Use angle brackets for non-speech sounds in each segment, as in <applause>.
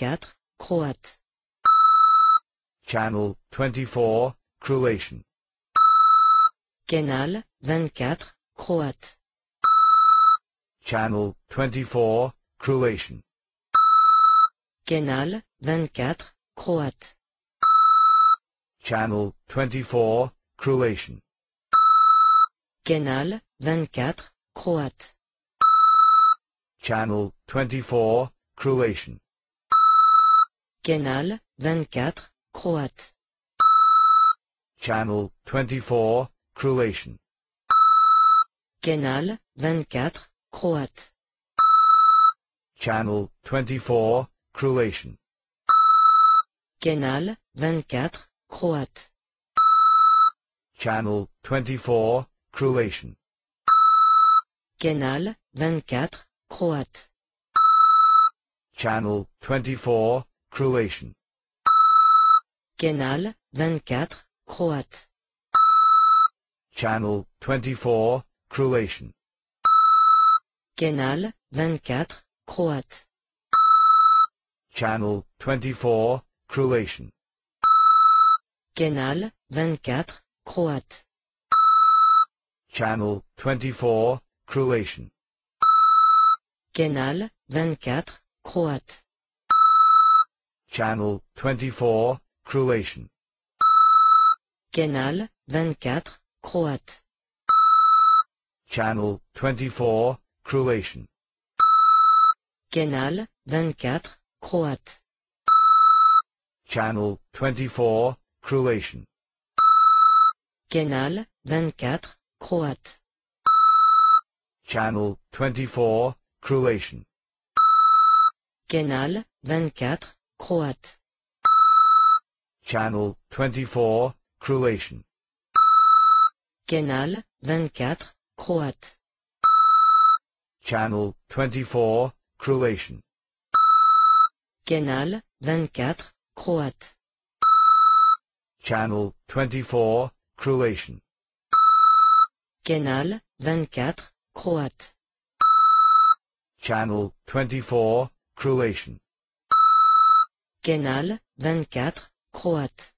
24, croate. Channel 24, Croatian. Canal 24, croate. Channel 24, Croatian. Canal 24, croate. Channel 24, Croatian. Canal 24, croate. Channel 24, Croatian. Canal 24, croate. Channel 24, Croatian. Canal 24, croate. Channel 24, Croatian. Canal 24, croate. Channel 24, Croatian. Canal 24, croate. Channel 24, Croatian. Canal 24, croate. Channel 24, Croatian. Canal 24, croate. Channel 24, Croatian. Canal 24, croate. Channel 24, Croatian. Canal 24, croate. Channel 24, Croatian. Canal 24, Croate. Channel 24, Croatian. Canal 24, Croate. Channel 24, Croatian. Canal 24, Croate. Channel 24, Croatian. Canal 24, Croat. Channel 24, Croatian. Canal 24, Croate. Channel 24, Croatian. Canal 24, Croate. Channel 24, Croatian. Canal 24, Croate. Channel 24, Croatian. Canal 24, croate.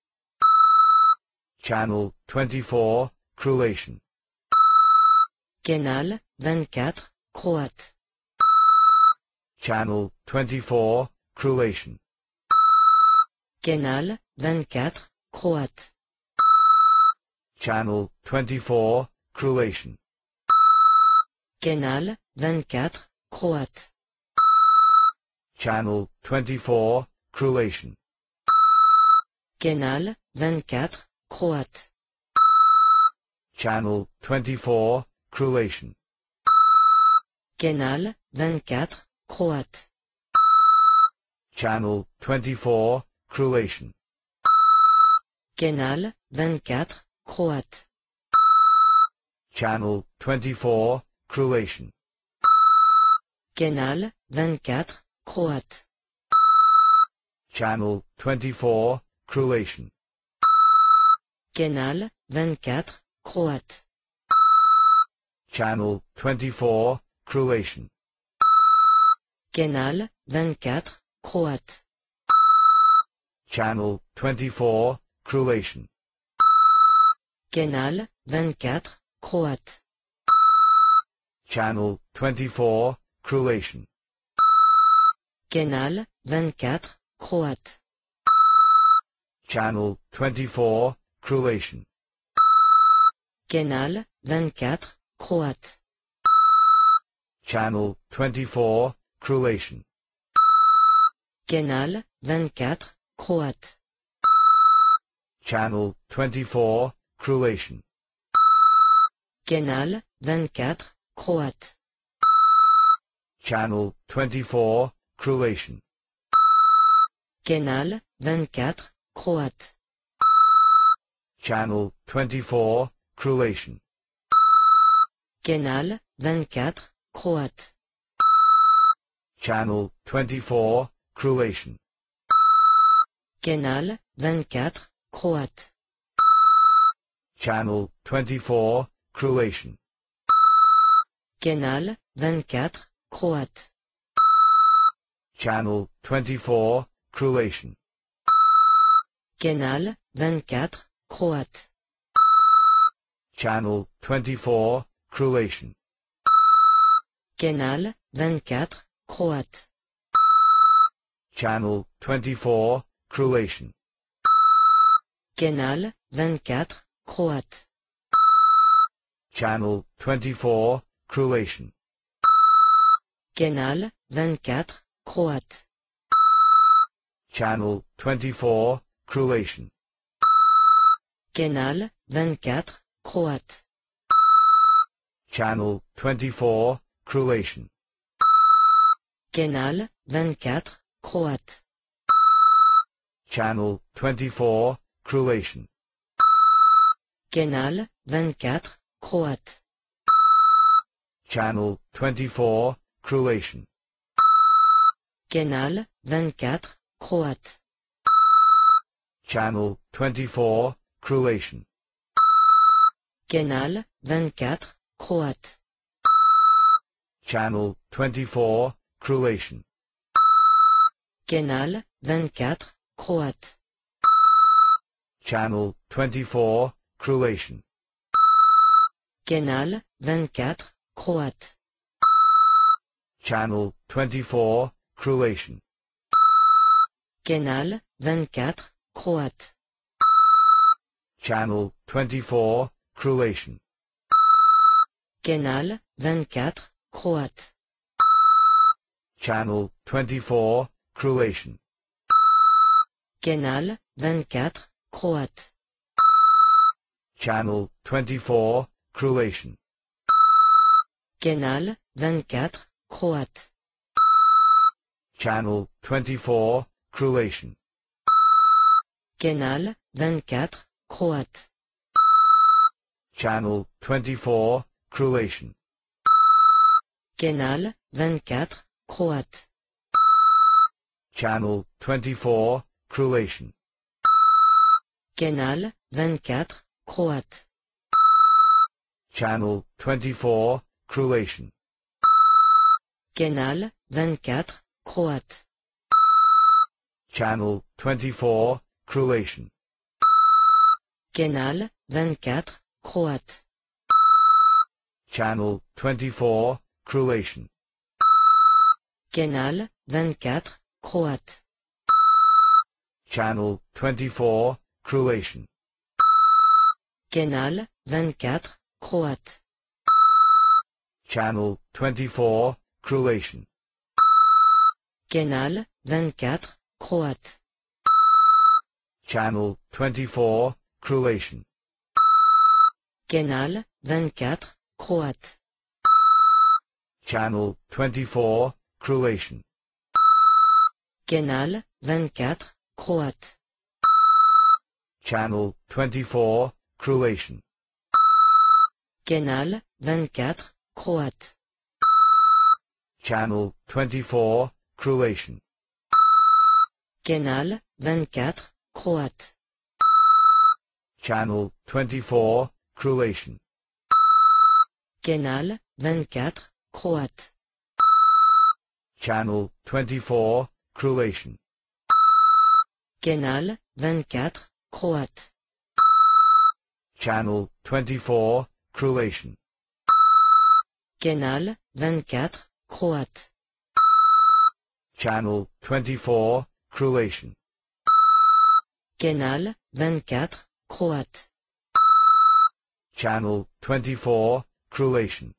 Channel 24, Croatian. Canal 24, croate. Channel 24, Croatian. Canal 24, croate. Channel 24, Croatian. Canal 24, croate. Channel 24, Croatian. Canal 24, croate. Channel 24, Croatian. Canal 24, croate. Channel 24, Croatian. Canal 24, croate. Channel 24, Croatian. Canal 24, croate. Channel 24, Croatian. Canal 24, Croate. Channel 24, Croatian. Canal 24, Croate. Channel 24, Croatian. Canal 24, Croate. Channel 24, Croatian. Canal 24, Croate. Channel 24, Croatian. Canal 24, Croate. Channel 24, Croatian. Canal 24, Croate. Channel 24, Croatian. Canal 24, Croate. Channel 24, Croatian. Canal 24, croate. Channel 24, Croatian. Canal 24, croate. Channel 24, Croatian. Canal 24, croate. Channel 24, Croatian. Canal 24, croate. Channel 24, Croatian. Canal 24, croate. Channel 24, Croatian. Canal 24, croate. Channel 24, Croatian. Canal 24, croate. Channel 24, Croatian. Canal 24, croate. Channel 24, Croatian. Canal 24, Croate. Channel 24, Croatian. Canal 24, Croate. Channel 24, Croatian. Canal 24, Croate. Channel 24, Croatian. Canal 24, Croate. Channel 24, Croatian. Canal 24, Croate. Channel 24, Croatian. Canal 24, Croate. Channel 24, Croatian. Canal 24, Croate. Channel 24, Croatian. Canal 24, croate. Channel 24, Croatian. Canal 24, croate. Channel 24, Croatian. Canal 24, croate. Channel 24, Croatian. Canal 24, croate. Channel 24, Croatian. Canal 24, croate. Channel 24, Croatian. Canal 24, croate. Channel 24, Croatian. Canal 24, croate. Channel 24, Croatian. Canal 24, croate. Channel 24, Croatian. Canal 24, Croate. Channel 24, Croatian. Canal 24, Croate. Channel 24, Croatian. Canal 24, Croate. Channel 24, Croatian. Canal 24, Croate. Channel 24, Croatian. Canal 24, Croat. Channel 24, Croatian. Canal 24, Croate. Channel 24, Croatian. Canal 24, Croate. Channel 24, Croatian. Canal 24, croate. Channel 24, Croatian. Canal 24, croate. Channel 24, Croatian. Canal 24, croate. Channel 24, Croatian. Canal 24, croate. Channel 24, Croatian. Canal 24, croate. Channel 24, Croatian.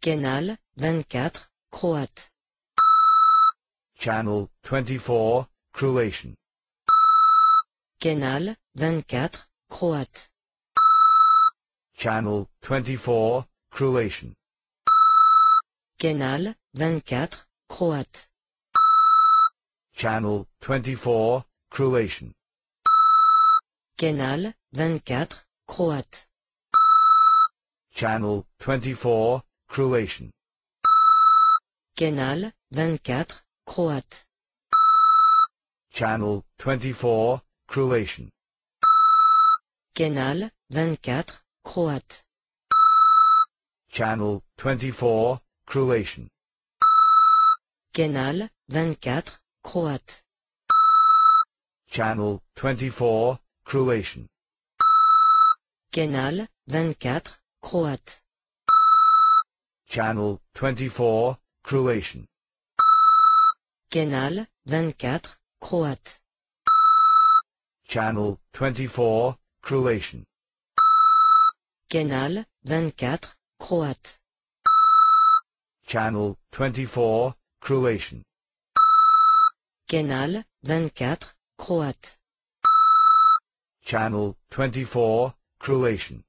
Canal 24, croate. Channel 24, Croatian. Canal 24, croate. Channel 24, Croatian. Canal 24, croate. Channel 24, Croatian. Canal 24, Croate. Channel 24, Croatian. Canal 24, Croate. Channel 24, Croatian. Canal 24, Croate. Channel 24, Croatian. Canal 24, Croat Channel 24, Croatian. Canal 24, Croate. Channel 24, Croatian. Canal 24, Croate. Channel 24, Croatian. Canal 24, Croate. Channel 24, Croatian. Canal 24, croate. Channel 24, Croatian.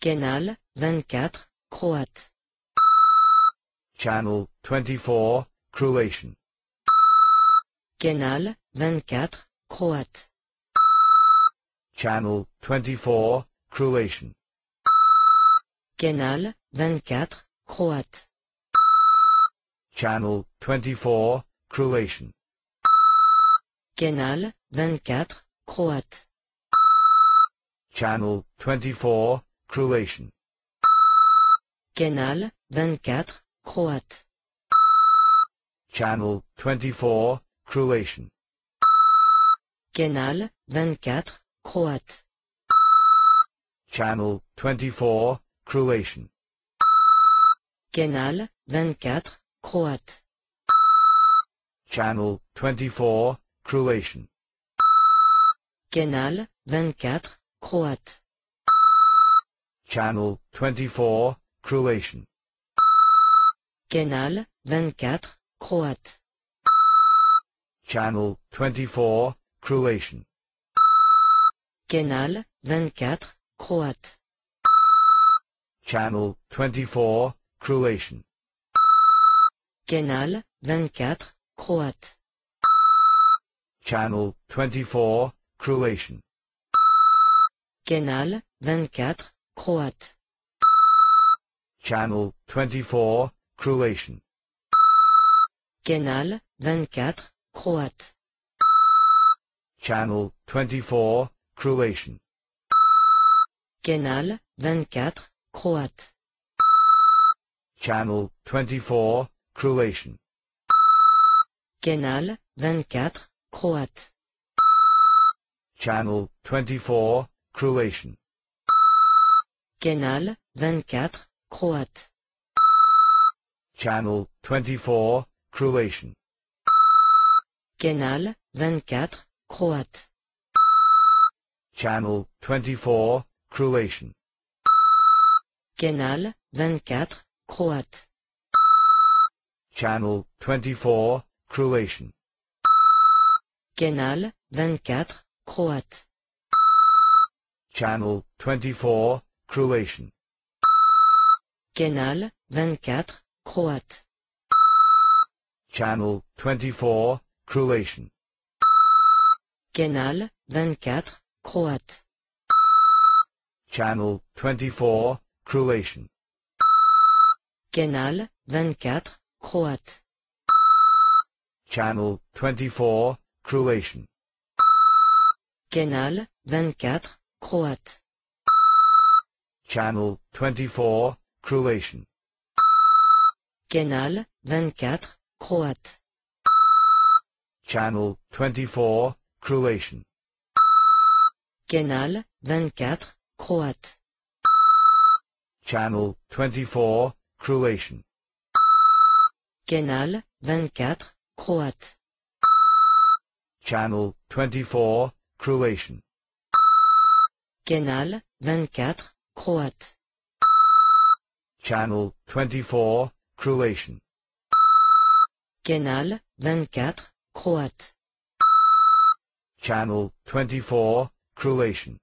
Canal 24, croate. Channel 24, Croatian. Canal 24, croate. Channel 24, Croatian. Canal 24, croate. Channel 24, Croatian. Canal 24, croate. Channel 24, Croatian. Canal 24, croate. Channel 24, Croatian. Canal 24, croate. Channel 24, Croatian. Canal 24, croate. Channel 24, Croatian. Canal 24, Croate. Channel 24, Croatian. Canal 24, Croate. Channel 24, Croatian. Canal 24, Croate. Channel 24, Croatian. Canal 24, Croat. Channel 24, Croatian. Canal 24, Croate. Channel 24, Croatian. Canal 24, Croate. Channel 24, Croatian. Canal 24, Croate. Channel 24, Croatian. Canal 24, croate. Channel 24, Croatian. Canal 24, croate. Channel 24, Croatian. Canal 24, croate. Channel 24, Croatian. Canal 24, croate. Channel 24, Croatian. Canal 24, croate. Channel 24, Croatian. Canal 24, croate. Channel 24, Croatian. Canal 24, croate. Channel 24, Croatian. Canal 24, croate. Channel 24, Croatian. Canal 24, Croate. Channel 24, Croatian. Canal 24, Croate. Channel 24, Croatian. Canal 24, Croate. Channel 24, Croatian. Canal 24, Croate. Channel 24, Croatian. Canal 24, Croate. Channel 24, Croatian. Canal 24, Croate. Channel 24, Croatian.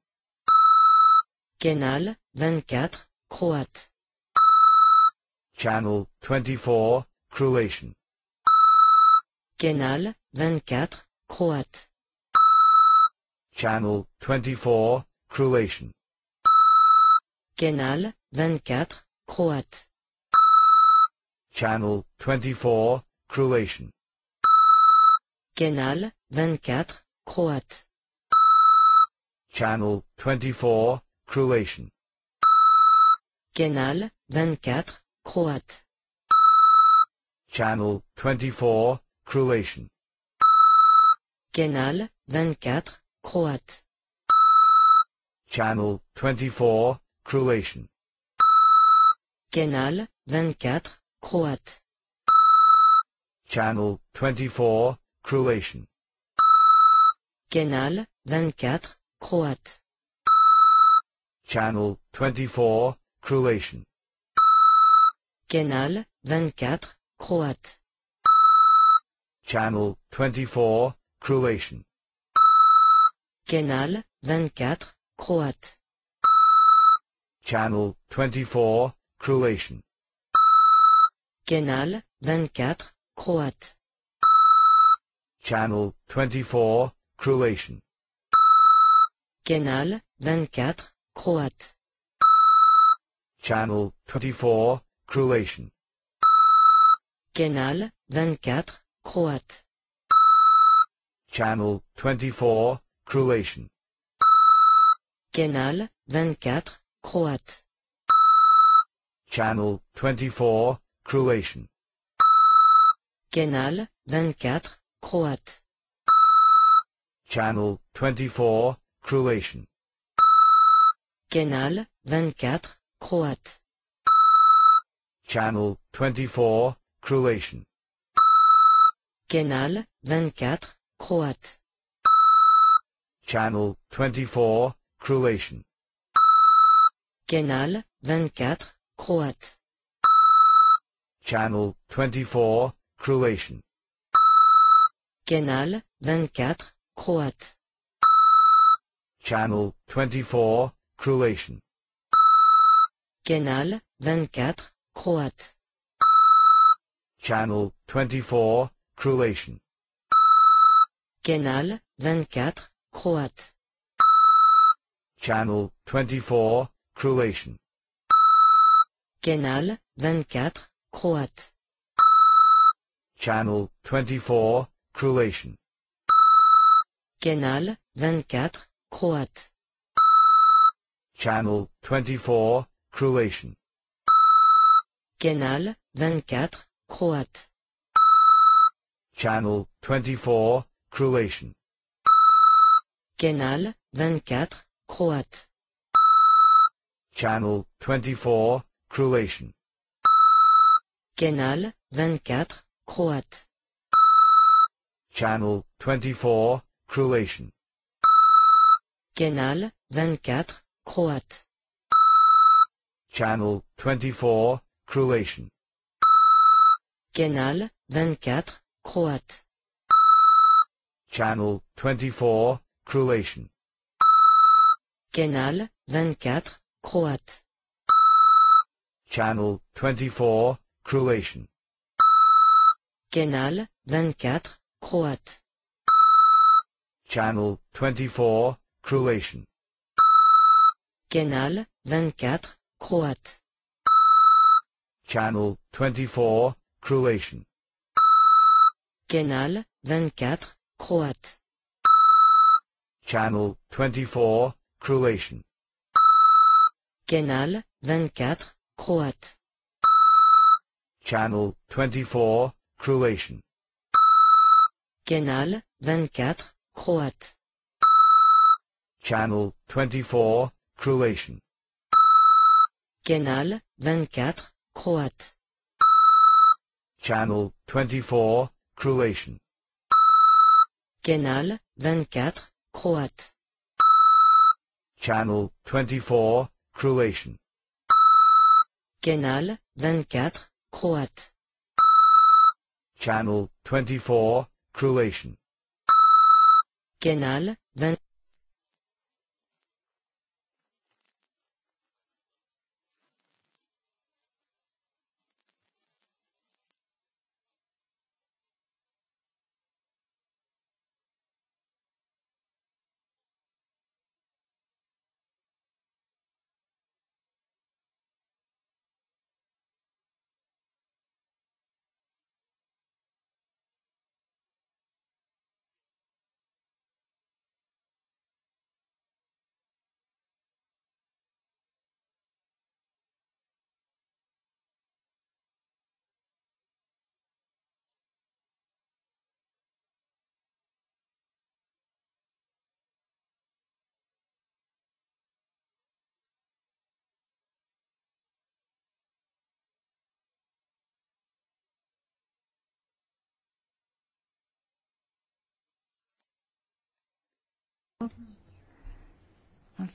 Canal 24, Croate. Channel 24, Croatian. Canal 24, croate. Channel 24, Croatian. Canal 24, croate. Channel 24, Croatian. Canal 24, croate. Channel 24, Croatian. Canal 24, croate. Channel 24, Croatian. Canal 24, croate. Channel 24, Croatian. Canal 24, croate. Channel 24, Croatian. Canal 24, croate. Channel 24, Croatian. Canal 24, croate. Channel 24, Croatian. Canal 24, Croate. Channel 24, Croatian. Canal 24, Croate. Channel 24, Croatian. Canal 24, Croate. Channel 24, Croatian. Canal 24, Croat. Channel 24, Croatian. Canal 24, Croat. Channel 24, Croatian. Canal 24, Croate. Channel 24, Croatian. Canal 24, Croate. Channel 24, Croatian. Canal 24, croate. Channel 24, Croatian. Canal 24, croate. Channel 24, Croatian. Canal 24, croate. Channel 24, Croatian. Canal 24, croate. Channel 24, Croatian. Canal 24, croate. Channel 24, Croatian. Canal 24, croate. Channel 24, Croatian. Canal 24, croate. Channel 24, Croatian. Canal 24, croate. Channel 24, Croatian. Canal 24, Croate. Channel 24, Croatian. Canal 24, Croate. Channel 24, Croatian. Canal 24, Croate. Channel 24, Croatian. Canal 24, Croate. Channel 24, Croatian. Canal 24, Croate. Channel 24, Croatian. Canal 24, Croate. Channel 24, Croatian. Canal 24, Croate. Channel 24, Croatian. Canal 24, croate. Channel 24, Croatian. Canal 24, croate. Channel 24, Croatian. Canal 24, croate. Channel 24, Croatian. Canal 24, croate. Channel 24, Croatian. Canal 24, croate. Channel 24, Croatian. Canal 24, croate. Channel 24, Croatian. Canal 24.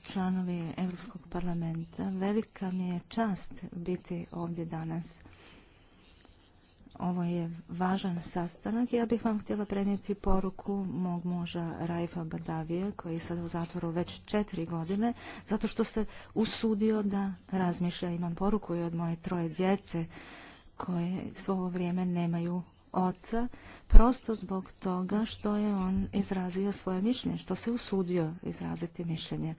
Članovi Europskog parlamenta, velika mi je čast biti ovdje danas. Ovo je važan sastanak. Ja bih vam htjela prenijeti poruku mog muža Raifa Badavije, koji je sada u zatvoru već četiri godine, zato što se usudio da razmišlja. Imam poruku i od moje troje djece koje svo ovo vrijeme nemaju oca prosto zbog toga što je on izrazio svoje mišljenje, što se usudio izraziti mišljenje.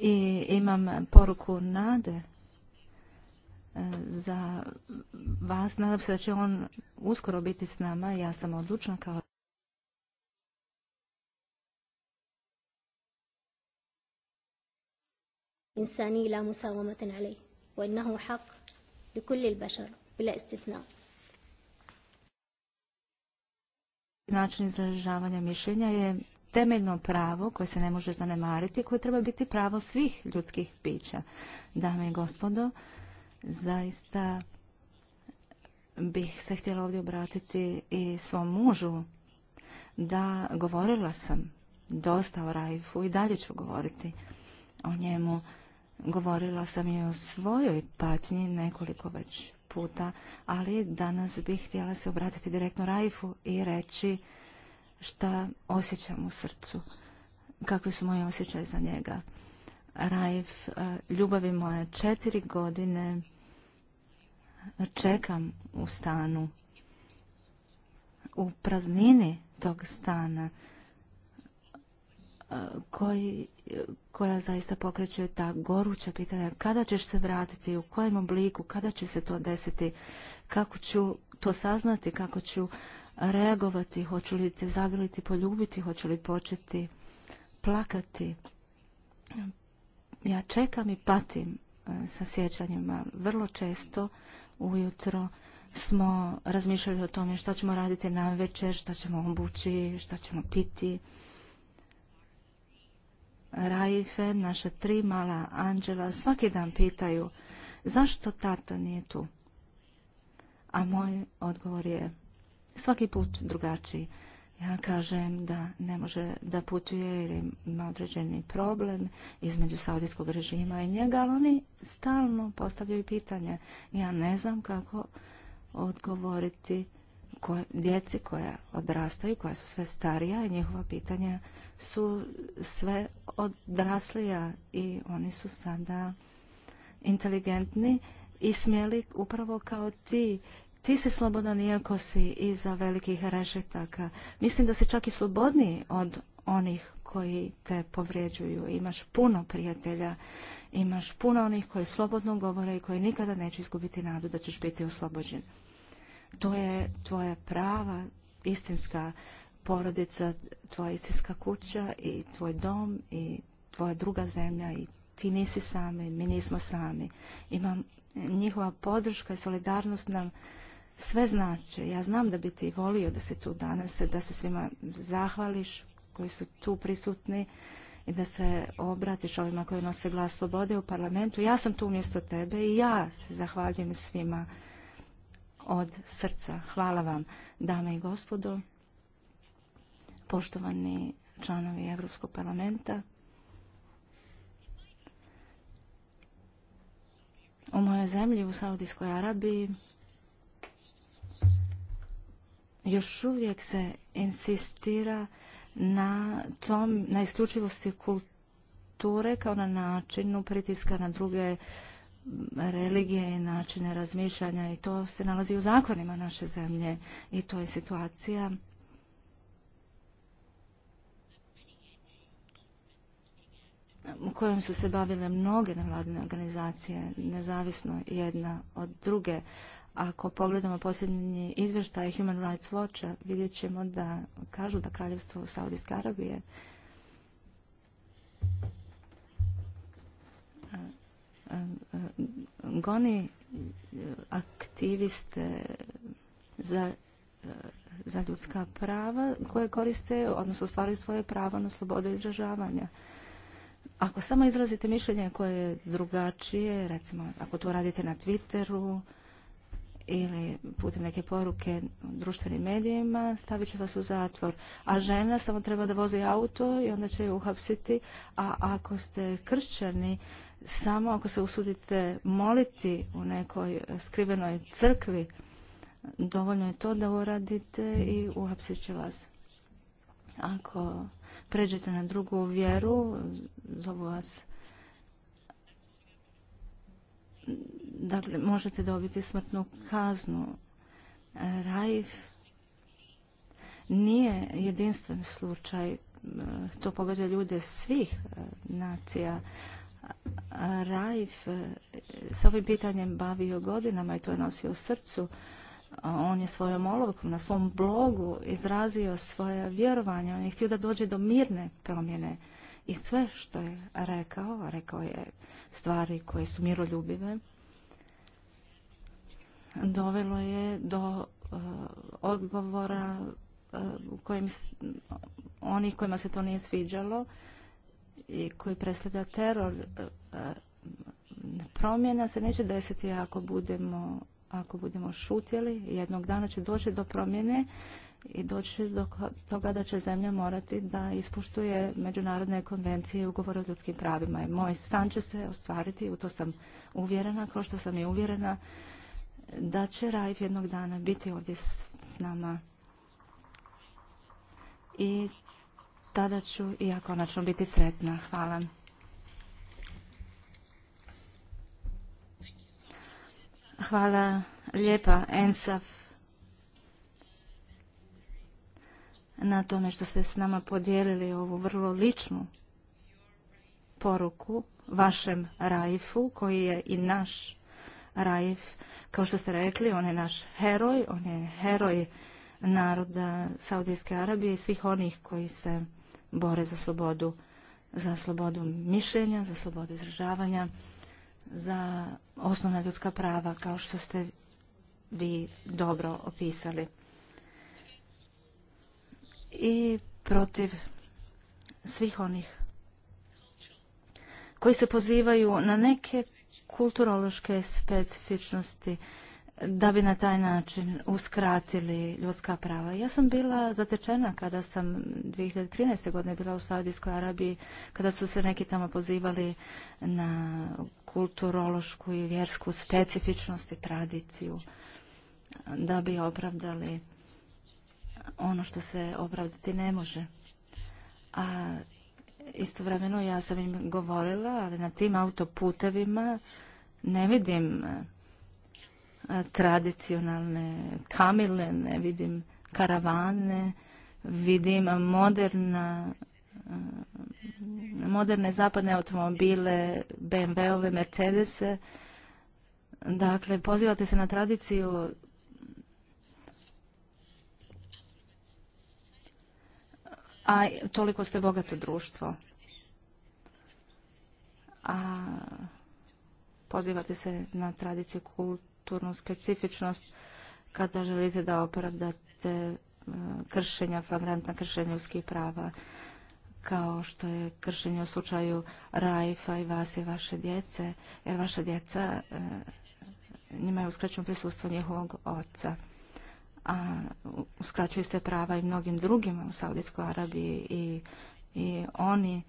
I imam poruku nade e, za vas. Nadam se da će on uskoro biti s nama. Ja sam odlučna kao إنساني لا مساومة عليه وإنه حق لكل البشر بلا Način izražavanja mišljenja je temeljno pravo koje se ne može zanemariti, koje treba biti pravo svih ljudskih bića. Dame i gospodo, zaista bih se htjela ovdje obratiti i svom mužu da govorila sam dosta o Rajfu i dalje ću govoriti o njemu. Govorila sam i o svojoj patnji nekoliko već puta, ali danas bih htjela se obratiti direktno Raifu i reći šta osjećam u srcu, kakvi su moji osjećaj za njega. Raif, e, ljubavi moje četiri godine čekam u stanu, u praznini tog stana, E, koji, e, koja zaista pokreće ta goruća pitanja kada ćeš se vratiti, u kojem obliku, kada će se to desiti, kako ću to saznati, kako ću reagovati, hoću li te zagrliti, poljubiti, hoću li početi plakati. Ja čekam i patim e, sa sjećanjima. Vrlo često ujutro smo razmišljali o tome šta ćemo raditi na večer, šta ćemo obući, šta ćemo piti. Raife, naše tri mala anđela, svaki dan pitaju zašto tata nije tu? A moj odgovor je svaki put drugačiji. Ja kažem da ne može da putuje jer ima određeni problem između saudijskog režima i njega, ali oni stalno postavljaju pitanje. Ja ne znam kako odgovoriti djeci koja odrastaju, koja su sve starija i njihova pitanja su sve odraslija i oni su sada inteligentni i smjeli upravo kao ti. Ti si slobodan iako si iza velikih rešetaka. Mislim da si čak i slobodniji od onih koji te povrijeđuju. Imaš puno prijatelja, imaš puno onih koji slobodno govore i koji nikada neće izgubiti nadu da ćeš biti oslobođen. To je tvoja prava, istinska porodica, tvoja istinska kuća i tvoj dom i tvoja druga zemlja i ti nisi sami, mi nismo sami. Imam njihova podrška i solidarnost nam sve znači. Ja znam da bi ti volio da se tu danas, da se svima zahvališ koji su tu prisutni i da se obratiš ovima koji nose glas slobode u parlamentu. Ja sam tu umjesto tebe i ja se zahvaljujem svima od srca. Hvala vam, dame i gospodo, poštovani članovi Europskog parlamenta. U mojoj zemlji, u Saudijskoj Arabiji, još uvijek se insistira na tom, na isključivosti kulture kao na načinu pritiska na druge religije i načine razmišljanja i to se nalazi u zakonima naše zemlje i to je situacija u kojem su se bavile mnoge nevladine organizacije, nezavisno jedna od druge. Ako pogledamo posljednji izvještaj Human Rights Watcha, vidjet ćemo da kažu da kraljevstvo Saudijske Arabije goni aktiviste za, za ljudska prava koje koriste, odnosno stvaraju svoje pravo na slobodu izražavanja. Ako samo izrazite mišljenje koje je drugačije, recimo ako to radite na Twitteru ili putem neke poruke društvenim medijima, stavit će vas u zatvor. A žena samo treba da vozi auto i onda će ju uhapsiti. A ako ste kršćani, samo ako se usudite moliti u nekoj skrivenoj crkvi, dovoljno je to da uradite i uhapsit će vas. Ako pređete na drugu vjeru, zovu vas dakle, možete dobiti smrtnu kaznu. Rajf nije jedinstven slučaj. To pogađa ljude svih eh, nacija. Raif e, s ovim pitanjem bavio godinama i to je nosio u srcu. On je svojom olovkom na svom blogu izrazio svoje vjerovanje. On je htio da dođe do mirne promjene. I sve što je rekao, rekao je stvari koje su miroljubive, dovelo je do e, odgovora e, uh, kojim, onih kojima se to nije sviđalo i koji predstavlja teror e, e, promjena se neće desiti ako budemo ako budemo šutjeli, jednog dana će doći do promjene i doći do toga da će zemlja morati da ispuštuje međunarodne konvencije i ugovore o ljudskim pravima. I moj stan će se ostvariti, u to sam uvjerena, kao što sam i uvjerena da će Rajf jednog dana biti ovdje s, s nama. I tada ću i ja konačno biti sretna. Hvala. Hvala lijepa, Ensaf, na tome što ste s nama podijelili ovu vrlo ličnu poruku vašem Raifu, koji je i naš Raif. Kao što ste rekli, on je naš heroj, on je heroj naroda Saudijske Arabije i svih onih koji se bore za slobodu, za slobodu mišljenja, za slobodu izražavanja, za osnovna ljudska prava, kao što ste vi dobro opisali. I protiv svih onih koji se pozivaju na neke kulturološke specifičnosti da bi na taj način uskratili ljudska prava. Ja sam bila zatečena kada sam 2013. godine bila u Saudijskoj Arabiji, kada su se neki tamo pozivali na kulturološku i vjersku specifičnost i tradiciju da bi opravdali ono što se opravdati ne može. A istovremeno ja sam im govorila, ali na tim autoputevima ne vidim tradicionalne ne vidim karavane, vidim moderna eh, moderne zapadne automobile, BMW-ove, Mercedese. Dakle, pozivate se na tradiciju a toliko ste bogato društvo. A pozivate se na tradiciju kult kulturnu specifičnost kada želite da opravdate e, kršenja, flagrantna kršenja ljudskih prava kao što je kršenje u slučaju Raifa i vas i vaše djece, jer vaša djeca e, njima je uskraćeno prisustvo njihovog oca. A uskraćuju se prava i mnogim drugima u Saudijskoj Arabiji i oni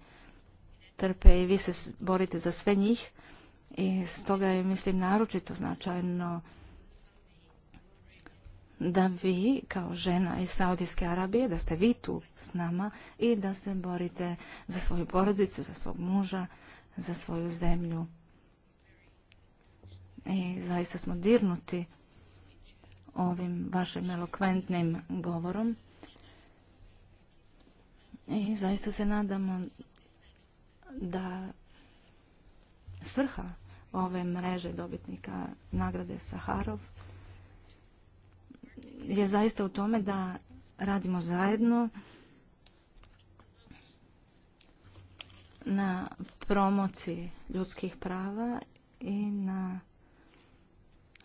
trpe i vi se borite za sve njih, i stoga je, mislim, naročito značajno da vi kao žena iz Saudijske Arabije, da ste vi tu s nama i da se borite za svoju porodicu, za svog muža, za svoju zemlju. I zaista smo dirnuti ovim vašim elokventnim govorom. I zaista se nadamo da svrha ove mreže dobitnika nagrade Saharov je zaista u tome da radimo zajedno na promociji ljudskih prava i na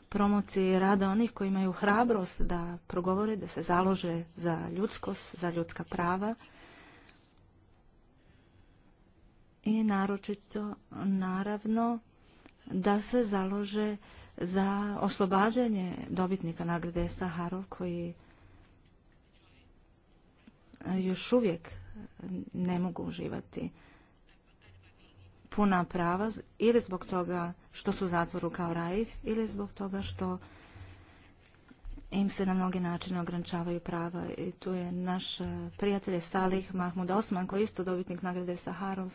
promociji rada onih koji imaju hrabrost da progovore, da se založe za ljudskost, za ljudska prava i naročito naravno da se založe za oslobađanje dobitnika nagrade Saharov koji još uvijek ne mogu uživati puna prava ili zbog toga što su u zatvoru kao Raif ili zbog toga što im se na mnogi načine ograničavaju prava i tu je naš eh, prijatelj Salih Mahmud Osman koji je isto dobitnik nagrade Saharov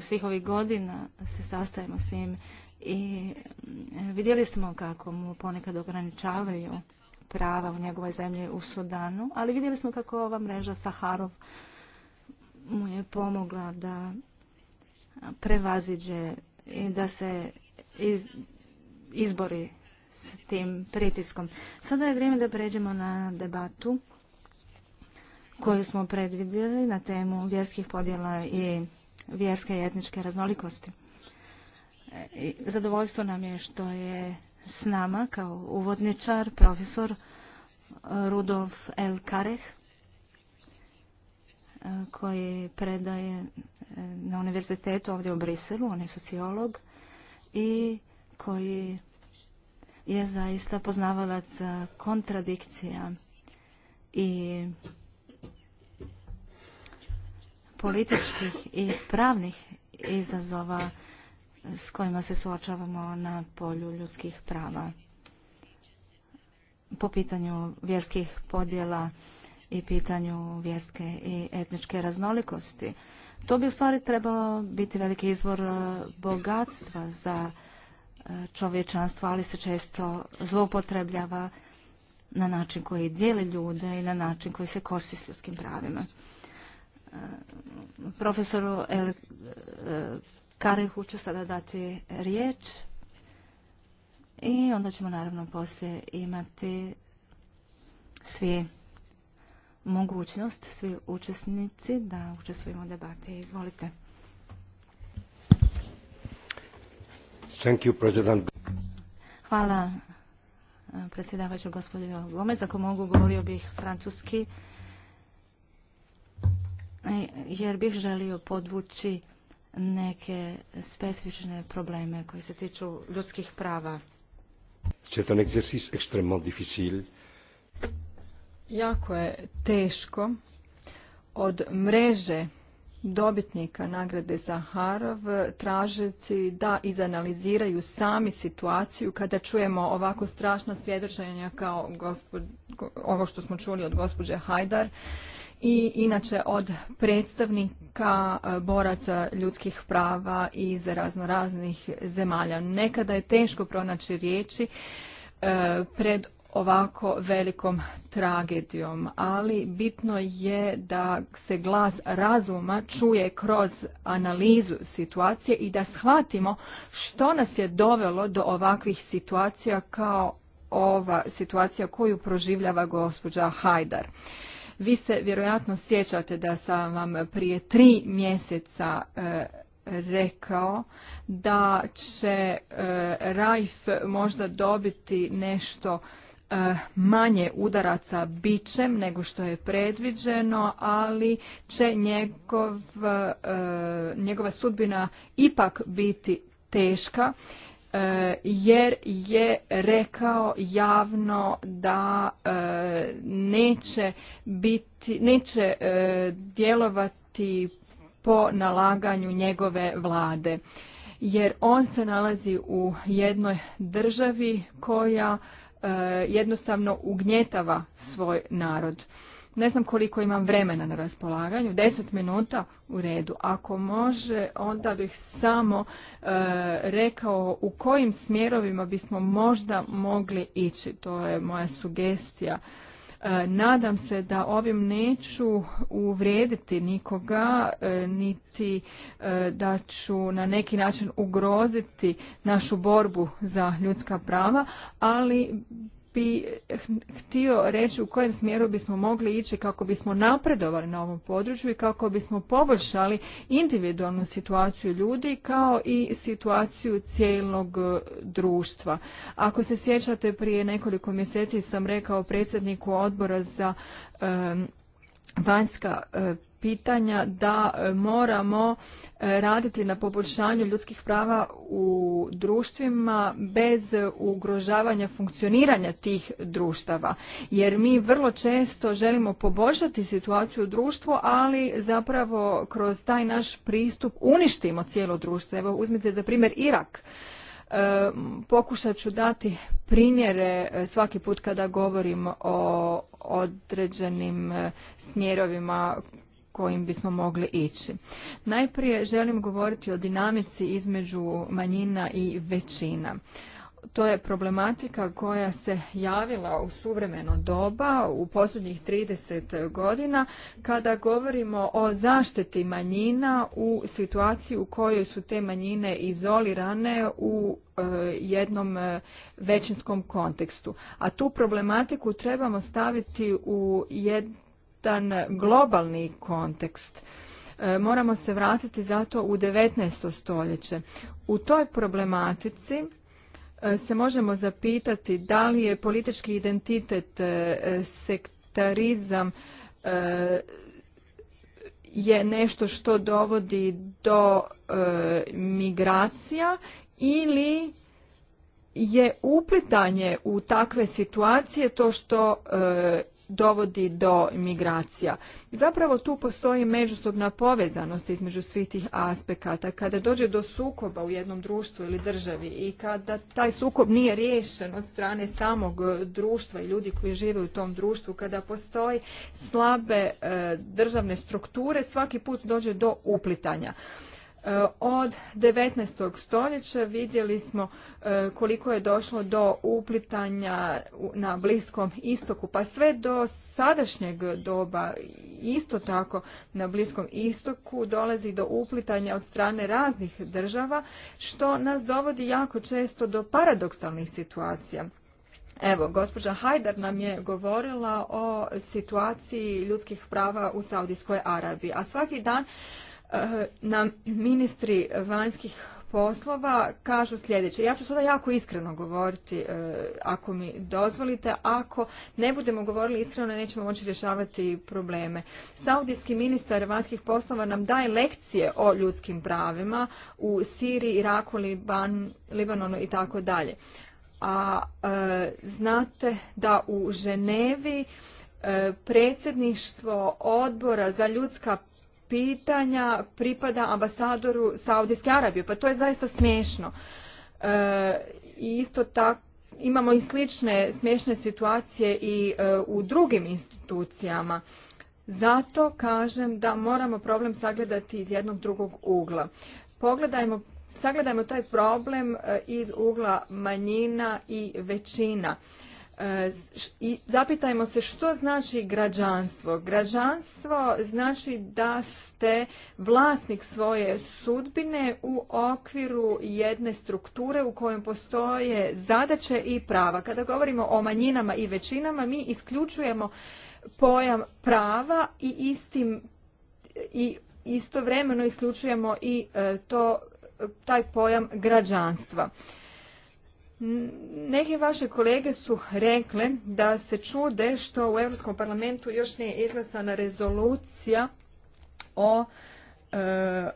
svih ovih godina se sastajemo s njim i e, vidjeli smo kako mu ponekad ograničavaju prava u njegovoj zemlji u Sudanu, ali vidjeli smo kako ova mreža Saharov mu je pomogla da prevaziđe i da se izbori s tim pritiskom. Sada je vrijeme da pređemo na debatu koju smo predvidjeli na temu vjerskih podjela i vjerske i etničke raznolikosti. E, zadovoljstvo nam je što je s nama kao uvodničar profesor e, Rudolf L. Kareh e, koji predaje na univerzitetu ovdje u Briselu, on je sociolog i koji je zaista poznavalac kontradikcija i političkih i pravnih izazova s kojima se suočavamo na polju ljudskih prava po pitanju vjerskih podjela i pitanju vjerske i etničke raznolikosti. To bi u stvari trebalo biti veliki izvor e, bogatstva za e, čovječanstvo, ali se često zloupotrebljava na način koji dijeli ljude i na način koji se kosi s ljudskim pravima. Profesoru El eh, Karehu ću sada dati riječ i onda ćemo naravno poslije imati svi mogućnost, svi učesnici da učestvujemo u debati. Izvolite. Hvala eh, predsjedavajuću gospodinu Gomez. Ako mogu, govorio bih francuski jer bih želio podvući neke specifične probleme koji se tiču ljudskih prava. C'est un exercice extrêmement difficile. Jako je teško od mreže dobitnika nagrade Zaharov tražiti da izanaliziraju sami situaciju kada čujemo ovako strašna svjedočenja kao ovo što smo čuli od gospođe Hajdar i inače od predstavnika e, boraca ljudskih prava iz razno raznih zemalja. Nekada je teško pronaći riječi e, pred ovako velikom tragedijom, ali bitno je da se glas razuma čuje kroz analizu situacije i da shvatimo što nas je dovelo do ovakvih situacija kao ova situacija koju proživljava gospođa Hajdar. Vi se vjerojatno sjećate da sam vam prije tri mjeseca e, rekao da će e, Rajf možda dobiti nešto e, manje udaraca bićem nego što je predviđeno, ali će njegov, njegova sudbina ipak biti teška E, jer je rekao javno da e, neće biti neće e, djelovati po nalaganju njegove vlade jer on se nalazi u jednoj državi koja jednostavno ugnjetava svoj narod ne znam koliko imam vremena na raspolaganju. Deset minuta u redu. Ako može, onda bih samo e, rekao u kojim smjerovima bismo možda mogli ići. To je moja sugestija. E, nadam se da ovim neću uvrijediti nikoga, e, niti da ću na neki način ugroziti našu borbu za ljudska prava, ali bi htio reći u kojem smjeru bismo mogli ići kako bismo napredovali na ovom području i kako bismo poboljšali individualnu situaciju ljudi kao i situaciju cijelog društva. Ako se sjećate prije nekoliko mjeseci sam rekao predsjedniku odbora za vanjska pitanja da e, moramo e, raditi na poboljšanju ljudskih prava u društvima bez ugrožavanja funkcioniranja tih društava. Jer mi vrlo često želimo poboljšati situaciju u društvu, ali zapravo kroz taj naš pristup uništimo cijelo društvo. Evo uzmite za primjer Irak. E, pokušat ću dati primjere svaki put kada govorim o određenim smjerovima kojim bismo mogli ići. Najprije želim govoriti o dinamici između manjina i većina. To je problematika koja se javila u suvremeno doba u posljednjih 30 godina kada govorimo o zaštiti manjina u situaciji u kojoj su te manjine izolirane u e, jednom e, većinskom kontekstu. A tu problematiku trebamo staviti u jednu globalni kontekst. E, moramo se vratiti zato u 19. stoljeće. U toj problematici e, se možemo zapitati da li je politički identitet, e, sektarizam je nešto što dovodi do migracija ili je uplitanje u takve situacije to što dovodi do migracija. Zapravo tu postoji međusobna povezanost između svih tih aspekata. Kada dođe do sukoba u jednom društvu ili državi i kada taj sukob nije riješen od strane samog društva i ljudi koji žive u tom društvu, kada postoji slabe e, državne strukture, svaki put dođe do uplitanja. Od 19. stoljeća vidjeli smo e, koliko je došlo do uplitanja na Bliskom istoku, pa sve do sadašnjeg doba isto tako na Bliskom istoku dolazi do uplitanja od strane raznih država, što nas dovodi jako često do paradoksalnih situacija. Evo, gospođa Hajdar nam je govorila o situaciji ljudskih prava u Saudijskoj Arabiji, a svaki dan na ministri vanjskih poslova kažu sljedeće. Ja ću sada jako iskreno govoriti, e, ako mi dozvolite. Ako ne budemo govorili iskreno, nećemo moći rješavati probleme. Saudijski ministar vanjskih poslova nam daje lekcije o ljudskim pravima u Siriji, Iraku, Liban, Libanonu i tako dalje. A e, znate da u Ženevi e, predsjedništvo odbora za ljudska pitanja pripada ambasadoru Saudijske Arabije. Pa to je zaista smiješno. E, I isto tako imamo i slične smiješne situacije i e, u drugim institucijama. Zato kažem da moramo problem sagledati iz jednog drugog ugla. Pogledajmo, sagledajmo taj problem e, iz ugla manjina i većina. E, i zapitajmo se što znači građanstvo. Građanstvo znači da ste vlasnik svoje sudbine u okviru jedne strukture u kojem postoje zadaće i prava. Kada govorimo o manjinama i većinama, mi isključujemo pojam prava i istim i istovremeno isključujemo i e, to taj pojam građanstva. Neke vaše kolege su rekle da se čude što u Europskom parlamentu još nije izglasana rezolucija o e,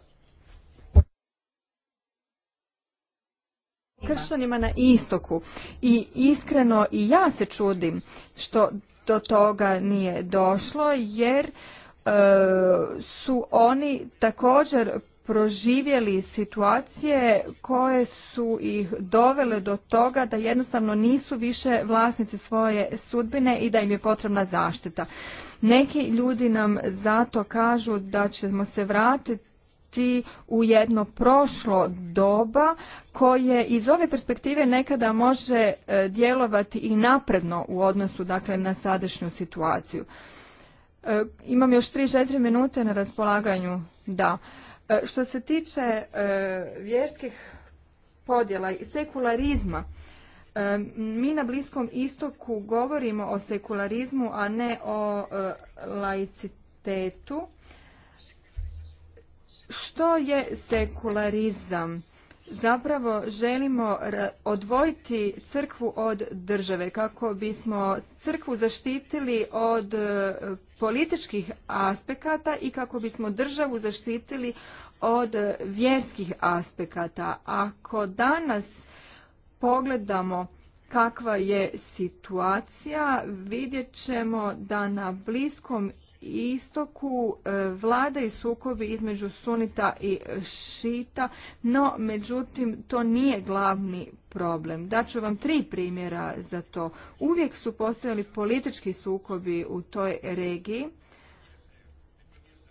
kršćanima na istoku. I iskreno i ja se čudim što do toga nije došlo jer e, su oni također proživjeli situacije koje su ih dovele do toga da jednostavno nisu više vlasnici svoje sudbine i da im je potrebna zaštita. Neki ljudi nam zato kažu da ćemo se vratiti u jedno prošlo doba koje iz ove perspektive nekada može e, djelovati i napredno u odnosu dakle na sadašnju situaciju. E, imam još 3-4 minute na raspolaganju. Da. E, što se tiče e, vjerskih podjela i sekularizma, e, mi na Bliskom istoku govorimo o sekularizmu, a ne o laicitetu. Što je sekularizam? zapravo želimo odvojiti crkvu od države kako bismo crkvu zaštitili od e, političkih aspekata i kako bismo državu zaštitili od e, vjerskih aspekata. Ako danas pogledamo kakva je situacija, vidjet ćemo da na Bliskom istoku e, vlada i sukobi između sunita i šita, no međutim to nije glavni problem. Daću vam tri primjera za to. Uvijek su postojali politički sukobi u toj regiji.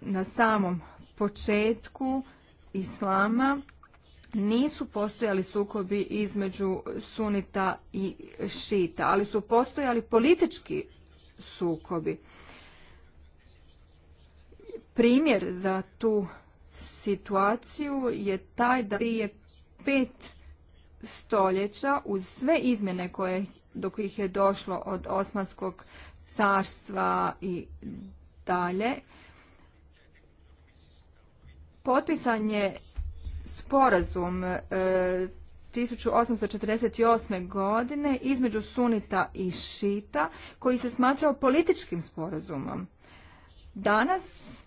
Na samom početku islama nisu postojali sukobi između sunita i šita, ali su postojali politički sukobi primjer za tu situaciju je taj da prije pet stoljeća uz sve izmjene koje, do kojih je došlo od Osmanskog carstva i dalje, potpisan je sporazum e, 1848. godine između Sunita i Šita koji se smatrao političkim sporazumom. Danas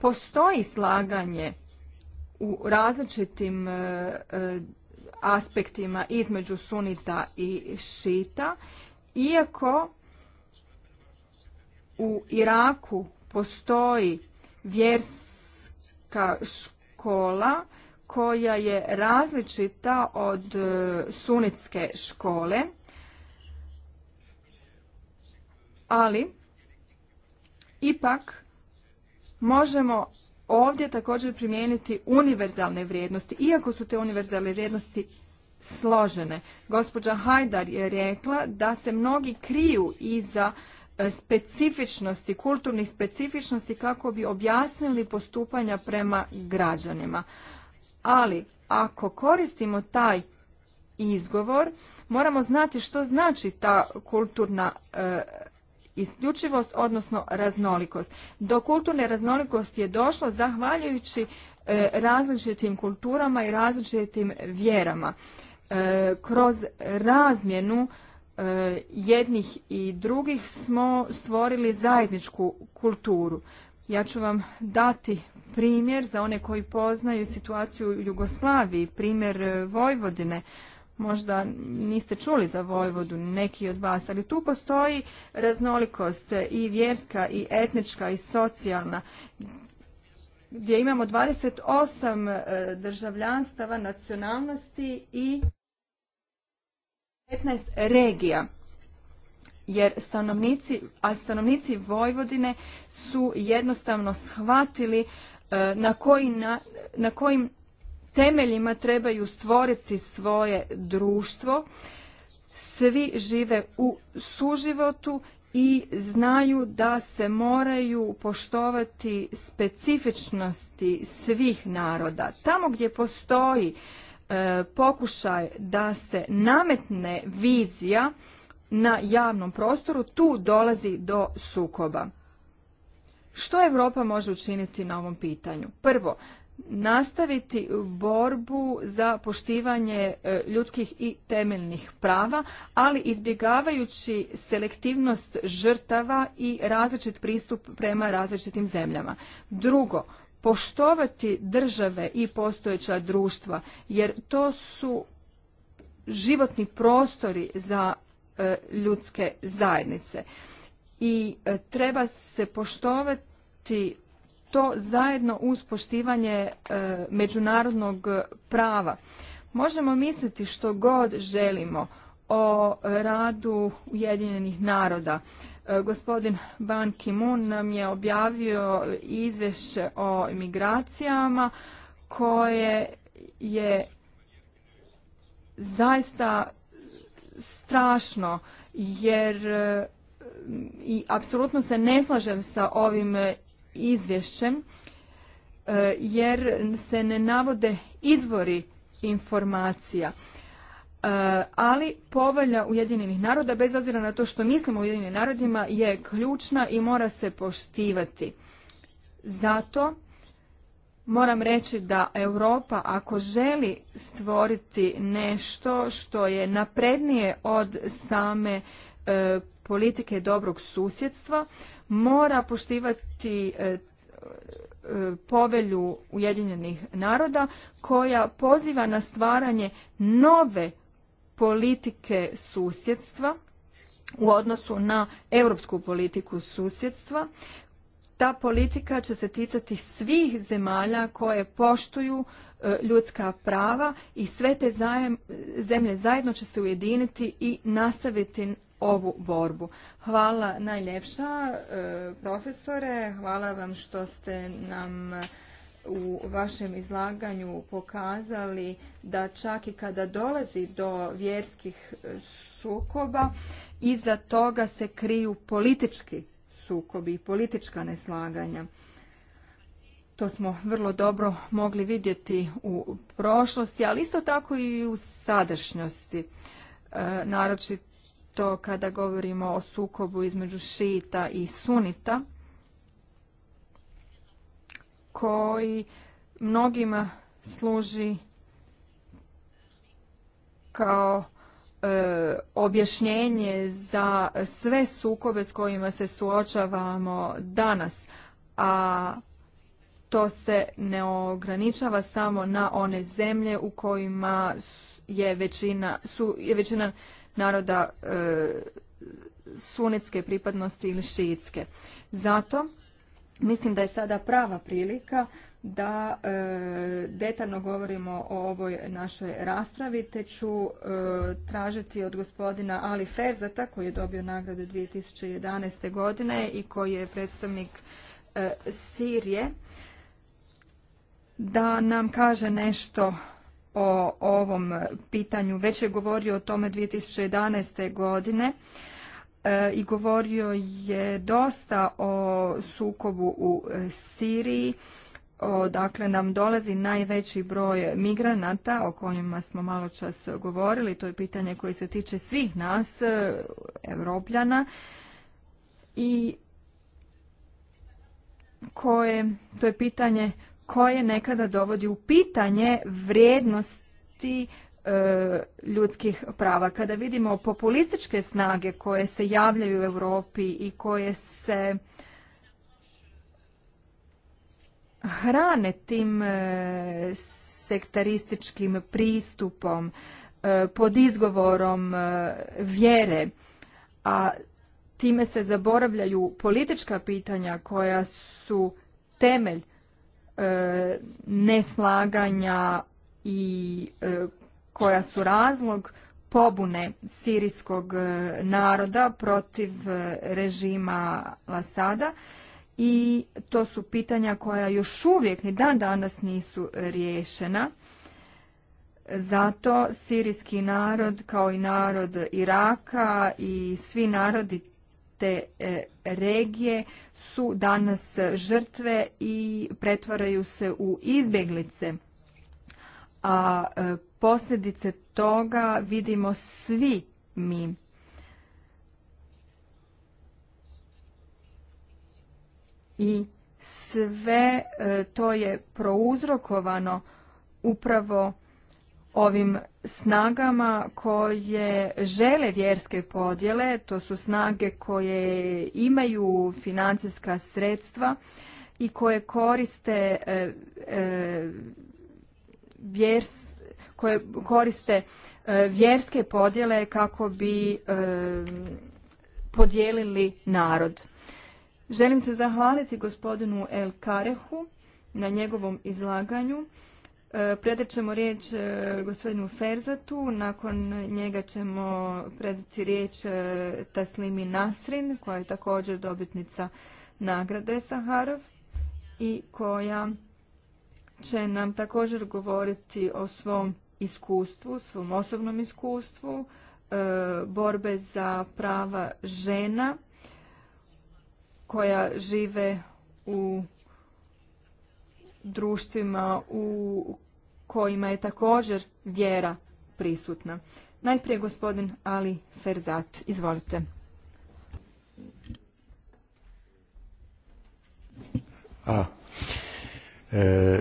postoji slaganje u različitim e, e, aspektima između sunita i šita, iako u Iraku postoji vjerska škola koja je različita od e, sunitske škole, ali ipak možemo ovdje također primijeniti univerzalne vrijednosti, iako su te univerzalne vrijednosti složene. Gospođa Hajdar je rekla da se mnogi kriju iza e, specifičnosti, kulturnih specifičnosti kako bi objasnili postupanja prema građanima. Ali ako koristimo taj izgovor, moramo znati što znači ta kulturna e, isključivost, odnosno raznolikost. Do kulturne raznolikosti je došlo zahvaljujući e, različitim kulturama i različitim vjerama. E, kroz razmjenu e, jednih i drugih smo stvorili zajedničku kulturu. Ja ću vam dati primjer za one koji poznaju situaciju u Jugoslaviji, primjer Vojvodine možda niste čuli za Vojvodu neki od vas, ali tu postoji raznolikost i vjerska i etnička i socijalna gdje imamo 28 e, državljanstava, nacionalnosti i 15 regija. Jer stanovnici, a stanovnici Vojvodine su jednostavno shvatili e, na, koji na kojim temeljima trebaju stvoriti svoje društvo. Svi žive u suživotu i znaju da se moraju poštovati specifičnosti svih naroda. Tamo gdje postoji e, pokušaj da se nametne vizija na javnom prostoru, tu dolazi do sukoba. Što Europa može učiniti na ovom pitanju? Prvo, nastaviti borbu za poštivanje e, ljudskih i temeljnih prava, ali izbjegavajući selektivnost žrtava i različit pristup prema različitim zemljama. Drugo, poštovati države i postojeća društva, jer to su životni prostori za e, ljudske zajednice. I e, treba se poštovati to zajedno uz poštivanje e, međunarodnog prava. Možemo misliti što god želimo o radu Ujedinjenih naroda. E, gospodin Ban Ki-moon nam je objavio izvješće o imigracijama, koje je zaista strašno jer e, i apsolutno se ne slažem sa ovim izvješćem e, jer se ne navode izvori informacija. E, ali povelja Ujedinjenih naroda, bez obzira na to što mislimo o Ujedinjenim narodima, je ključna i mora se poštivati. Zato moram reći da Europa ako želi stvoriti nešto što je naprednije od same e, politike dobrog susjedstva, mora poštivati e, e, povelju Ujedinjenih naroda koja poziva na stvaranje nove politike susjedstva u odnosu na europsku politiku susjedstva. Ta politika će se ticati svih zemalja koje poštuju e, ljudska prava i sve te zemlje zajedno će se ujediniti i nastaviti ovu borbu. Hvala najljepša e, profesore, hvala vam što ste nam e, u vašem izlaganju pokazali da čak i kada dolazi do vjerskih e, sukoba, iza toga se kriju politički sukobi i politička neslaganja. To smo vrlo dobro mogli vidjeti u prošlosti, ali isto tako i u sadašnjosti, naročito to kada govorimo o sukobu između šita i sunita koji mnogima služi kao e, objašnjenje za sve sukobe s kojima se suočavamo danas a to se ne ograničava samo na one zemlje u kojima je većina su je većina naroda e, sunetske pripadnosti ili šiitske. Zato mislim da je sada prava prilika da e, detaljno govorimo o ovoj našoj raspravi, te ću e, tražiti od gospodina Ali Ferzata, koji je dobio nagradu 2011. godine i koji je predstavnik e, Sirije, da nam kaže nešto o ovom pitanju već je govorio o tome 2011. godine e, i govorio je dosta o sukobu u e, Siriji dakle nam dolazi najveći broj migranata o kojima smo malo čas govorili. To je pitanje koje se tiče svih nas, e, evropljana i koje, to je pitanje koje nekada dovodi u pitanje vrijednosti e, ljudskih prava. Kada vidimo populističke snage koje se javljaju u Europi i koje se hrane tim e, sektarističkim pristupom e, pod izgovorom vjere, a time se zaboravljaju politička pitanja koja su temelj E, neslaganja i e, koja su razlog pobune sirijskog e, naroda protiv režima Lasada i to su pitanja koja još uvijek ni dan danas nisu riješena. Zato sirijski narod kao i narod Iraka i svi narodi te regije su danas žrtve i pretvaraju se u izbjeglice. A e, posljedice toga vidimo svi mi. I sve e, to je prouzrokovano upravo ovim snagama koje žele vjerske podjele, to su snage koje imaju financijska sredstva i koje koriste e, e, koje koriste e, vjerske podjele kako bi podijelili narod. Želim se zahvaliti gospodinu El Karehu na njegovom izlaganju. E, predat ćemo riječ e, gospodinu Ferzatu, nakon njega ćemo predati riječ e, Taslimi Nasrin, koja je također dobitnica nagrade Saharov i koja će nam također govoriti o svom iskustvu, svom osobnom iskustvu, borbe za prava žena koja žive u društvima u kojima je također vjera prisutna. Najprije gospodin Ali Ferzat, izvolite. A, e,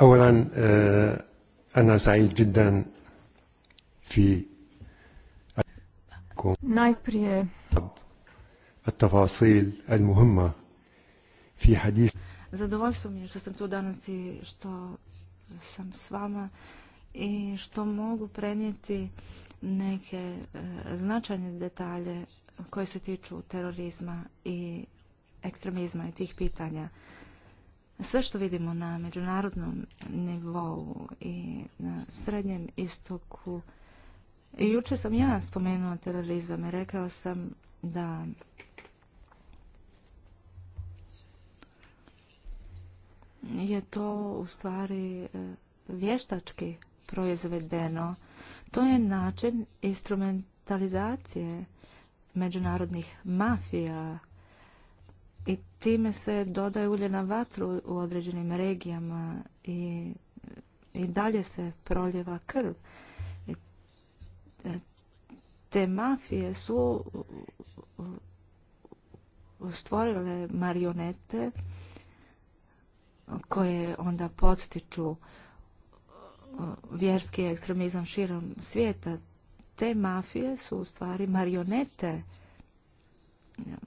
أولا أنا سعيد جدا في التفاصيل Zadovoljstvo mi je što sam tu danas i što sam s vama i što mogu prenijeti neke e, značajne detalje koje se tiču terorizma i ekstremizma i tih pitanja. Sve što vidimo na međunarodnom nivou i na srednjem istoku. I juče sam ja spomenula terorizam i rekao sam da je to u stvari e, vještački proizvedeno. To je način instrumentalizacije međunarodnih mafija i time se dodaje ulje na vatru u određenim regijama i, i dalje se proljeva krv. E, e, te mafije su stvorile marionete koje onda podstiču uh, vjerski ekstremizam širom svijeta, te mafije su u stvari marionete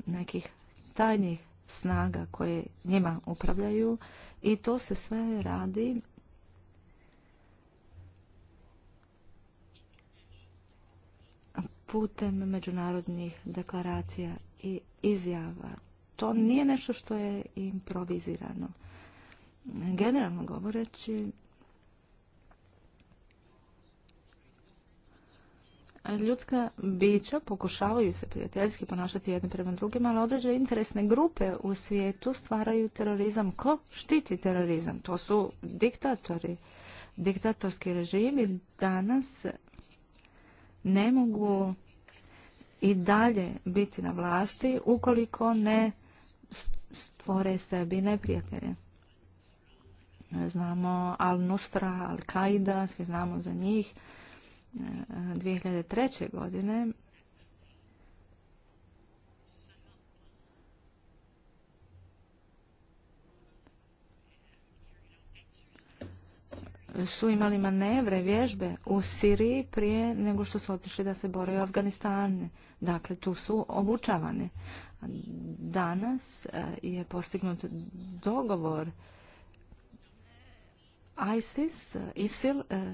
nekih tajnih snaga koje njima upravljaju i to se sve radi putem međunarodnih deklaracija i izjava. To nije nešto što je improvizirano. Generalno govoreći, ljudska bića pokušavaju se prijateljski ponašati jedne prema drugima, ali određene interesne grupe u svijetu stvaraju terorizam. Ko štiti terorizam? To su diktatori. Diktatorski režimi danas ne mogu i dalje biti na vlasti ukoliko ne stvore sebi neprijatelje. Znamo Al-Nusra, Al-Qaida, svi znamo za njih. 2003. E, godine su imali manevre, vježbe u Siriji prije nego što su otišli da se bore u Afganistanu. Dakle, tu su obučavane Danas e, je postignut dogovor ISIS, ISIL e, e,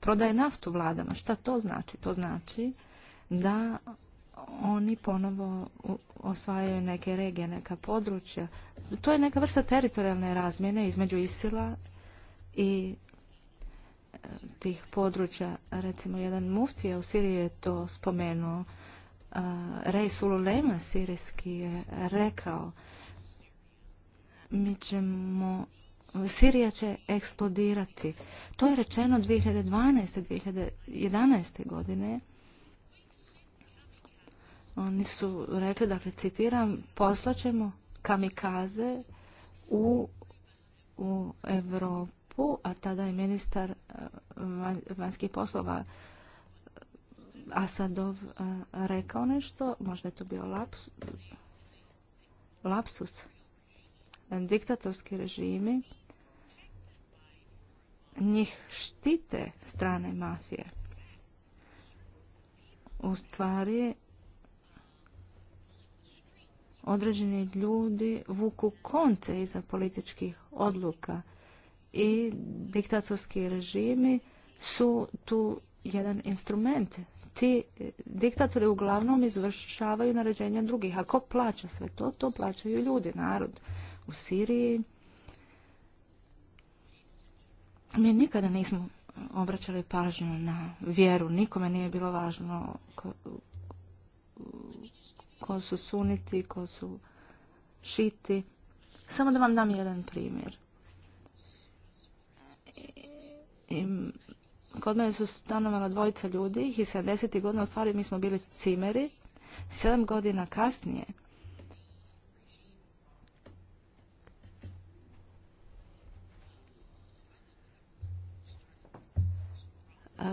prodaje naftu vladama. Šta to znači? To znači da oni ponovo osvajaju neke regije, neka područja. To je neka vrsta teritorijalne razmjene između Isila i e, tih područja. Recimo, jedan muftija u Siriji je to spomenuo. Rej Sululema sirijski je rekao mi ćemo Sirija će eksplodirati. To je rečeno 2012. 2011. godine. Oni su rekli, dakle, citiram, poslaćemo kamikaze u, u Europu, a tada je ministar e, vanjskih poslova e, Asadov e, rekao nešto, možda je to bio laps, lapsus, diktatorski režimi njih štite strane mafije. U stvari, određeni ljudi vuku konce iza političkih odluka i diktatorski režimi su tu jedan instrument. Ti diktatori uglavnom izvršavaju naređenja drugih. Ako plaća sve to, to plaćaju ljudi, narod. U Siriji mi nikada nismo uh, obraćali pažnju na vjeru, nikome nije bilo važno ko, su suniti, ko su šiti. Samo da vam dam jedan primjer. kod mene su stanovala dvojica ljudi i 70. godina u stvari mi smo bili cimeri. Sedam godina kasnije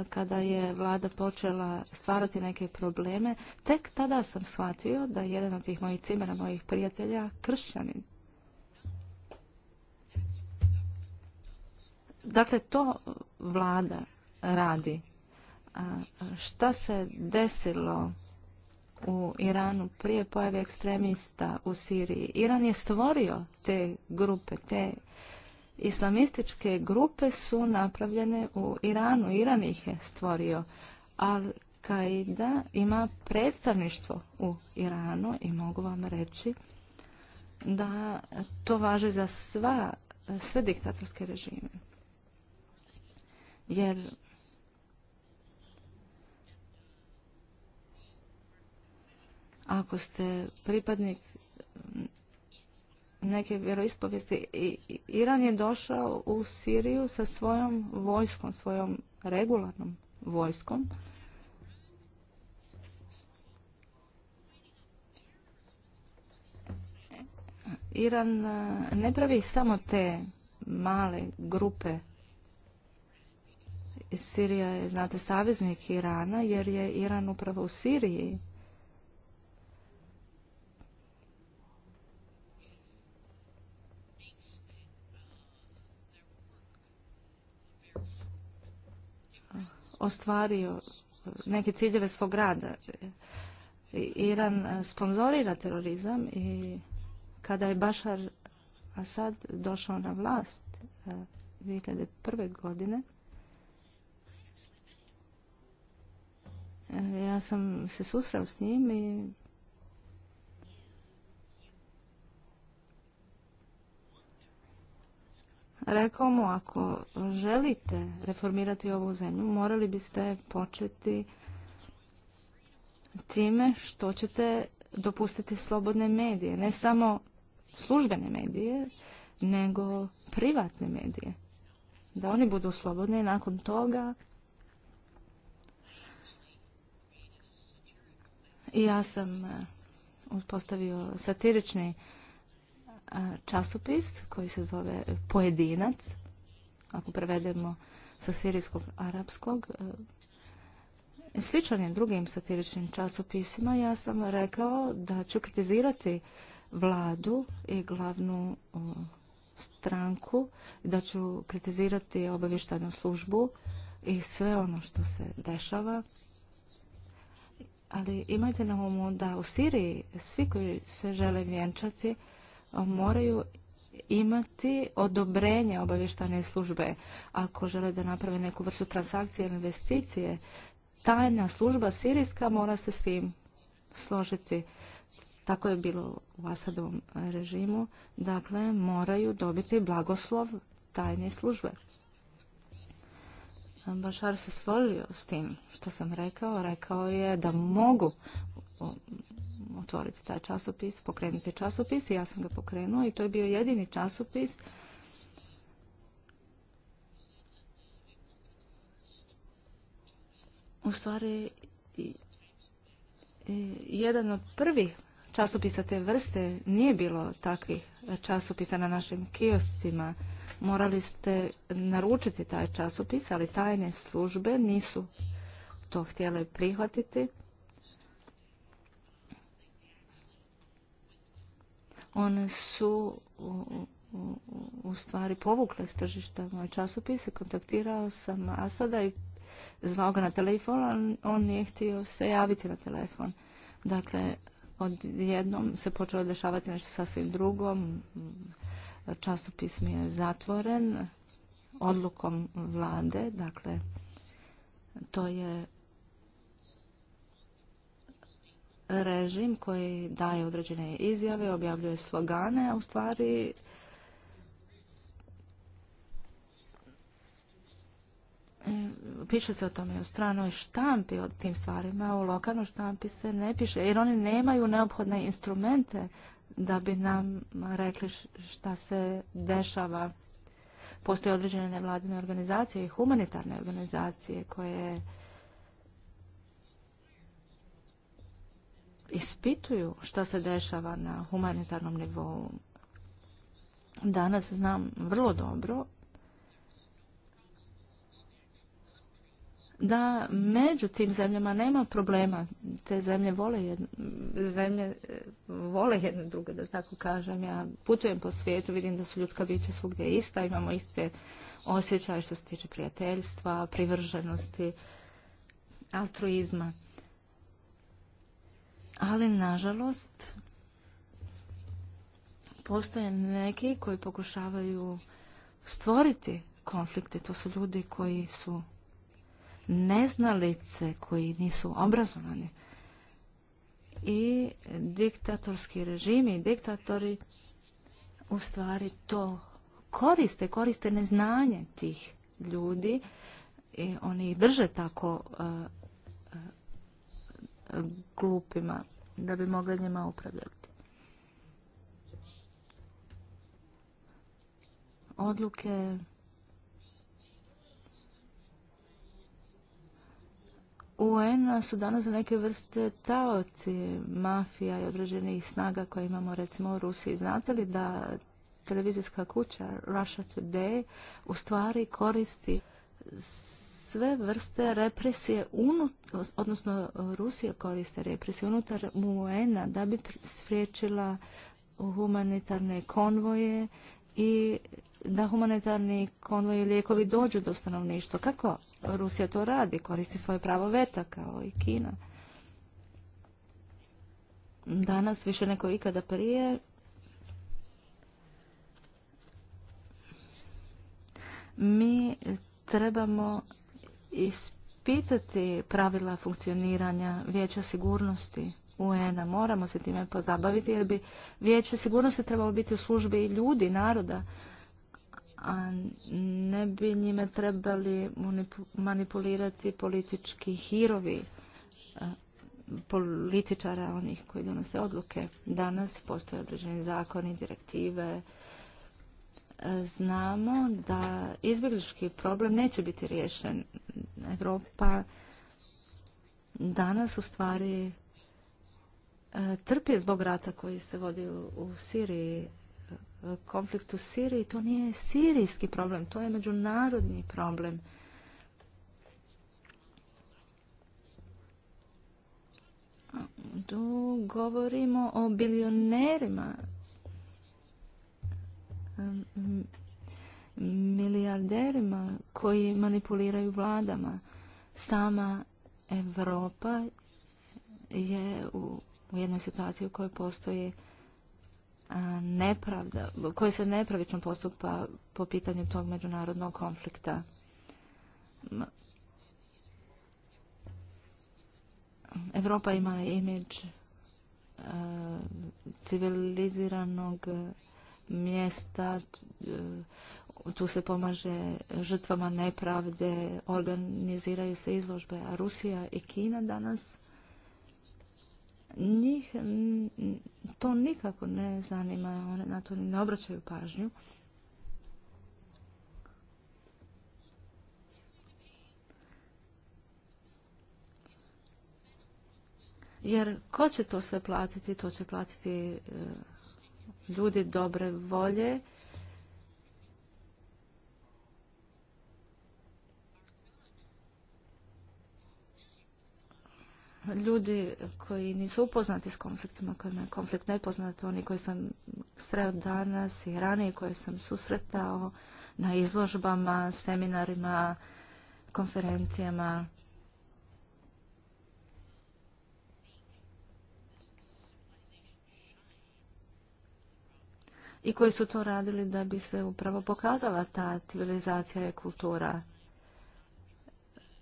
kada je vlada počela stvarati neke probleme, tek tada sam shvatio da jedan od tih mojih cimera, mojih prijatelja, kršćanin. Dakle, to vlada radi. šta se desilo u Iranu prije pojave ekstremista u Siriji? Iran je stvorio te grupe, te Islamističke grupe su napravljene u Iranu, Iran ih je stvorio. Al-Qaida ima predstavništvo u Iranu i mogu vam reći da to važe za sva, sve diktatorske režime. Jer ako ste pripadnik neke vjeroispovijesti. Iran je došao u Siriju sa svojom vojskom, svojom regularnom vojskom. Iran e, ne pravi samo te male grupe. Sirija je, znate, saveznik Irana, jer je Iran upravo u Siriji ostvario neke ciljeve svog rada. Iran sponzorira terorizam i kada je Bašar Asad došao na vlast eh, 2001. godine, eh, ja sam se susreo s njim i rekao mu ako želite reformirati ovu zemlju, morali biste početi time što ćete dopustiti slobodne medije, ne samo službene medije, nego privatne medije. Da oni budu slobodni i nakon toga i ja sam eh, uspostavio satirični časopis koji se zove Pojedinac, ako prevedemo sa sirijskog arapskog, e, sličan je drugim satiričnim časopisima. Ja sam rekao da ću kritizirati vladu i glavnu stranku, da ću kritizirati obavještajnu službu i sve ono što se dešava. Ali imajte na umu da u Siriji svi koji se žele vjenčati moraju imati odobrenje obavještajne službe ako žele da naprave neku vrstu transakcije ili investicije. Tajna služba sirijska mora se s tim složiti. Tako je bilo u Asadovom režimu. Dakle, moraju dobiti blagoslov tajne službe. Bašar se složio s tim što sam rekao. Rekao je da mogu otvoriti taj časopis, pokrenuti časopis i ja sam ga pokrenuo i to je bio jedini časopis u stvari jedan od prvih časopisa te vrste nije bilo takvih časopisa na našim kioscima. Morali ste naručiti taj časopis, ali tajne službe nisu to htjele prihvatiti. one su u, stvari povukle s tržišta moje časopise. Kontaktirao sam Asada i zvao ga na telefon, on, on nije htio se javiti na telefon. Dakle, odjednom se počelo dešavati nešto sasvim drugom. Časopis mi je zatvoren odlukom vlade, dakle, to je režim koji daje određene izjave, objavljuje slogane, a u stvari piše se o tome u stranoj štampi o tim stvarima, u lokalnoj štampi se ne piše, jer oni nemaju neophodne instrumente da bi nam rekli šta se dešava. Postoje određene nevladine organizacije i humanitarne organizacije koje ispituju šta se dešava na humanitarnom nivou. Danas znam vrlo dobro da među tim zemljama nema problema. Te zemlje vole jedne, zemlje eh, vole jedne druge, da tako kažem. Ja putujem po svijetu, vidim da su ljudska bića svugdje ista, imamo iste osjećaje što se tiče prijateljstva, privrženosti, altruizma ali nažalost postoje neki koji pokušavaju stvoriti konflikte. To su ljudi koji su neznalice, koji nisu obrazovani. I diktatorski režimi i diktatori u stvari to koriste, koriste neznanje tih ljudi i oni ih drže tako e, glupima, da bi mogli njima upravljati. Odluke UN su danas za neke vrste taoci mafija i određenih snaga koje imamo recimo u Rusiji. Znate li da televizijska kuća Russia Today u stvari koristi sve vrste represije, unut, odnosno Rusija koriste represije unutar un da bi spriječila humanitarne konvoje i da humanitarni konvoj i lijekovi dođu do stanovništva. Kako Rusija to radi? Koristi svoje pravo veta kao i Kina. Danas više neko ikada prije mi trebamo ispicati pravila funkcioniranja vijeća sigurnosti UN-a. Moramo se time pozabaviti jer bi vijeće sigurnosti trebalo biti u službi ljudi, naroda, a ne bi njime trebali manipulirati politički hirovi e, političara, onih koji donose odluke. Danas postoje određeni zakoni, direktive, znamo da izbjeglički problem neće biti riješen. Europa danas u stvari e, trpi zbog rata koji se vodi u Siriji, e, konflikt u Siriji. To nije sirijski problem, to je međunarodni problem. Tu govorimo o bilionerima milijarderima koji manipuliraju vladama. Sama Europa je u, jednoj situaciji u kojoj postoji nepravda, koji se nepravično postupa po pitanju tog međunarodnog konflikta. Europa ima imidž civiliziranog mjesta, e, tu se pomaže žrtvama nepravde, organiziraju se izložbe, a Rusija i Kina danas njih to nikako ne zanima, one na to ne obraćaju pažnju. Jer ko će to sve platiti? To će platiti e, ljudi dobre volje ljudi koji nisu upoznati s konfliktima, kojima je konflikt nepoznat, oni koji sam sreo danas i ranije koje sam susretao na izložbama, seminarima, konferencijama. i koji su to radili da bi se upravo pokazala ta civilizacija i kultura.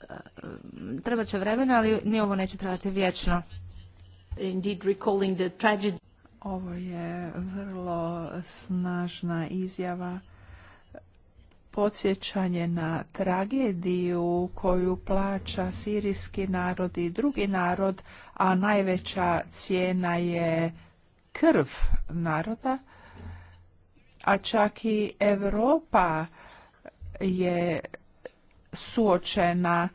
E, Treba će vremena, ali ni ovo neće trebati vječno. Ovo je vrlo snažna izjava podsjećanje na tragediju koju plaća sirijski narod i drugi narod, a najveća cijena je krv naroda a čak i Europa je suočena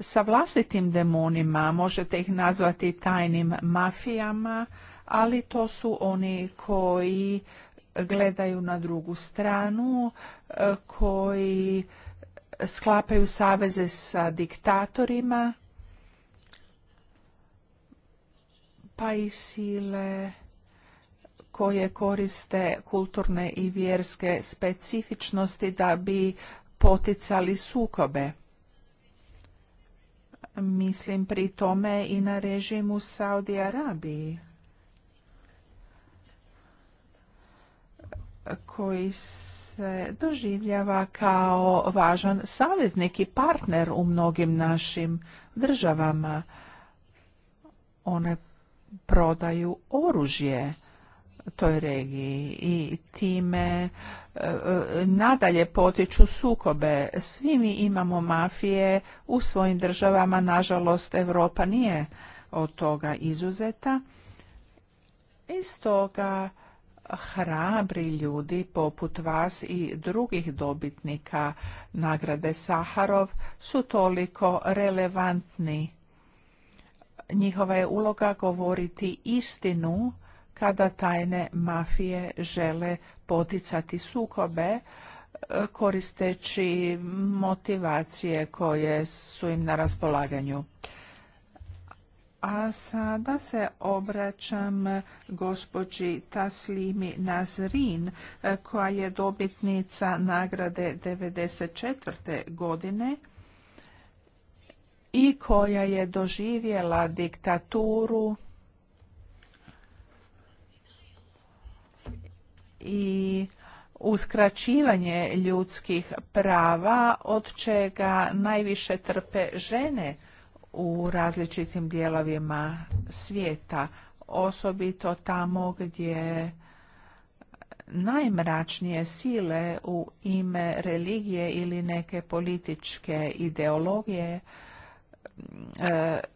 sa vlastitim demonima, možete ih nazvati tajnim mafijama, ali to su oni koji gledaju na drugu stranu, koji sklapaju saveze sa diktatorima, pa i sile koje koriste kulturne i vjerske specifičnosti da bi poticali sukobe. Mislim pri tome i na režimu u Saudi Arabiji koji se doživljava kao važan saveznik i partner u mnogim našim državama. One prodaju oružje toj regiji i time e, e, nadalje potiču sukobe. Svi mi imamo mafije u svojim državama, nažalost Europa nije od toga izuzeta. I toga hrabri ljudi poput vas i drugih dobitnika nagrade Saharov su toliko relevantni. Njihova je uloga govoriti istinu kada tajne mafije žele poticati sukobe e, koristeći motivacije koje su im na raspolaganju. A sada se obraćam gospođi Taslimi Nazrin, e, koja je dobitnica nagrade 1994. godine i koja je doživjela diktaturu i uskraćivanje ljudskih prava od čega najviše trpe žene u različitim dijelovima svijeta, osobito tamo gdje najmračnije sile u ime religije ili neke političke ideologije e,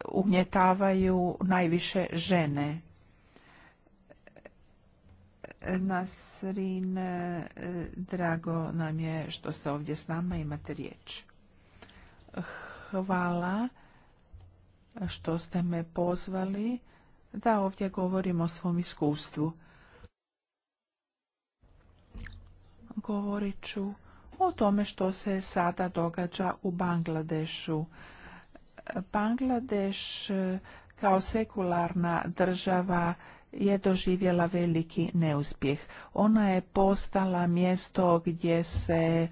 ugnjetavaju najviše žene. Nasrin, e, drago nam je što ste ovdje s nama, imate riječ. Hvala što ste me pozvali da ovdje govorim o svom iskustvu. Govorit ću o tome što se sada događa u Bangladešu. Bangladeš e, kao sekularna država je doživjela veliki neuspjeh. Ona je postala mjesto gdje se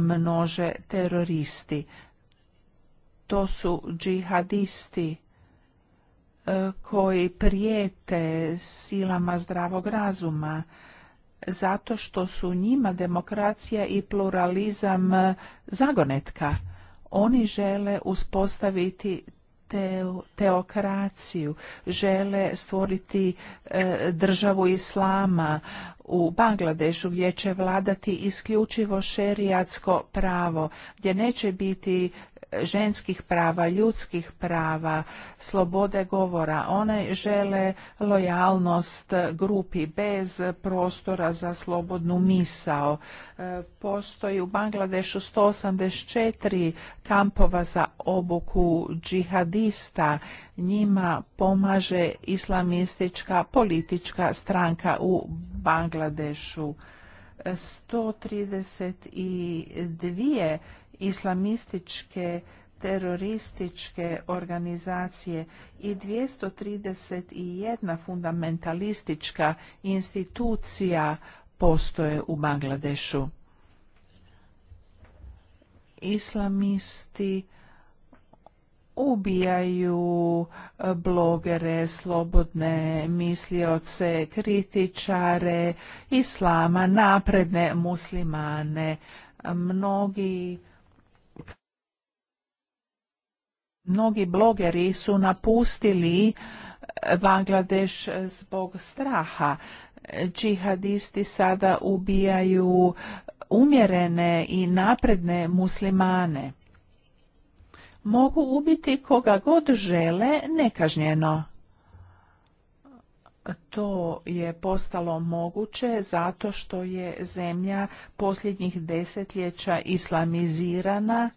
množe teroristi. To su džihadisti e, koji prijete silama zdravog razuma zato što su njima demokracija i pluralizam zagonetka. Oni žele uspostaviti teokraciju, žele stvoriti e, državu islama u Bangladešu gdje će vladati isključivo šerijatsko pravo, gdje neće biti ženskih prava, ljudskih prava, slobode govora. One žele lojalnost grupi bez prostora za slobodnu misao. E, postoji u Bangladešu 184 kampova za obuku džihadista. Njima pomaže islamistička politička stranka u Bangladešu. 132 e, islamističke terorističke organizacije i 231 fundamentalistička institucija postoje u Bangladešu. Islamisti ubijaju blogere, slobodne mislioce, kritičare, islama, napredne muslimane. Mnogi Mnogi blogeri su napustili eh, Bangladeš eh, zbog straha. Džihadisti sada ubijaju eh, umjerene i napredne muslimane. Mogu ubiti koga god žele nekažnjeno. To je postalo moguće zato što je zemlja posljednjih desetljeća islamizirana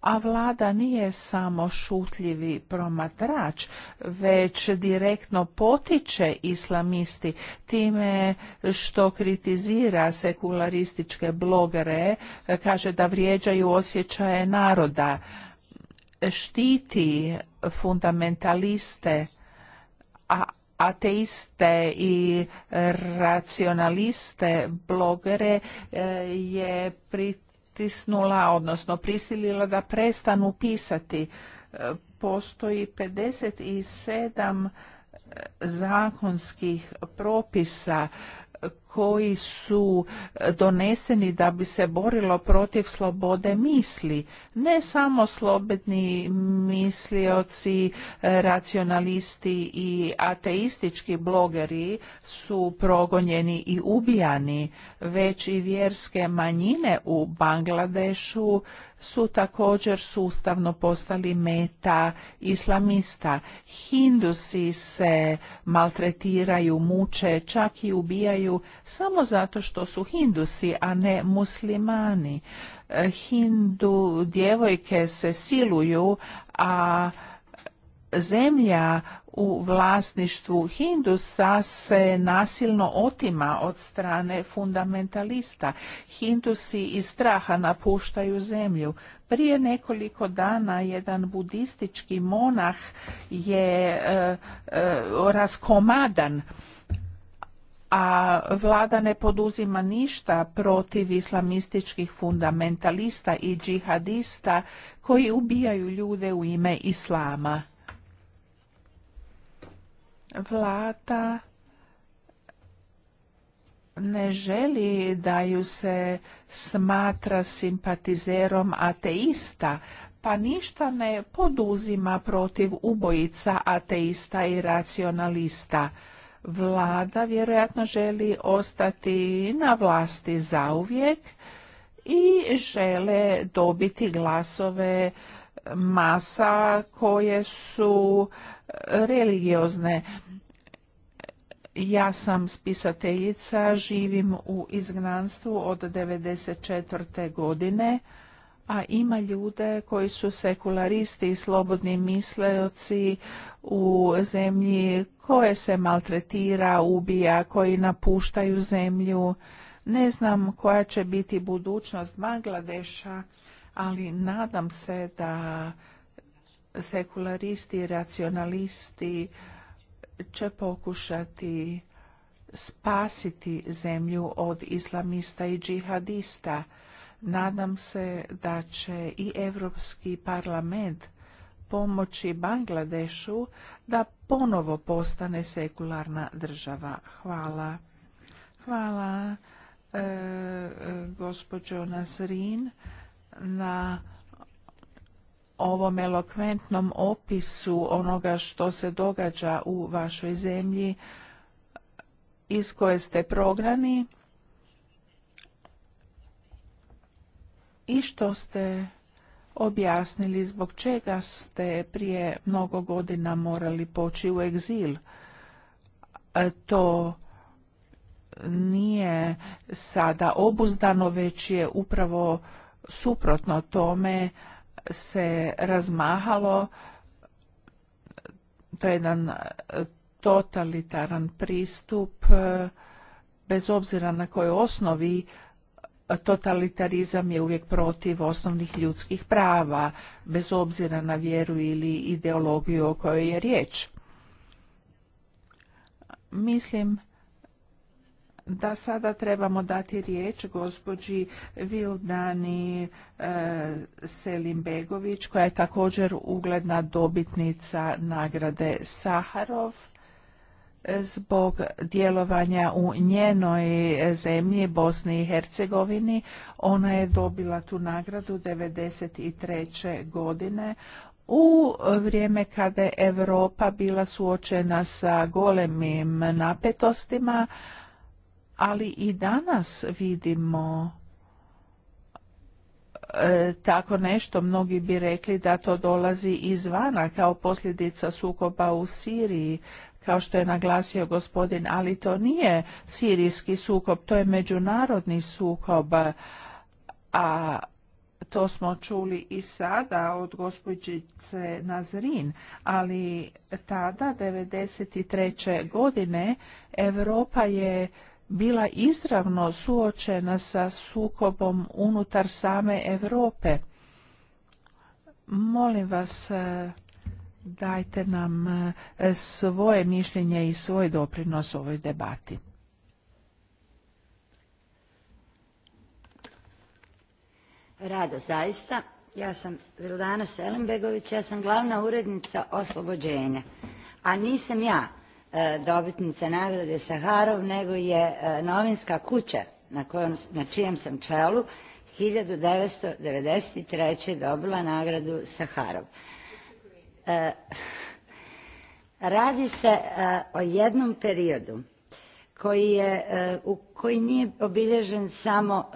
a vlada nije samo šutljivi promatrač, već direktno potiče islamisti time što kritizira sekularističke blogere, kaže da vrijeđaju osjećaje naroda, štiti fundamentaliste, a ateiste i racionaliste blogere eh, je pri pritisnula, odnosno prisilila da prestanu pisati. E, postoji 57 e, zakonskih propisa koji su doneseni da bi se borilo protiv slobode misli. Ne samo slobodni mislioci, racionalisti i ateistički blogeri su progonjeni i ubijani, već i vjerske manjine u Bangladešu su također sustavno postali meta islamista. Hindusi se maltretiraju, muče, čak i ubijaju samo zato što su hindusi, a ne muslimani. E, Hindu djevojke se siluju, a zemlja u vlasništvu Hindusa se nasilno otima od strane fundamentalista. Hindusi iz straha napuštaju zemlju. Prije nekoliko dana jedan budistički monah je e, e, raskomadan a vlada ne poduzima ništa protiv islamističkih fundamentalista i džihadista koji ubijaju ljude u ime islama vlada ne želi da ju se smatra simpatizerom ateista, pa ništa ne poduzima protiv ubojica ateista i racionalista. Vlada vjerojatno želi ostati na vlasti zauvijek i žele dobiti glasove masa koje su religiozne. Ja sam spisateljica, živim u izgnanstvu od 1994. godine, a ima ljude koji su sekularisti i slobodni misleoci u zemlji koje se maltretira, ubija, koji napuštaju zemlju. Ne znam koja će biti budućnost Bangladeša, ali nadam se da sekularisti i racionalisti će pokušati spasiti zemlju od islamista i džihadista. Nadam se da će i Europski parlament pomoći Bangladešu da ponovo postane sekularna država. Hvala. Hvala e, e, gospođo Nazrin na ovom elokventnom opisu onoga što se događa u vašoj zemlji iz koje ste prograni i što ste objasnili zbog čega ste prije mnogo godina morali poći u egzil. E, to nije sada obuzdano, već je upravo suprotno tome se razmahalo. To je jedan e, totalitaran pristup, e, bez obzira na kojoj osnovi e, totalitarizam je uvijek protiv osnovnih ljudskih prava, bez obzira na vjeru ili ideologiju o kojoj je riječ. Mislim da sada trebamo dati riječ gospođi Vildani e, Selimbegović koja je također ugledna dobitnica nagrade Saharov e, zbog djelovanja u njenoj zemlji Bosni i Hercegovini. Ona je dobila tu nagradu 1993. godine u vrijeme kada je Europa bila suočena sa golemim napetostima, ali i danas vidimo e, tako nešto mnogi bi rekli da to dolazi izvana kao posljedica sukoba u Siriji kao što je naglasio gospodin ali to nije sirijski sukob to je međunarodni sukob a to smo čuli i sada od gospođice Nazrin, ali tada, 1993. godine, Europa je bila izravno suočena sa sukobom unutar same Europe. Molim vas, e, dajte nam e, svoje mišljenje i svoj doprinos ovoj debati. Rado, zaista. Ja sam Vildana Selimbegović, ja sam glavna urednica oslobođenja. A nisam ja E, dobitnice nagrade Saharov, nego je e, novinska kuća na, čijem sam čelu 1993. dobila nagradu Saharov. E, radi se o jednom periodu koji, je, u, koji nije obilježen samo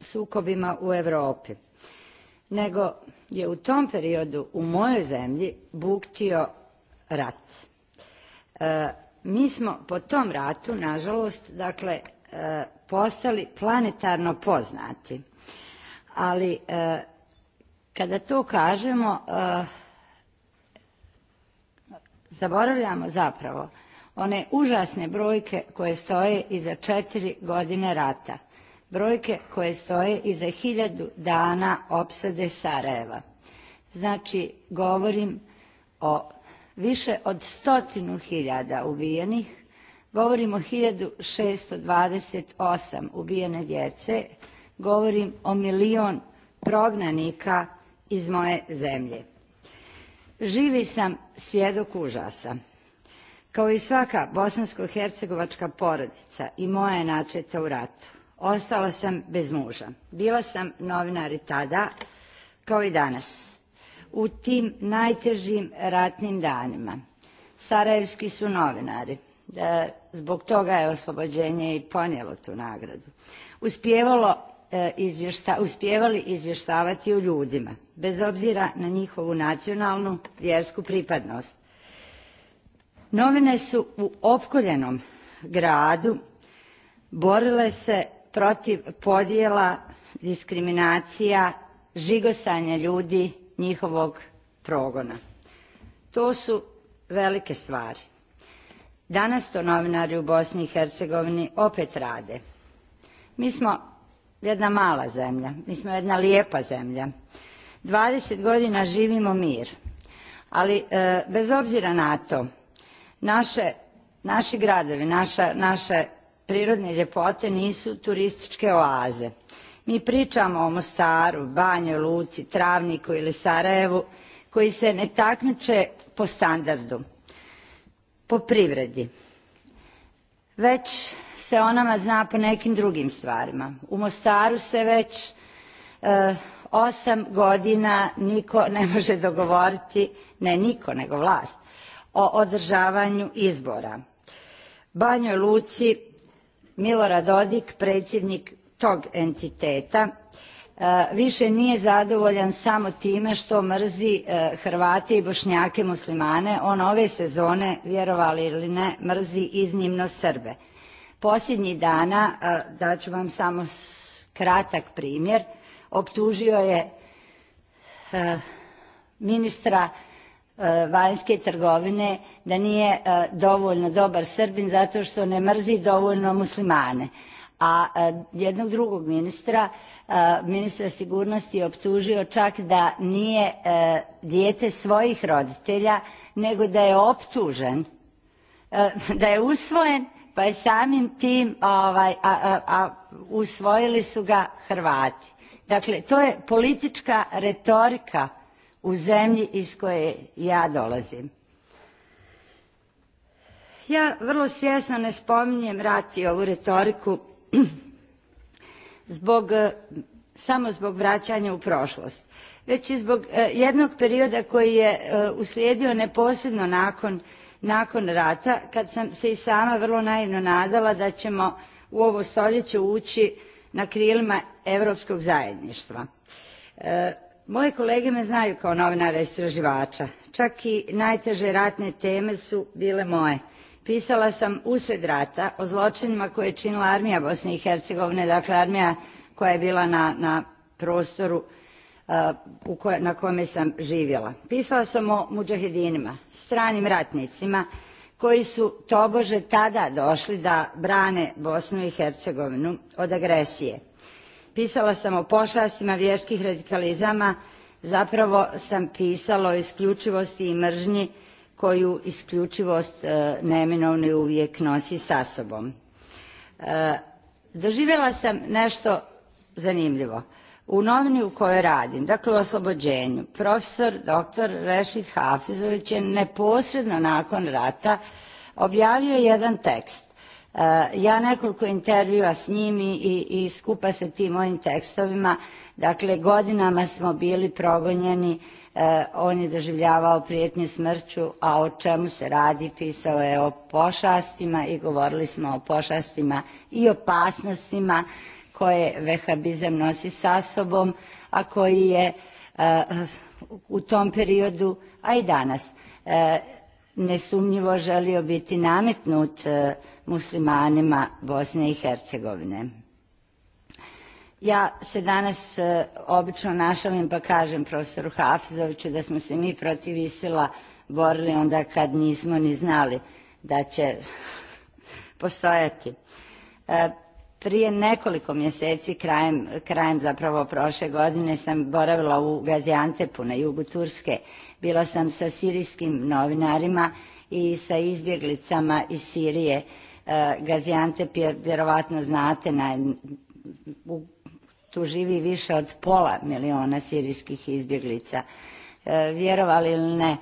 sukobima u Europi, nego je u tom periodu u mojoj zemlji buktio rat E, mi smo po tom ratu, nažalost, dakle, e, postali planetarno poznati. Ali, e, kada to kažemo, zaboravljamo zapravo one užasne brojke koje stoje iza četiri godine rata. Brojke koje stoje iza hiljadu dana opsade Sarajeva. Znači, govorim o više od stotinu hiljada ubijenih, govorim o 1628 ubijene djece, govorim o milion prognanika iz moje zemlje. Živi sam svjedok užasa. Kao i svaka bosansko-hercegovačka porodica i moja je načeta u ratu. Ostala sam bez muža. Bila sam novinar i tada, kao i danas u tim najtežim ratnim danima. Sarajevski su novinari. E, zbog toga je oslobođenje i ponijelo tu nagradu. Uspjevalo, e, uspjevali izvještavati o ljudima, bez obzira na njihovu nacionalnu, vjersku pripadnost. Novine su u opkoljenom gradu borile se protiv podjela, diskriminacija, žigosanja ljudi njihovog progona. To su velike stvari. Danas to novinari u Bosni i Hercegovini opet rade. Mi smo jedna mala zemlja, mi smo jedna lijepa zemlja. 20 godina živimo mir, ali e, bez obzira na to, naše, naši gradovi, naša, naše prirodne ljepote nisu turističke oaze. Mi pričamo o Mostaru, banjo Luci, Travniku ili Sarajevu koji se ne taknuće po standardu, po privredi. Već se o nama zna po nekim drugim stvarima. U Mostaru se već e, osam godina niko ne može dogovoriti, ne niko nego vlast, o održavanju izbora. Banjoj Luci Milorad Odik, predsjednik tog entiteta e, više nije zadovoljan samo time što mrzi e, Hrvate i Bošnjake muslimane, on ove sezone, vjerovali ili ne, mrzi iznimno Srbe. Posljednjih dana, e, daću vam samo kratak primjer, optužio je ministra vanjske trgovine da nije dovoljno dobar Srbin zato što ne mrzi dovoljno muslimane a e, jednog drugog ministra e, ministra sigurnosti je optužio čak da nije e, dijete svojih roditelja nego da je optužen da je usvojen pa je samim tim ovaj, a, a usvojili su ga Hrvati. Dakle, to je politička retorika u zemlji iz koje ja dolazim. Ja vrlo svjesno ne spominjem rat i ovu retoriku <clears throat> zbog, e, samo zbog vraćanja u prošlost, već i zbog e, jednog perioda koji je e, uslijedio neposredno nakon, nakon rata, kad sam se i sama vrlo naivno nadala da ćemo u ovo stoljeće ući na krilima europskog zajedništva. moje kolege me znaju kao novinara istraživača. Čak i najteže ratne teme su bile moje. Pisala sam usred rata o zločinima koje je činila armija Bosne i Hercegovine, dakle armija koja je bila na, prostoru na kome sam živjela. Pisala sam o muđahedinima, stranim ratnicima koji su tobože tada došli da brane Bosnu i Hercegovinu od agresije. Pisala sam o pošastima vjerskih radikalizama, zapravo sam pisala o isključivosti i mržnji koju isključivost e, neminovni uvijek nosi sa sobom. E, doživjela sam nešto zanimljivo. U novini u kojoj radim, dakle u oslobođenju, profesor dr. Rešit Hafizović je neposredno nakon rata objavio jedan tekst. E, ja nekoliko intervjua s njim i, i skupa sa tim mojim tekstovima, dakle godinama smo bili progonjeni E, on je doživljavao prijetnje smrću, a o čemu se radi pisao je o pošastima i govorili smo o pošastima i opasnostima koje vehabizam nosi sa sobom, a koji je e, u tom periodu, a i danas, e, nesumnjivo želio biti nametnut muslimanima Bosne i Hercegovine. Ja se danas e, obično našalim pa kažem profesoru Hafizoviću da smo se mi protiv Isila borili onda kad nismo ni znali da će <laughs> postojati. E, prije nekoliko mjeseci, krajem, zapravo prošle godine, sam boravila u Gaziantepu na jugu Turske. Bila sam sa sirijskim novinarima i sa izbjeglicama iz Sirije. E, Gaziantep je, vjerovatno znate, na, u tu živi više od pola miliona sirijskih izbjeglica. E, vjerovali ili ne,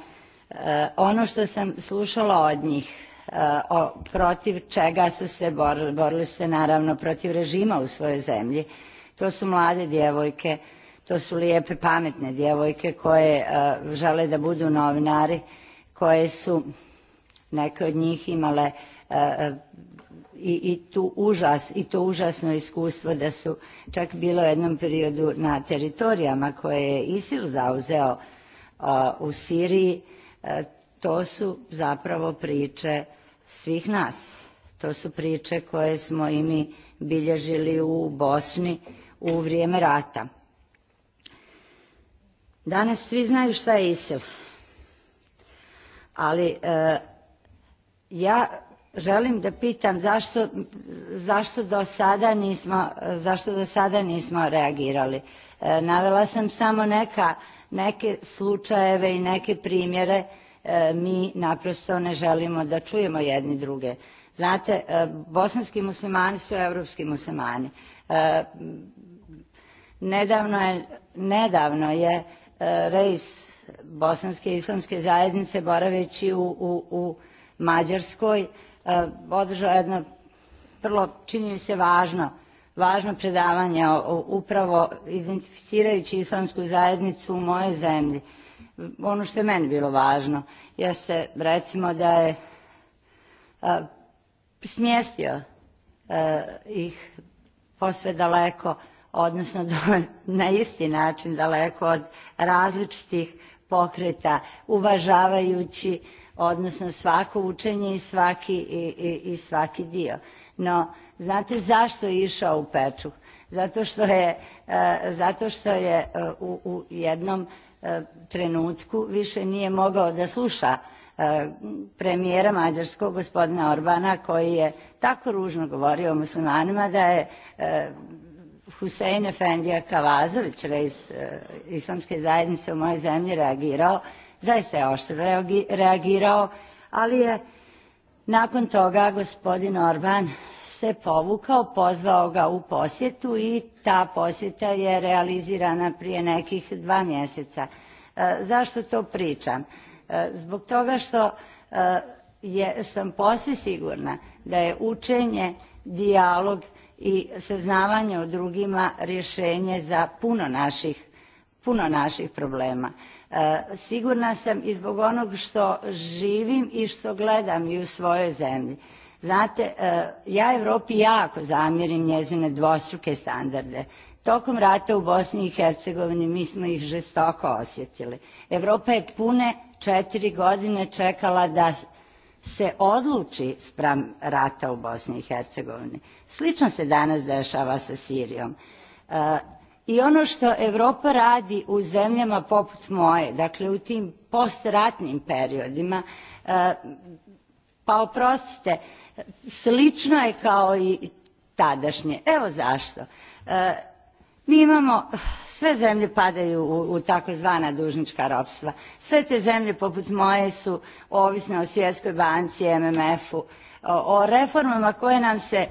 e, ono što sam slušala od njih, e, o, protiv čega su se borili, borili su se naravno protiv režima u svojoj zemlji, to su mlade djevojke, to su lijepe pametne djevojke koje žele da budu novinari, koje su neke od njih imale E, e, i, i tu užas i to užasno iskustvo da su čak bilo u jednom periodu na teritorijama koje je ISIL zauzeo u Siriji e, to su zapravo priče svih nas. To su priče koje smo i mi bilježili u Bosni u vrijeme rata. Danas svi znaju šta je ISIL, ali ja želim da pitam zašto, zašto do sada nismo, zašto do sada nismo reagirali. E, navela sam samo neka, neke slučajeve i neke primjere e, mi naprosto ne želimo da čujemo jedni druge. Znate, e, bosanski muslimani su evropski muslimani. Nedavno je, nedavno je rejs bosanske islamske zajednice boraveći u Mađarskoj E, održao jedno vrlo, čini se, važno, važno predavanje upravo identificirajući islamsku zajednicu u mojoj zemlji. Ono što je meni bilo važno jeste recimo da je e, smjestio e, ih posve daleko, odnosno na isti način daleko od različitih pokreta, uvažavajući odnosno svako učenje i svaki, i, i, svaki dio. No, znate zašto je išao u pečuh? Zato što je, e, zato što je e, u, u jednom e, trenutku više nije mogao da sluša premijera Mađarskog gospodina Orbana koji je tako ružno govorio o muslimanima da je Husein Efendija Kavazović, reis islamske zajednice u mojoj zemlji reagirao zaista je oštro reagirao, ali je nakon toga gospodin Orban se povukao, pozvao ga u posjetu i ta posjeta je realizirana prije nekih dva mjeseca. E, zašto to pričam? E, zbog toga što e, je, sam posve sigurna da je učenje, dijalog i saznavanje o drugima rješenje za puno naših, puno naših problema. E, sigurna sam i zbog onog što živim i što gledam i u svojoj zemlji. Znate, e, ja Europi jako zamjerim njezine dvostruke standarde. Tokom rata u Bosni i Hercegovini mi smo ih žestoko osjetili. Evropa je pune četiri godine čekala da se odluči spram rata u Bosni i Hercegovini. Slično se danas dešava sa Sirijom. E, i ono što Evropa radi u zemljama poput moje, dakle u tim postratnim periodima, e, pa oprostite, slično je kao i tadašnje. Evo zašto. E, mi imamo, sve zemlje padaju u, u takozvana dužnička ropstva. Sve te zemlje poput moje su ovisne o Svjetskoj banci, MMF-u, o reformama koje nam se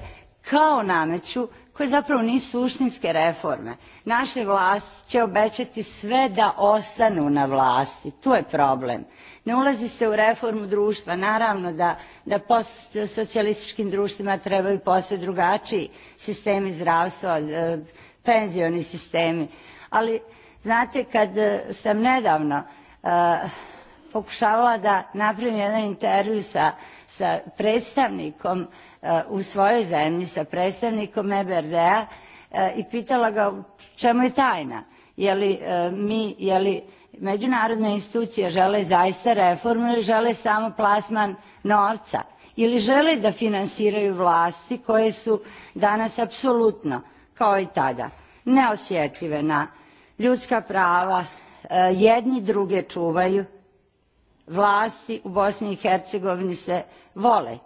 kao nameću koje zapravo nisu suštinske reforme. Naše vlast će obećati sve da ostanu na vlasti. Tu je problem. Ne ulazi se u reformu društva. Naravno da, da socijalističkim društvima trebaju posve drugačiji sistemi zdravstva, e, penzioni sistemi. Ali, znate, kad e, sam nedavno e, pokušavala da napravim jedan intervju sa predstavnikom u svojoj zemlji sa predstavnikom EBRD-a e, i pitala ga čemu je tajna. Je li e, mi, je li međunarodne institucije žele zaista reformu ili žele samo plasman novca ili žele da finansiraju vlasti koje su danas apsolutno kao i tada neosjetljive na ljudska prava, e, jedni druge čuvaju, vlasti u Bosni i Hercegovini se vole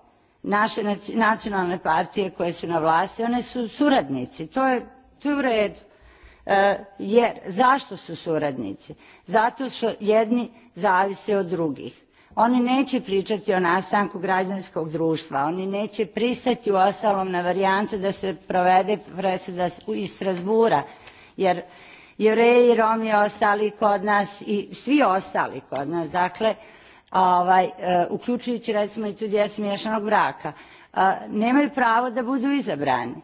naše nacionalne partije koje su na vlasti, one su suradnici, to je, to je u redu. E, jer zašto su suradnici? Zato što jedni zavise od drugih. Oni neće pričati o nastanku građanskog društva, oni neće pristati u ostalom na varijantu da se provede presuda iz Strasbura, jer Jevreji, Romi ostali kod nas i svi ostali kod nas. Dakle, ovaj, e, uključujući recimo i tu djecu miješanog braka, e, nemaju pravo da budu izabrani.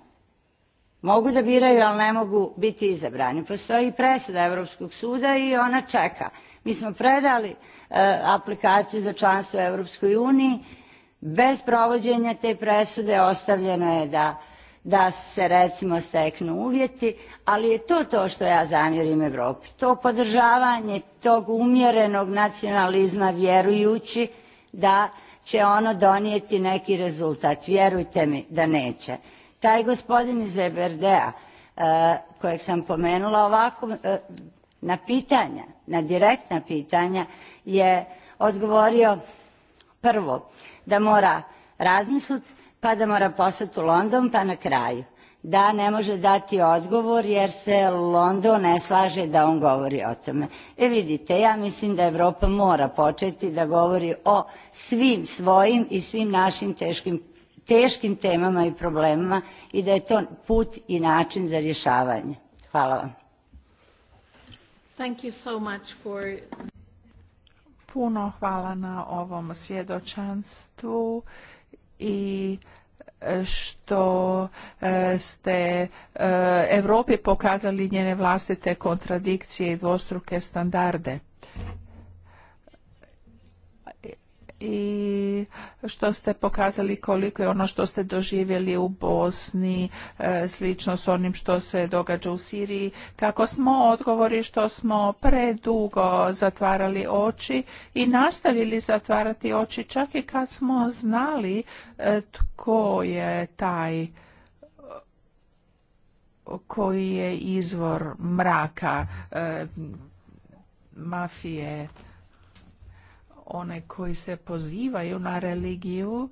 Mogu da biraju, ali ne mogu biti izabrani. Postoji i presuda Europskog suda i ona čeka. Mi smo predali e, aplikaciju za članstvo u Evropskoj uniji, bez provođenja te presude ostavljeno je da da se recimo steknu uvjeti, ali je to to što ja zamjerim Europi. To podržavanje tog umjerenog nacionalizma vjerujući da će ono donijeti neki rezultat. Vjerujte mi da neće. Taj gospodin iz ebrd e, kojeg sam pomenula ovako e, na pitanja, na direktna pitanja je odgovorio prvo da mora razmisliti pa da mora poslati u London, pa na kraju da ne može dati odgovor jer se London ne slaže da on govori o tome. E vidite, ja mislim da Evropa mora početi da govori o svim svojim i svim našim teškim, teškim temama i problemima i da je to put i način za rješavanje. Hvala vam. Puno hvala na ovom svjedočanstvu i e, što e, ste e, Europi pokazali njene vlastite kontradikcije i dvostruke standarde. i što ste pokazali koliko je ono što ste doživjeli u Bosni e, slično s onim što se događa u Siriji. Kako smo odgovori što smo predugo zatvarali oči i nastavili zatvarati oči čak i kad smo znali e, tko je taj koji je izvor mraka e, mafije one koji se pozivaju na religiju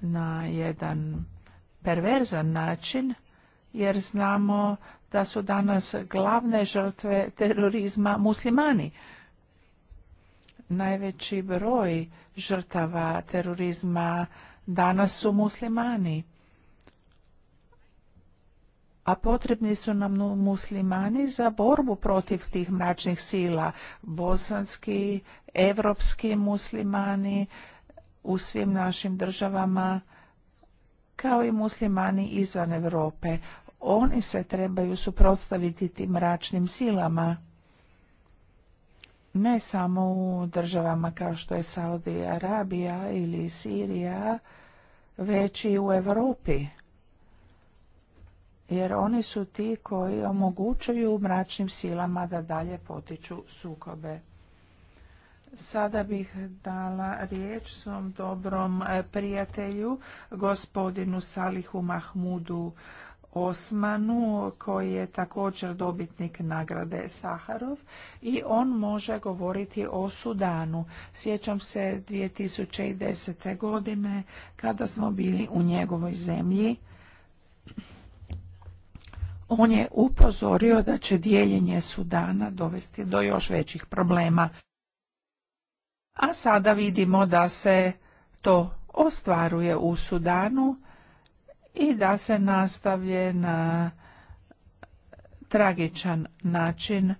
na jedan perverzan način, jer znamo da su danas glavne žrtve terorizma muslimani. Najveći broj žrtava terorizma danas su muslimani a potrebni su nam muslimani za borbu protiv tih mračnih sila. Bosanski, evropski muslimani u svim našim državama, kao i muslimani izvan Europe. Oni se trebaju suprotstaviti tim mračnim silama. Ne samo u državama kao što je Saudi Arabija ili Sirija, već i u Europi jer oni su ti koji omogućuju mračnim silama da dalje potiču sukobe. Sada bih dala riječ svom dobrom e, prijatelju, gospodinu Salihu Mahmudu Osmanu, koji je također dobitnik nagrade Saharov i on može govoriti o Sudanu. Sjećam se 2010. godine kada smo bili u njegovoj zemlji on je upozorio da će dijeljenje Sudana dovesti do još većih problema. A sada vidimo da se to ostvaruje u Sudanu i da se nastavlje na tragičan način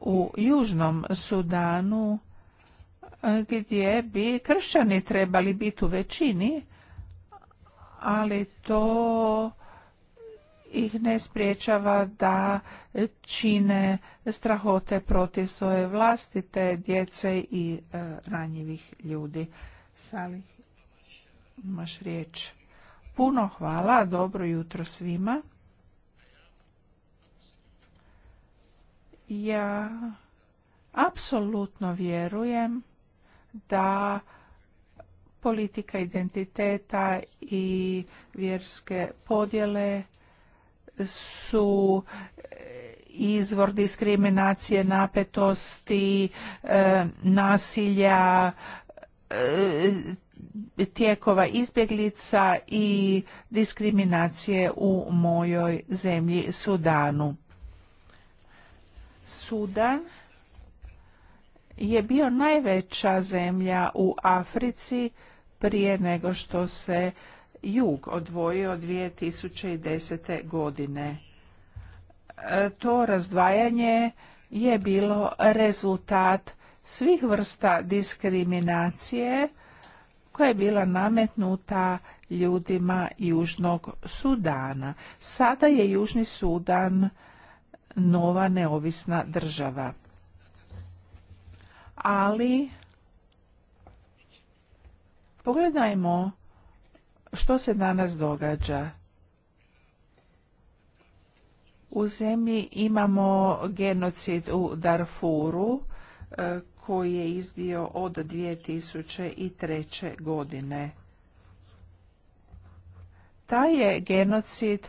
u Južnom Sudanu gdje bi kršćani trebali biti u većini, ali to ih ne spriječava da čine strahote protiv svoje vlastite djece i e, ranjivih ljudi. Salih, imaš riječ. Puno hvala, dobro jutro svima. Ja apsolutno vjerujem da politika identiteta i vjerske podjele su e, izvor diskriminacije, napetosti, e, nasilja, e, tijekova izbjeglica i diskriminacije u mojoj zemlji Sudanu. Sudan je bio najveća zemlja u Africi prije nego što se jug odvojio 2010. godine. E, to razdvajanje je bilo rezultat svih vrsta diskriminacije koja je bila nametnuta ljudima Južnog Sudana. Sada je Južni Sudan nova neovisna država. Ali pogledajmo što se danas događa? U zemlji imamo genocid u Darfuru e, koji je izbio od 2003. godine. Taj je genocid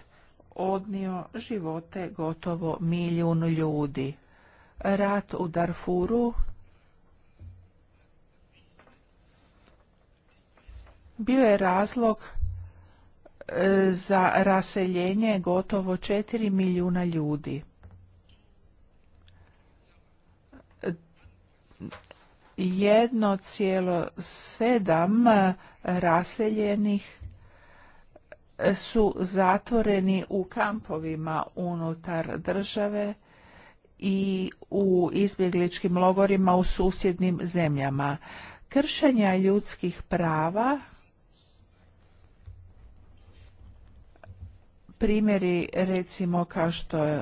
odnio živote gotovo milijun ljudi. Rat u Darfuru bio je razlog e, za raseljenje gotovo 4 milijuna ljudi. Jedno cijelo sedam e, raseljenih e, su zatvoreni u kampovima unutar države i u izbjegličkim logorima u susjednim zemljama. Kršenja ljudskih prava primjeri recimo kao što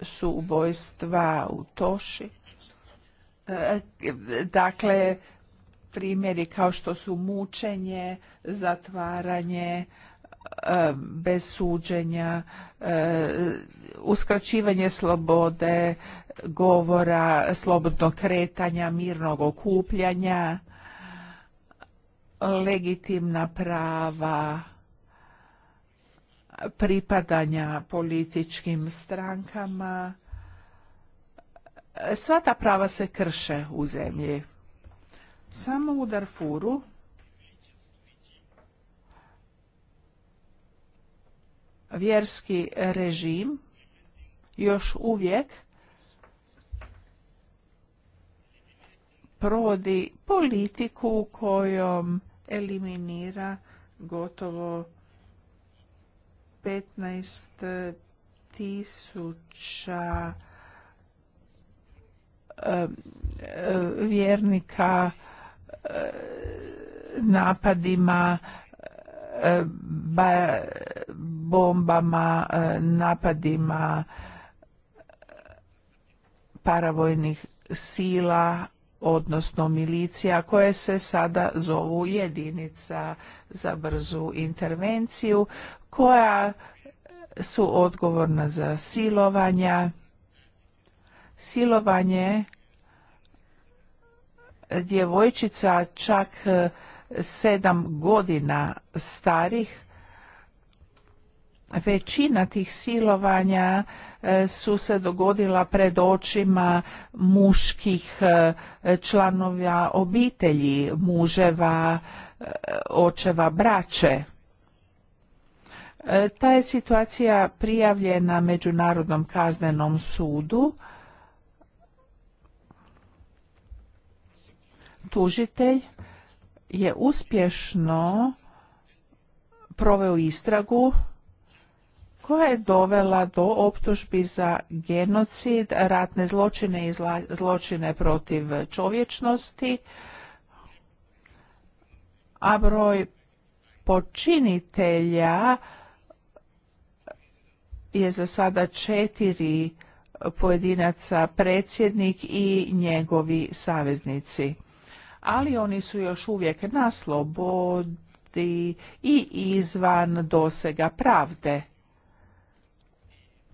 su ubojstva u Toši, e, dakle primjeri kao što su mučenje, zatvaranje, e, bez suđenja, e, uskraćivanje slobode, govora, slobodnog kretanja, mirnog okupljanja, legitimna prava, pripadanja političkim strankama. Sva ta prava se krše u zemlji. Samo u Darfuru vjerski režim još uvijek provodi politiku kojom eliminira gotovo 15 tisuća vjernika napadima bombama napadima paravojnih sila odnosno milicija koje se sada zovu jedinica za brzu intervenciju koja su odgovorna za silovanja. Silovanje djevojčica čak e, sedam godina starih. Većina tih silovanja e, su se dogodila pred očima muških e, članova obitelji, muževa, očeva, braće. E, ta je situacija prijavljena Međunarodnom kaznenom sudu. Tužitelj je uspješno proveo istragu koja je dovela do optužbi za genocid, ratne zločine i zločine protiv čovječnosti, a broj počinitelja je za sada četiri pojedinaca predsjednik i njegovi saveznici. Ali oni su još uvijek na slobodi i izvan dosega pravde.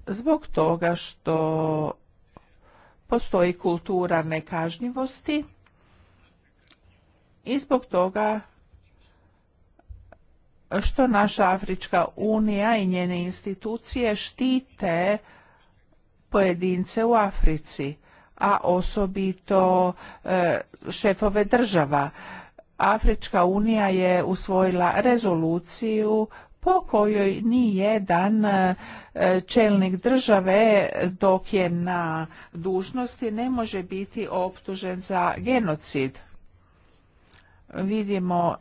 Zbog toga što postoji kultura nekažnjivosti i zbog toga što naša Afrička unija i njene institucije štite pojedince u Africi, a osobito e, šefove država. Afrička unija je usvojila rezoluciju po kojoj ni jedan e, čelnik države dok je na dužnosti ne može biti optužen za genocid. Vidimo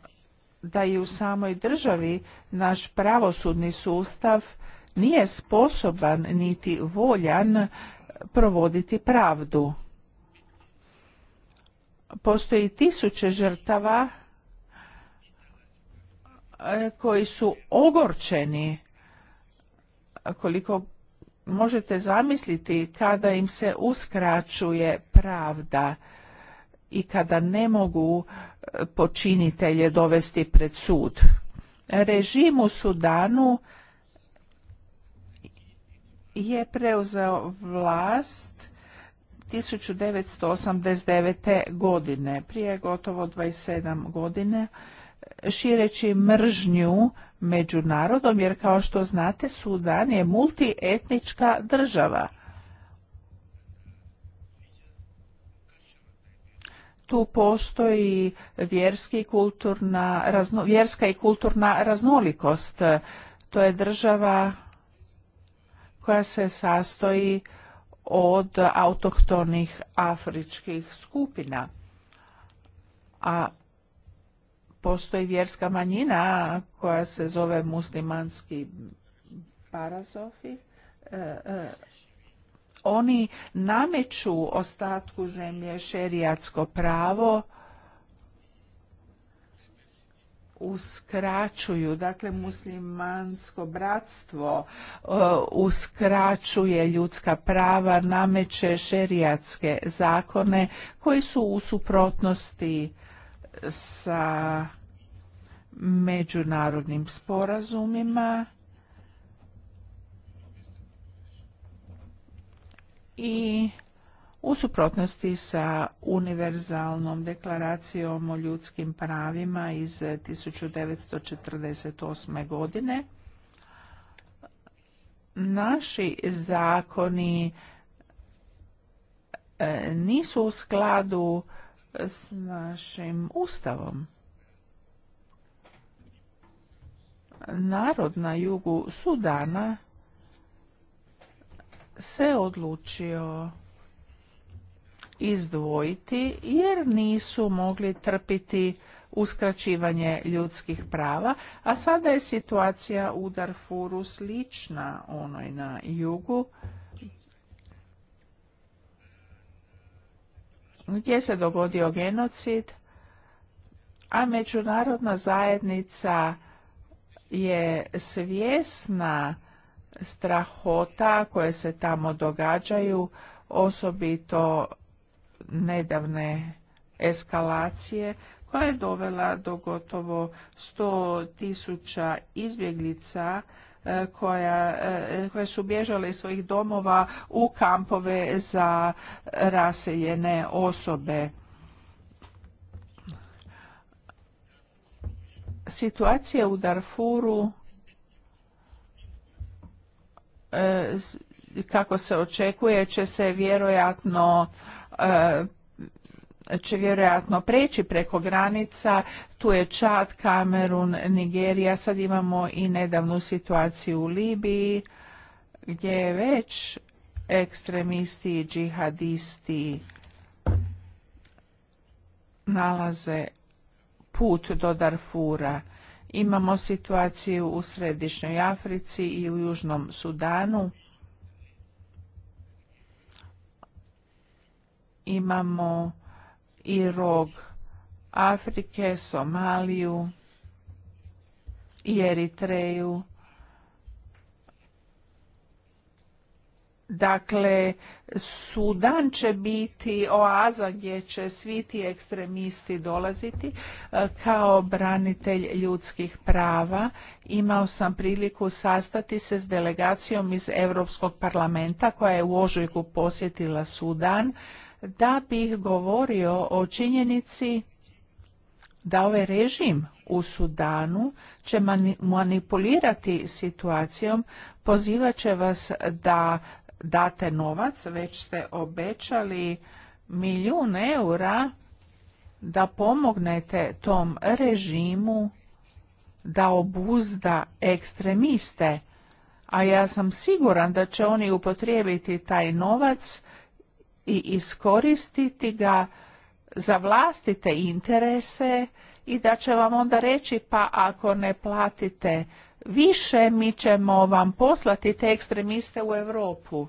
da i u samoj državi naš pravosudni sustav nije sposoban niti voljan provoditi pravdu. Postoji tisuće žrtava e, koji su ogorčeni koliko možete zamisliti kada im se uskraćuje pravda i kada ne mogu e, počinitelje dovesti pred sud. Režim u Sudanu je preuzeo vlast 1989. godine, prije gotovo 27 godine, šireći mržnju među narodom, jer kao što znate Sudan je multietnička država. tu postoji vjerski kulturna, vjerska i kulturna raznolikost. To je država koja se sastoji od autohtonih afričkih skupina. A postoji vjerska manjina koja se zove muslimanski parazofi. E, e, oni nameću ostatku zemlje šerijatsko pravo, uskraćuju, dakle muslimansko bratstvo e, uskraćuje ljudska prava, nameće šerijatske zakone koji su u suprotnosti sa međunarodnim sporazumima i u suprotnosti sa univerzalnom deklaracijom o ljudskim pravima iz 1948. godine naši zakoni e, nisu u skladu s našim ustavom. Narod na jugu Sudana se odlučio izdvojiti jer nisu mogli trpiti uskraćivanje ljudskih prava, a sada je situacija u Darfuru slična onoj na jugu, gdje se dogodio genocid, a međunarodna zajednica je svjesna strahota koje se tamo događaju, osobito nedavne eskalacije koja je dovela do gotovo 100.000 tisuća izbjeglica e, koja, e, koje su bježale iz svojih domova u kampove za raseljene osobe. Situacija u Darfuru E, kako se očekuje će se vjerojatno e, će vjerojatno preći preko granica. Tu je Čad, Kamerun, Nigerija. Sad imamo i nedavnu situaciju u Libiji gdje je već ekstremisti i džihadisti nalaze put do Darfura. Imamo situaciju u Središnjoj Africi i u Južnom Sudanu. Imamo i rog Afrike, Somaliju i Eritreju. Dakle, Sudan će biti oaza gdje će svi ti ekstremisti dolaziti e, kao branitelj ljudskih prava. Imao sam priliku sastati se s delegacijom iz Europskog parlamenta koja je u ožujku posjetila Sudan da bih govorio o činjenici da ovaj režim u Sudanu će manipulirati situacijom, pozivat će vas da date novac, već ste obećali milijun eura da pomognete tom režimu da obuzda ekstremiste, a ja sam siguran da će oni upotrijebiti taj novac i iskoristiti ga za vlastite interese i da će vam onda reći pa ako ne platite više mi ćemo vam poslati te ekstremiste u Europu.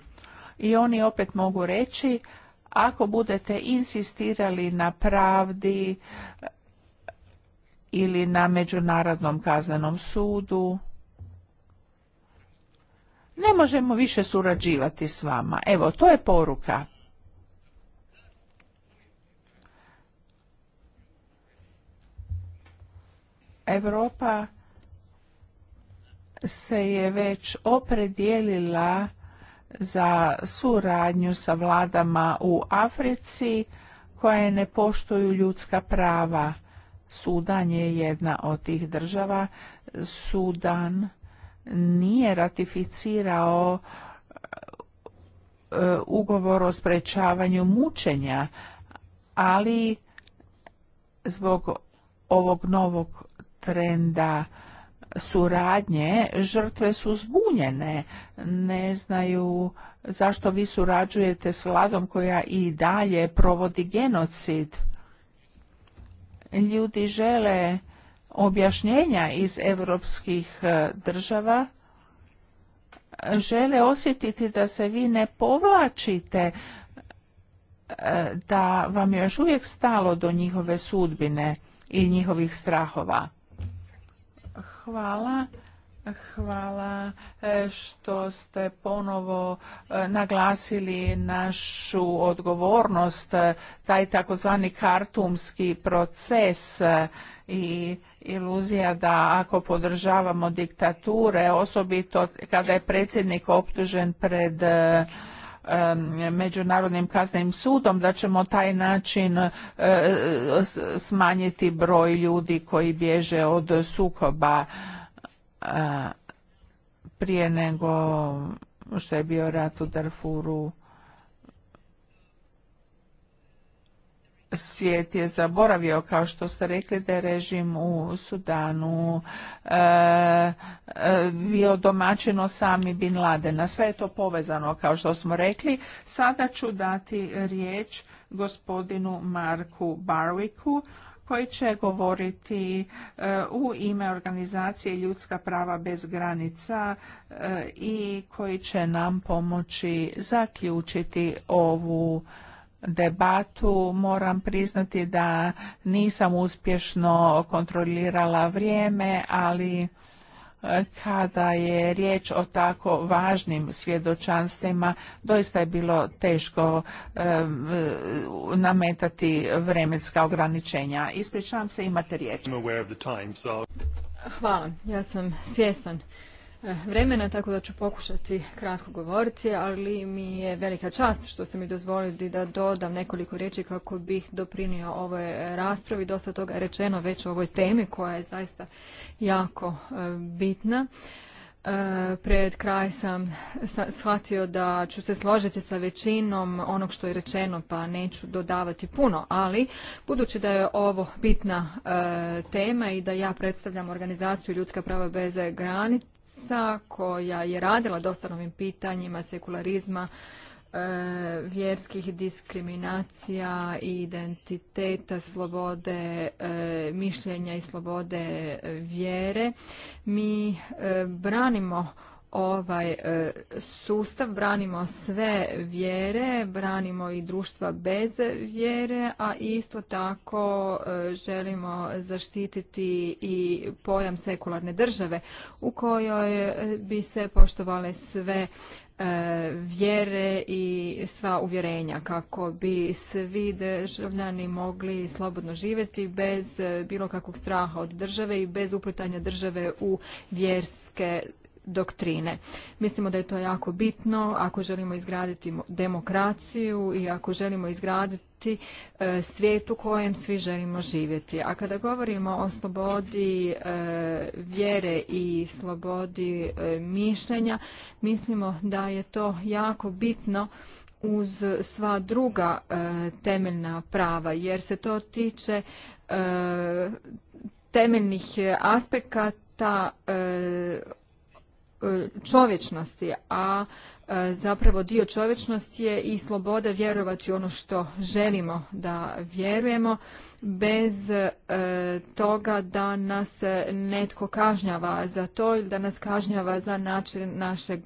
I oni opet mogu reći, ako budete insistirali na pravdi e, ili na Međunarodnom kaznenom sudu, ne možemo više surađivati s vama. Evo, to je poruka. Europa se je već opredijelila za suradnju sa vladama u Africi koje ne poštuju ljudska prava. Sudan je jedna od tih država. Sudan nije ratificirao e, ugovor o sprečavanju mučenja, ali zbog ovog novog trenda suradnje žrtve su zbunjene, ne znaju zašto vi surađujete s vladom koja i dalje provodi genocid. Ljudi žele objašnjenja iz europskih e, država, žele osjetiti da se vi ne povlačite, e, da vam je još uvijek stalo do njihove sudbine i njihovih strahova. Hvala. Hvala e, što ste ponovo e, naglasili našu odgovornost, e, taj takozvani kartumski proces i iluzija da ako podržavamo diktature, osobito kada je predsjednik optužen pred Međunarodnim kaznenim sudom, da ćemo taj način e, smanjiti broj ljudi koji bježe od sukoba e, prije nego što je bio rat u Darfuru svijet je zaboravio, kao što ste rekli, da je režim u Sudanu e, e, bio domaćino sami Bin Ladena. Sve je to povezano, kao što smo rekli. Sada ću dati riječ gospodinu Marku barwicku koji će govoriti e, u ime organizacije Ljudska prava bez granica i koji će nam pomoći zaključiti ovu debatu moram priznati da nisam uspješno kontrolirala vrijeme, ali e, kada je riječ o tako važnim svjedočanstvima, doista je bilo teško e, e, nametati vremenska ograničenja. Ispričavam se, imate riječ. Hvala, ja sam svjestan vremena, tako da ću pokušati kratko govoriti, ali mi je velika čast što ste mi dozvolili da dodam nekoliko riječi kako bih doprinio ovoj raspravi. Dosta toga je rečeno već o ovoj temi koja je zaista jako e, bitna. E, pred kraj sam shvatio da ću se složiti sa većinom onog što je rečeno pa neću dodavati puno, ali budući da je ovo bitna e, tema i da ja predstavljam organizaciju Ljudska prava bez granica, sa koja je radila dosta novim pitanjima sekularizma, e, vjerskih diskriminacija identiteta slobode e, mišljenja i slobode vjere mi e, branimo ovaj e, sustav, branimo sve vjere, branimo i društva bez vjere, a isto tako e, želimo zaštititi i pojam sekularne države u kojoj bi se poštovale sve e, vjere i sva uvjerenja kako bi svi državljani mogli slobodno živjeti bez bilo kakvog straha od države i bez uplitanja države u vjerske doktrine. Mislimo da je to jako bitno ako želimo izgraditi demokraciju i ako želimo izgraditi e, svijet u kojem svi želimo živjeti. A kada govorimo o slobodi e, vjere i slobodi e, mišljenja, mislimo da je to jako bitno uz sva druga temeljna prava jer se to tiče temeljnih aspekata E, čovječnosti, a e, zapravo dio čovječnosti je i sloboda vjerovati u ono što želimo da vjerujemo bez e, toga da nas netko kažnjava za to ili da nas kažnjava za način našeg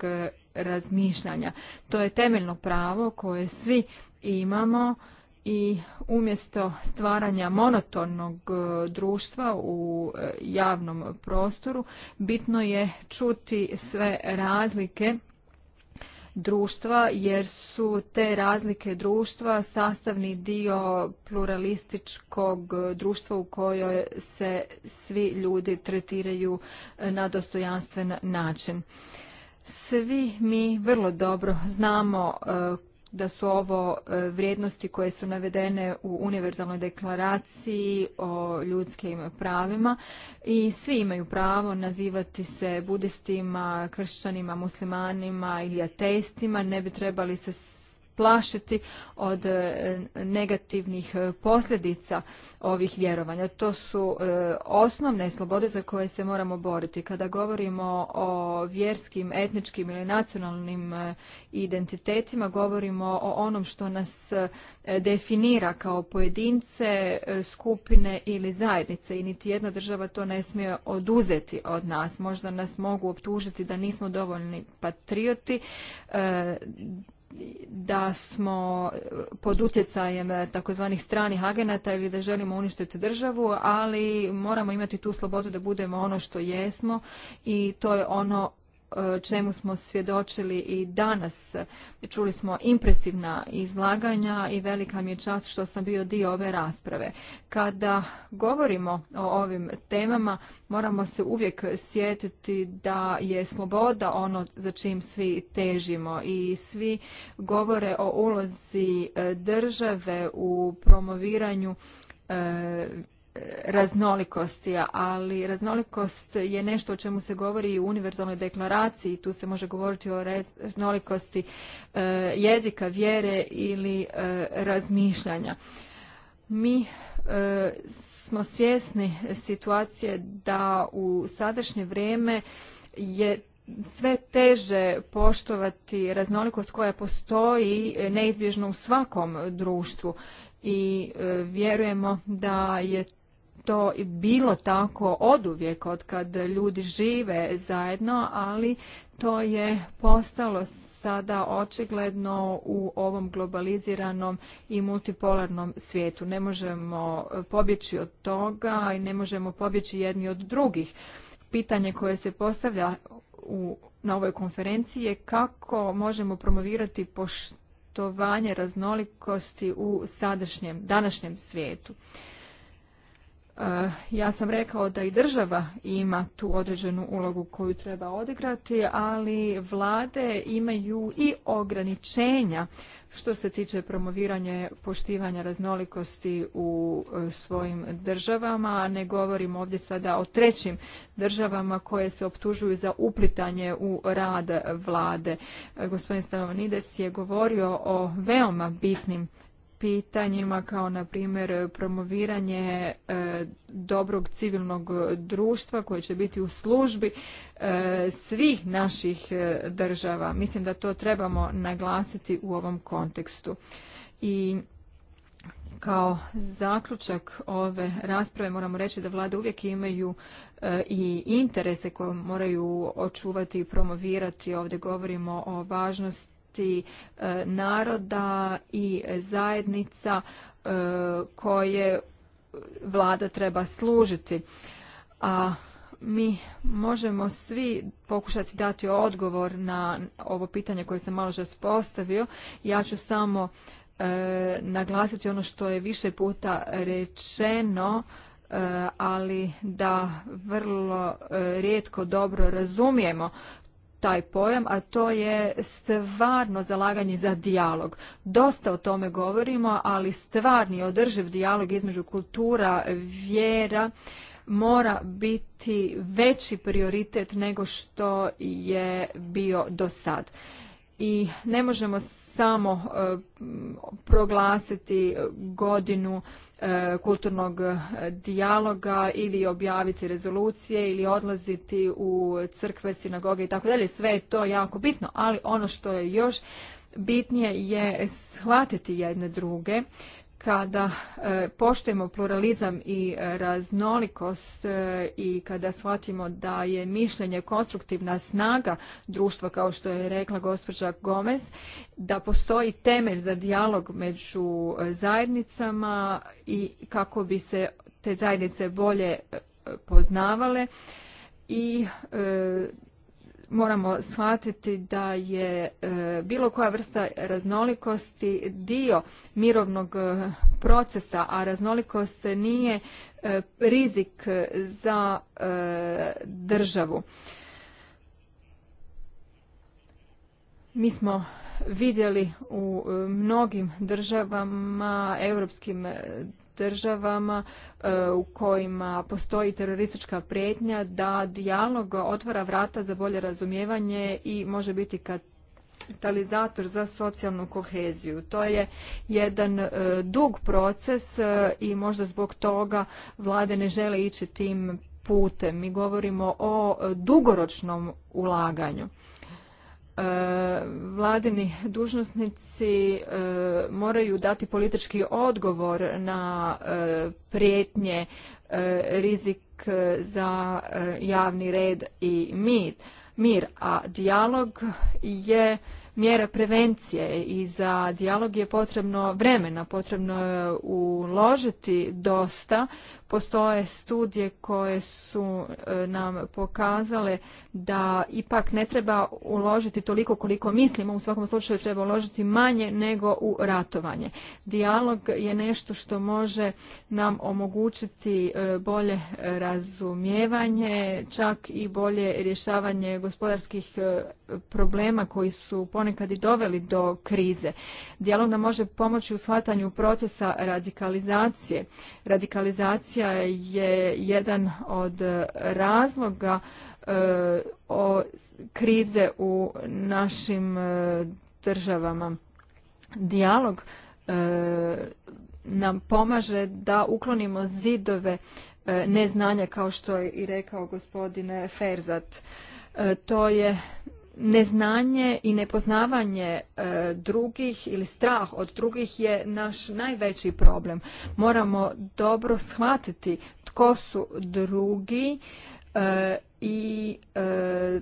razmišljanja. To je temeljno pravo koje svi imamo i umjesto stvaranja monotonnog e, društva u e, javnom prostoru bitno je čuti sve razlike društva jer su te razlike društva sastavni dio pluralističkog društva u kojoj se svi ljudi tretiraju e, na dostojanstven način. Svi mi vrlo dobro znamo da su ovo e, vrijednosti koje su navedene u univerzalnoj deklaraciji o ljudskim pravima i svi imaju pravo nazivati se budistima, kršćanima, muslimanima ili ateistima, ne bi trebali se plašiti od e, negativnih e, posljedica ovih vjerovanja. To su e, osnovne slobode za koje se moramo boriti. Kada govorimo o vjerskim, etničkim ili nacionalnim identitetima, govorimo o onom što nas definira kao pojedince, skupine ili zajednice i niti jedna država to ne smije oduzeti od nas. Možda nas mogu optužiti da nismo dovoljni patrioti, da smo eh, pod utjecajem eh, takozvanih stranih agenata ili da želimo uništiti državu, ali moramo imati tu slobodu da budemo ono što jesmo i to je ono E, čemu smo svjedočili i danas. Čuli smo impresivna izlaganja i velika mi je čast što sam bio dio ove rasprave. Kada govorimo o ovim temama, moramo se uvijek sjetiti da je sloboda ono za čim svi težimo i svi govore o ulozi e, države u promoviranju e, raznolikosti, ali raznolikost je nešto o čemu se govori i u univerzalnoj deklaraciji. Tu se može govoriti o raznolikosti e, jezika, vjere ili e, razmišljanja. Mi e, smo svjesni situacije da u sadašnje vrijeme je sve teže poštovati raznolikost koja postoji neizbježno u svakom društvu i vjerujemo da je to bilo tako oduvijek od kad ljudi žive zajedno, ali to je postalo sada očigledno u ovom globaliziranom i multipolarnom svijetu. Ne možemo pobjeći od toga i ne možemo pobjeći jedni od drugih. Pitanje koje se postavlja u, na ovoj konferenciji je kako možemo promovirati poštovanje raznolikosti u sadašnjem, današnjem svijetu. Eh, ja sam rekao da i država ima tu određenu ulogu koju treba odigrati, ali vlade imaju i ograničenja što se tiče promoviranja poštivanja raznolikosti u eh, svojim državama. Ne govorim ovdje sada o trećim državama koje se optužuju za uplitanje u rad vlade. Eh, gospodin Stanovanides je govorio o veoma bitnim pitanjima kao na primjer promoviranje e, dobrog civilnog društva koje će biti u službi e, svih naših e, država. Mislim da to trebamo naglasiti u ovom kontekstu. I kao zaključak ove rasprave moramo reći da vlade uvijek imaju i interese koje moraju očuvati i promovirati. Ovdje govorimo o važnosti i e, naroda i zajednica e, koje vlada treba služiti. A mi možemo svi pokušati dati odgovor na ovo pitanje koje sam malo žas postavio. Ja ću samo e, naglasiti ono što je više puta rečeno, ali da vrlo rijetko dobro razumijemo taj pojam, a to je stvarno zalaganje za dijalog. Dosta o tome govorimo, ali stvarni održiv dijalog između kultura, vjera mora biti veći prioritet nego što je bio do sad i ne možemo samo e, proglasiti godinu e, kulturnog e, dijaloga ili objaviti rezolucije ili odlaziti u crkve, sinagoge i tako dalje. Sve je to jako bitno, ali ono što je još bitnije je shvatiti jedne druge kada e, poštujemo pluralizam i e, raznolikost e, i kada shvatimo da je mišljenje konstruktivna snaga društva kao što je rekla gospođa Gomez da postoji temelj za dijalog među zajednicama i kako bi se te zajednice bolje poznavale i moramo shvatiti da je e, bilo koja vrsta raznolikosti dio mirovnog e, procesa, a raznolikost nije e, rizik za državu. Mi smo vidjeli u mnogim državama, europskim državama e, u kojima postoji teroristička prijetnja da dijalog otvara vrata za bolje razumijevanje i može biti katalizator za socijalnu koheziju. To je jedan e, dug proces e, i možda zbog toga vlade ne žele ići tim putem. Mi govorimo o dugoročnom ulaganju. E, vladini dužnosnici e, moraju dati politički odgovor na e, prijetnje rizik za javni red i mir, mir a dijalog je mjera prevencije i za dijalog je potrebno vremena, potrebno je uložiti dosta Postoje studije koje su e, nam pokazale da ipak ne treba uložiti toliko koliko mislimo, u svakom slučaju treba uložiti manje nego u ratovanje. Dijalog je nešto što može nam omogućiti e, bolje razumijevanje, čak i bolje rješavanje gospodarskih e, problema koji su ponekad i doveli do krize. Dijalog nam može pomoći u shvatanju procesa radikalizacije. Radikalizacija Korupcija je jedan od razloga e, o krize u našim e, državama. Dijalog e, nam pomaže da uklonimo zidove neznanja kao što je i rekao gospodine Ferzat. To je neznanje i nepoznavanje e, drugih ili strah od drugih je naš najveći problem. Moramo dobro shvatiti tko su drugi e, i e,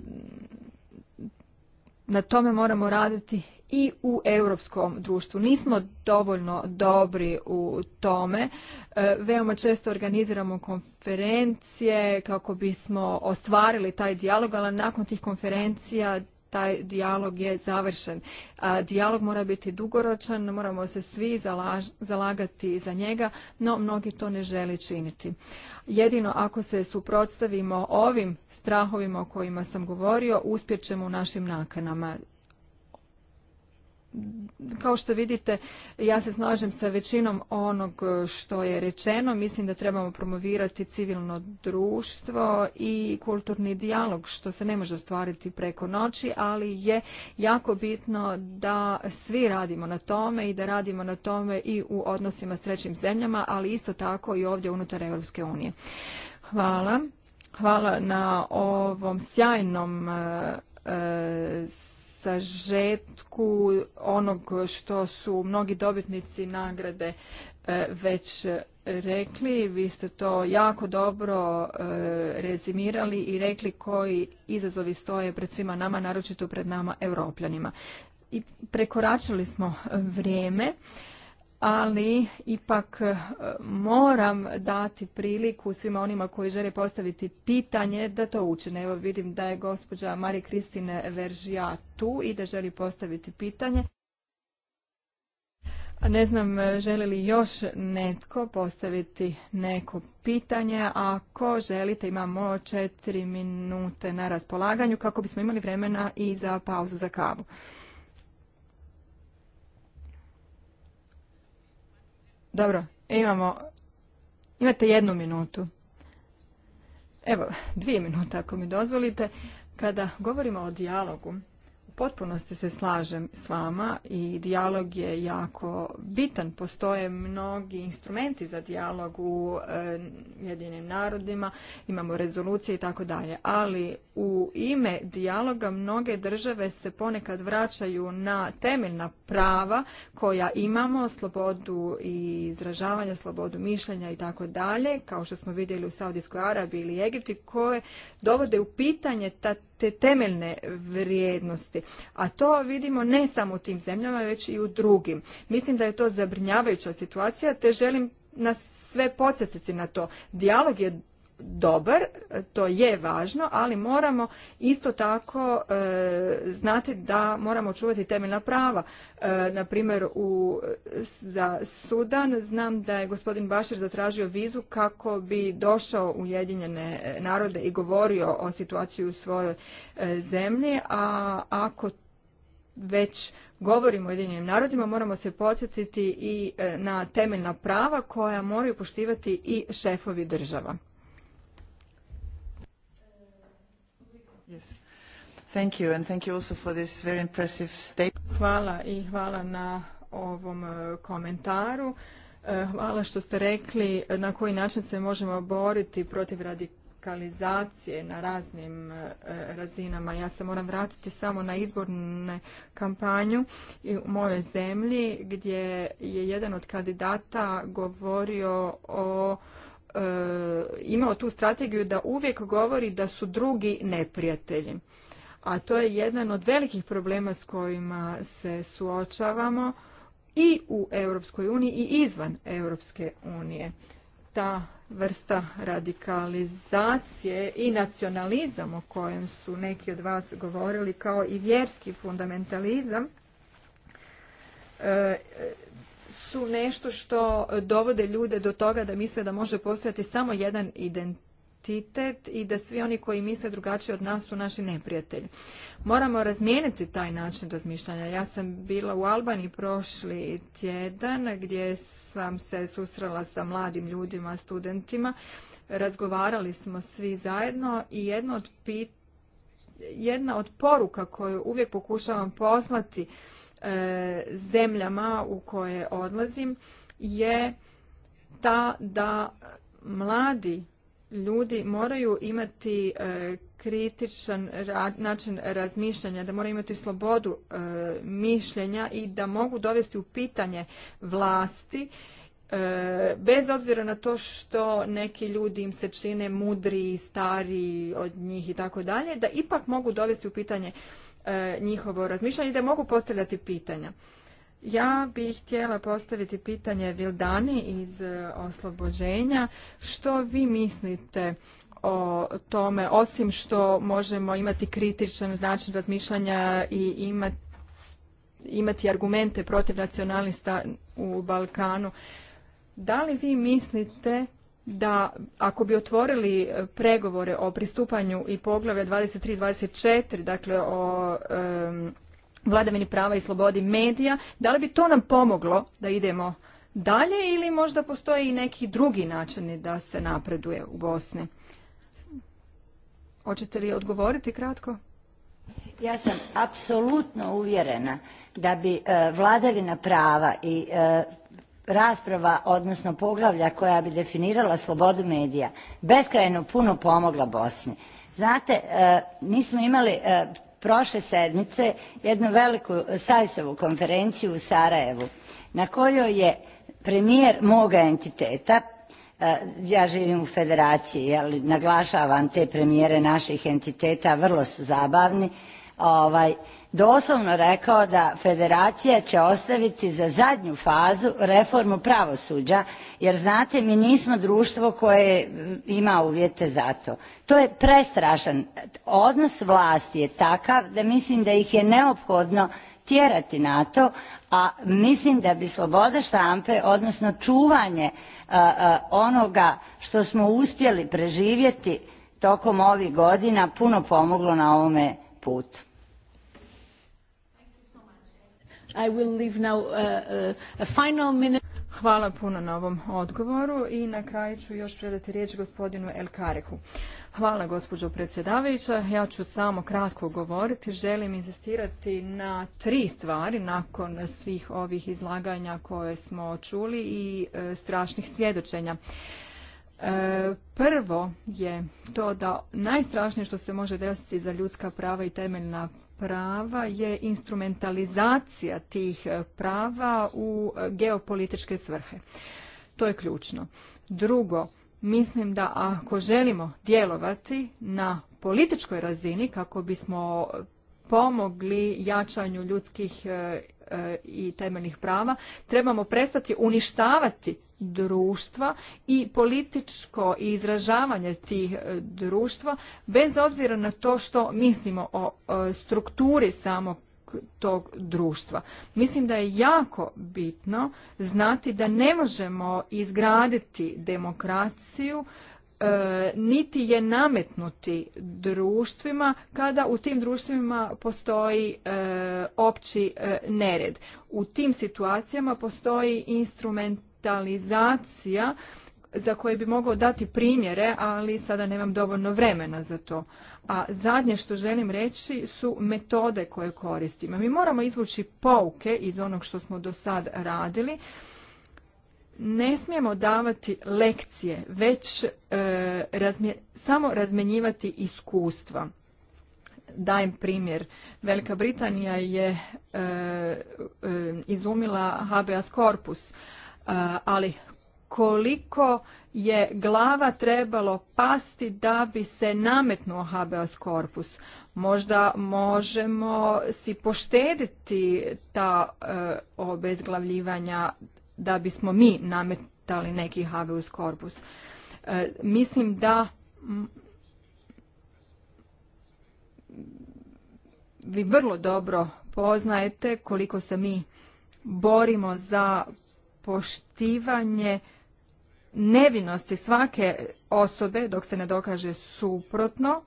na tome moramo raditi i u europskom društvu. Nismo dovoljno dobri u tome. E, veoma često organiziramo konferencije kako bismo ostvarili taj dijalog, ali nakon tih konferencija taj dijalog je završen. Dijalog mora biti dugoročan, moramo se svi zalagati za njega, no mnogi to ne žele činiti. Jedino ako se suprotstavimo ovim strahovima o kojima sam govorio, uspjećemo u našim nakanama kao što vidite, ja se slažem sa većinom onog što je rečeno. Mislim da trebamo promovirati civilno društvo i kulturni dijalog, što se ne može ostvariti preko noći, ali je jako bitno da svi radimo na tome i da radimo na tome i u odnosima s trećim zemljama, ali isto tako i ovdje unutar Europske unije. Hvala. Hvala na ovom sjajnom eh, sažetku onog što su mnogi dobitnici nagrade e, već rekli, vi ste to jako dobro e, rezimirali i rekli koji izazovi stoje pred svima nama, naročito pred nama europljanima. I prekoračili smo vrijeme ali ipak e, moram dati priliku svima onima koji žele postaviti pitanje da to učine. Evo vidim da je gospođa Mari Kristine Veržija tu i da želi postaviti pitanje. Ne znam e, želi li još netko postaviti neko pitanje. Ako želite imamo četiri minute na raspolaganju kako bismo imali vremena i za pauzu za kavu. Dobro, imamo, imate jednu minutu. Evo, dvije minute ako mi dozvolite. Kada govorimo o dijalogu, potpunosti se slažem s vama i dijalog je jako bitan. Postoje mnogi instrumenti za dijalog u e, jedinim narodima, imamo rezolucije i tako dalje. Ali u ime dijaloga mnoge države se ponekad vraćaju na temeljna prava koja imamo, slobodu i izražavanja, slobodu mišljenja i tako dalje, kao što smo vidjeli u Saudijskoj Arabiji ili Egipti, koje dovode u pitanje ta te temeljne vrijednosti. A to vidimo ne samo u tim zemljama, već i u drugim. Mislim da je to zabrinjavajuća situacija, te želim nas sve podsjetiti na to. Dijalog je dobar, to je važno, ali moramo isto tako e, znati da moramo čuvati temeljna prava. E, na primjer, za Sudan znam da je gospodin Bašir zatražio vizu kako bi došao u Ujedinjene narode i govorio o situaciji u svojoj e, zemlji, a ako već govorimo o Ujedinjenim narodima, moramo se podsjetiti i na temeljna prava koja moraju poštivati i šefovi država. Hvala i hvala na ovom e, komentaru. E, hvala što ste rekli na koji način se možemo boriti protiv radikalizacije na raznim e, razinama. Ja se moram vratiti samo na izbornu kampanju u mojoj zemlji gdje je jedan od kandidata govorio o imao tu strategiju da uvijek govori da su drugi neprijatelji. A to je jedan od velikih problema s kojima se suočavamo i u Europskoj uniji i izvan Europske unije. Ta vrsta radikalizacije i nacionalizam o kojem su neki od vas govorili kao i vjerski fundamentalizam e, su nešto što dovode ljude do toga da misle da može postojati samo jedan identitet i da svi oni koji misle drugačije od nas su naši neprijatelji. Moramo razmijeniti taj način razmišljanja. Ja sam bila u Albaniji prošli tjedan gdje sam se susrela sa mladim ljudima, studentima. Razgovarali smo svi zajedno i jedno od jedna od poruka koju uvijek pokušavam poslati E, zemljama u koje odlazim je ta da mladi ljudi moraju imati e, kritičan način razmišljanja, da moraju imati slobodu e, mišljenja i da mogu dovesti u pitanje vlasti bez obzira na to što neki ljudi im se čine mudri, stari od njih i tako dalje, da ipak mogu dovesti u pitanje E, njihovo razmišljanje i da mogu postavljati pitanja. Ja bih htjela postaviti pitanje Vildani iz e, Oslobođenja. Što vi mislite o tome, osim što možemo imati kritičan način razmišljanja i imati, imati argumente protiv nacionalista u Balkanu, da li vi mislite da ako bi otvorili e, pregovore o pristupanju i poglavlja 23 24 dakle o vladavini prava i slobodi medija da li bi to nam pomoglo da idemo dalje ili možda postoji i neki drugi način da se napreduje u Bosni Hoćete li odgovoriti kratko ja sam apsolutno uvjerena da bi e, vladavina prava i e, rasprava, odnosno poglavlja koja bi definirala slobodu medija, beskrajno puno pomogla Bosni. Znate, e, mi smo imali e, prošle sedmice jednu veliku Sajsovu konferenciju u Sarajevu, na kojoj je premijer moga entiteta, e, ja živim u federaciji, ali naglašavam te premijere naših entiteta, vrlo su zabavni, ovaj, doslovno rekao da federacija će ostaviti za zadnju fazu reformu pravosuđa jer znate mi nismo društvo koje ima uvjete za to. To je prestrašan odnos vlasti je takav da mislim da ih je neophodno tjerati na to, a mislim da bi sloboda štampe, odnosno čuvanje onoga što smo uspjeli preživjeti tokom ovih godina puno pomoglo na ovome putu. Uh, uh, final Hvala puno na ovom odgovoru i na kraju ću još predati riječ gospodinu Kareku. Hvala gospođo predsjedavajuća. Ja ću samo kratko govoriti. Želim insistirati na tri stvari nakon svih ovih izlaganja koje smo čuli i e, strašnih svjedočenja. E, prvo je to da najstrašnije što se može desiti za ljudska prava i temeljna prava je instrumentalizacija tih e, prava u e, geopolitičke svrhe. To je ključno. Drugo, mislim da ako želimo djelovati na političkoj razini kako bismo pomogli jačanju ljudskih e, i temeljnih prava trebamo prestati uništavati društva i političko izražavanje tih e, društva bez obzira na to što mislimo o e, strukturi samog tog društva. Mislim da je jako bitno znati da ne možemo izgraditi demokraciju e, niti je nametnuti društvima kada u tim društvima postoji opći nered. U tim situacijama postoji instrument digitalizacija za koje bi mogao dati primjere, ali sada nemam dovoljno vremena za to. A zadnje što želim reći su metode koje koristimo. Mi moramo izvući pouke iz onog što smo do sad radili. Ne smijemo davati lekcije, već e, samo razmenjivati iskustva. Dajem primjer. Velika Britanija je e, e, izumila habeas corpus, ali koliko je glava trebalo pasti da bi se nametnuo habeas korpus? Možda možemo si poštediti ta e, obezglavljivanja da bismo mi nametali neki habeas korpus. E, mislim da vi vrlo dobro poznajete koliko se mi borimo za poštivanje nevinosti svake osobe dok se ne dokaže suprotno.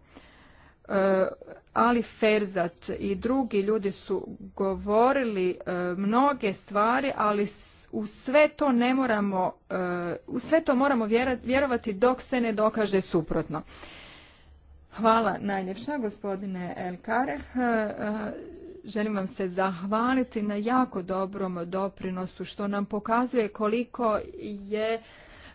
E, ali Ferzat i drugi ljudi su govorili e, mnoge stvari, ali u sve to ne moramo, e, u sve to moramo vjerovati dok se ne dokaže suprotno. Hvala najljepša gospodine Elkareh. Želim vam se zahvaliti na jako dobrom doprinosu što nam pokazuje koliko je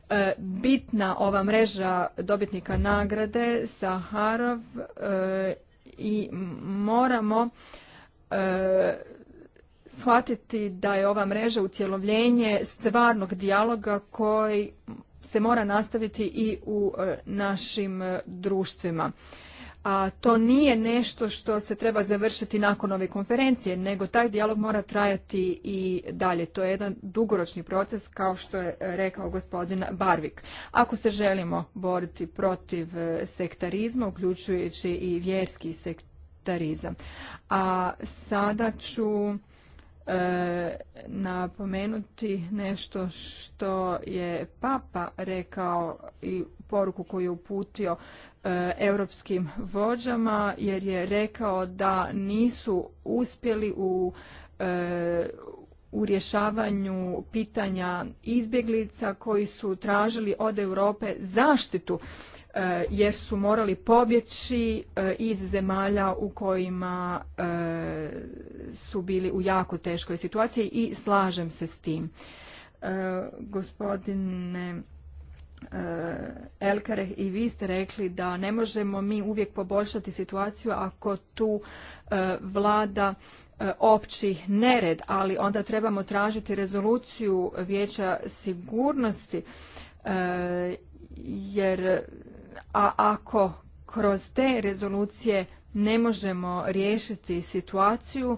e, bitna ova mreža dobitnika nagrade Saharov e, i moramo e, shvatiti da je ova mreža ucjelovljenje stvarnog dijaloga koji se mora nastaviti i u našim društvima a to nije nešto što se treba završiti nakon ove konferencije, nego taj dijalog mora trajati i dalje. To je jedan dugoročni proces, kao što je rekao gospodin Barvik. Ako se želimo boriti protiv e, sektarizma, uključujući i vjerski sektarizam. A sada ću e, napomenuti nešto što je Papa rekao i poruku koju je uputio E, europskim vođama jer je rekao da nisu uspjeli u e, u rješavanju pitanja izbjeglica koji su tražili od Europe zaštitu e, jer su morali pobjeći iz zemalja u kojima su bili u jako teškoj situaciji i slažem se s tim. Gospodine E, Elkare i vi ste rekli da ne možemo mi uvijek poboljšati situaciju ako tu e, vlada e, opći nered, ali onda trebamo tražiti rezoluciju vijeća sigurnosti jer a ako kroz te rezolucije ne možemo riješiti situaciju,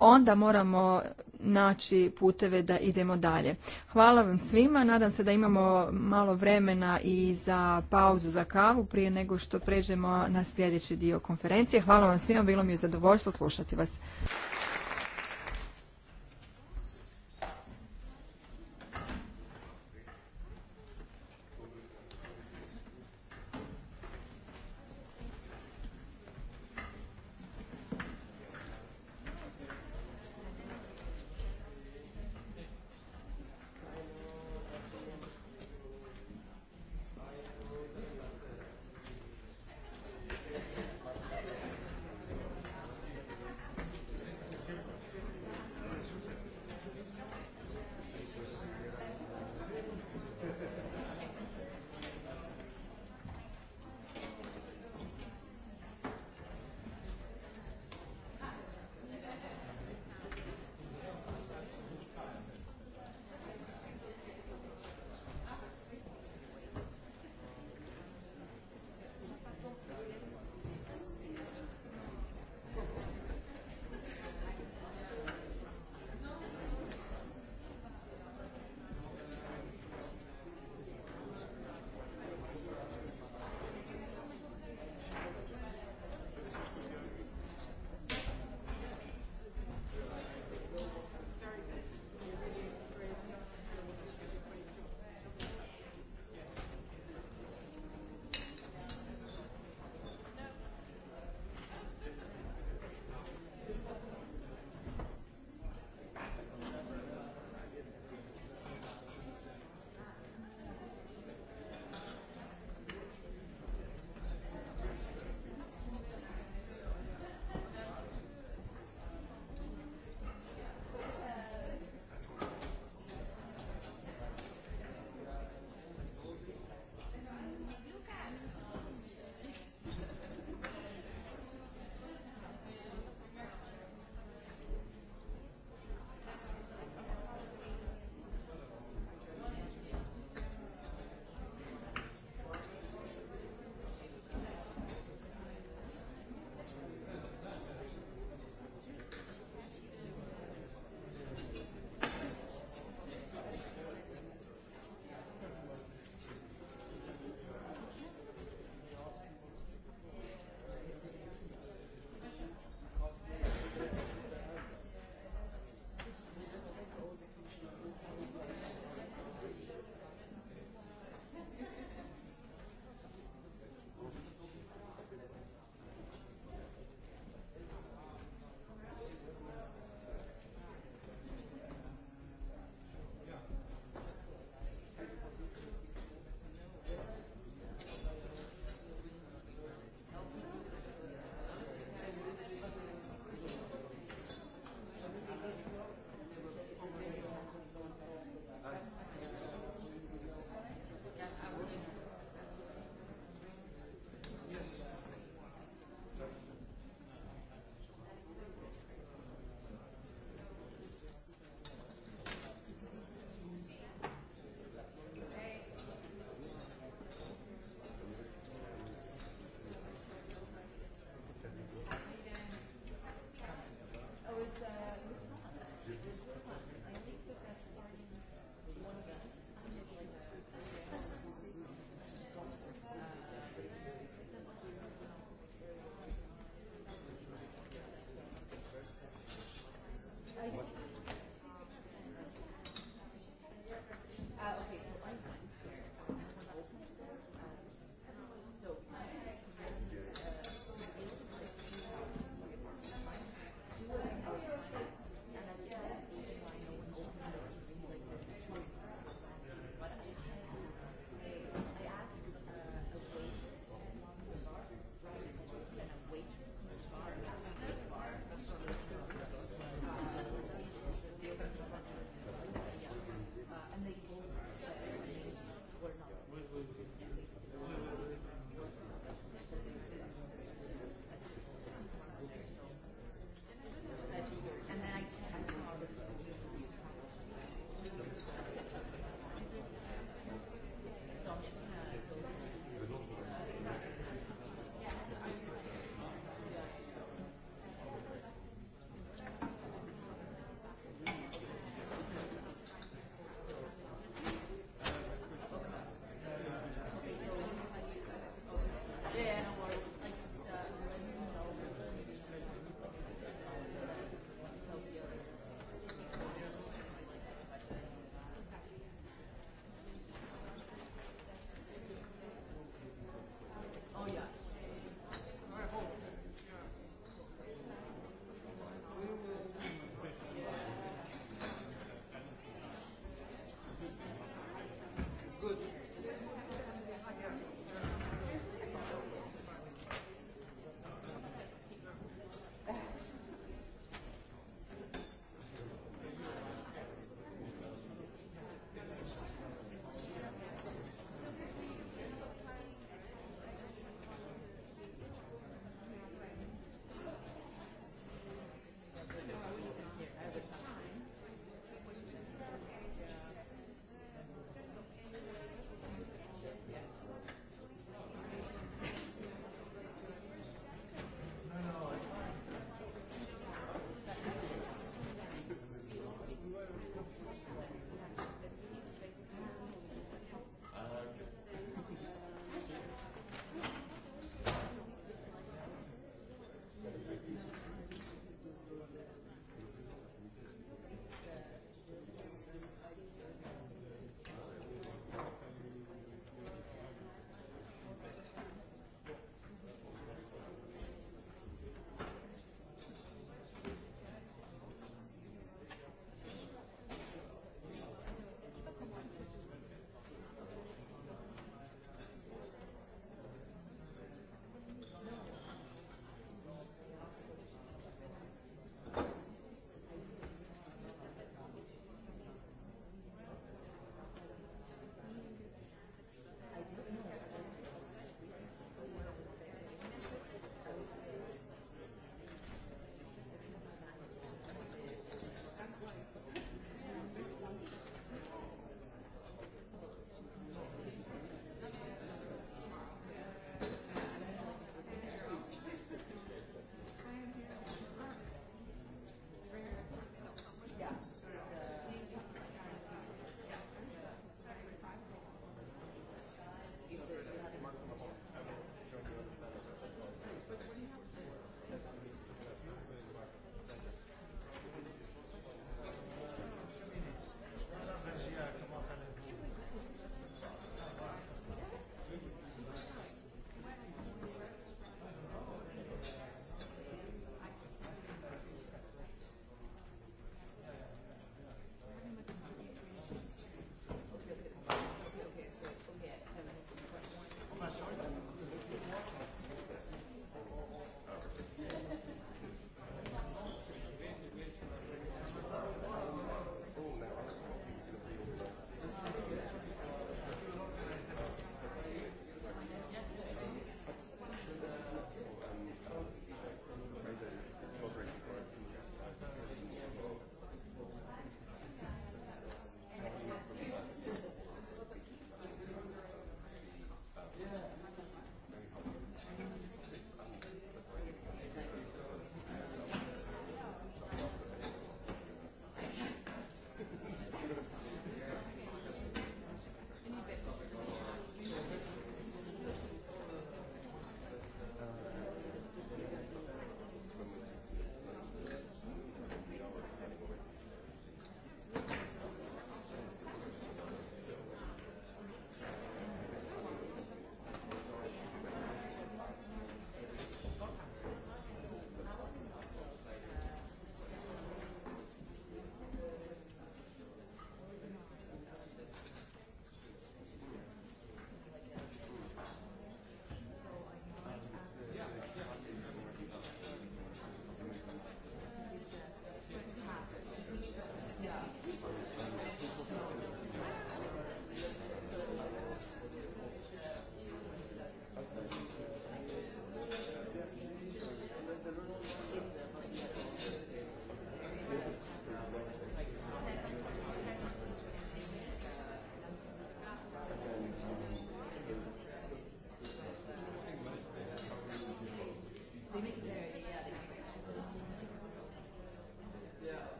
onda moramo naći puteve da idemo dalje. Hvala vam svima, nadam se da imamo malo vremena i za pauzu za kavu prije nego što pređemo na sljedeći dio konferencije. Hvala vam svima, bilo mi je zadovoljstvo slušati vas.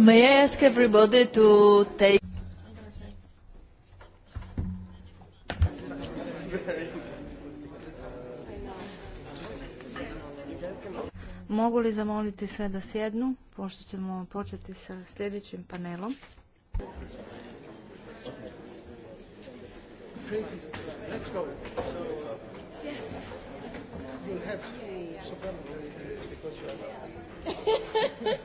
May I ask everybody to take... Mogu li zamoliti sve da sjednu, pošto ćemo početi sa sljedećim panelom. Let's go. Yes. <laughs> have to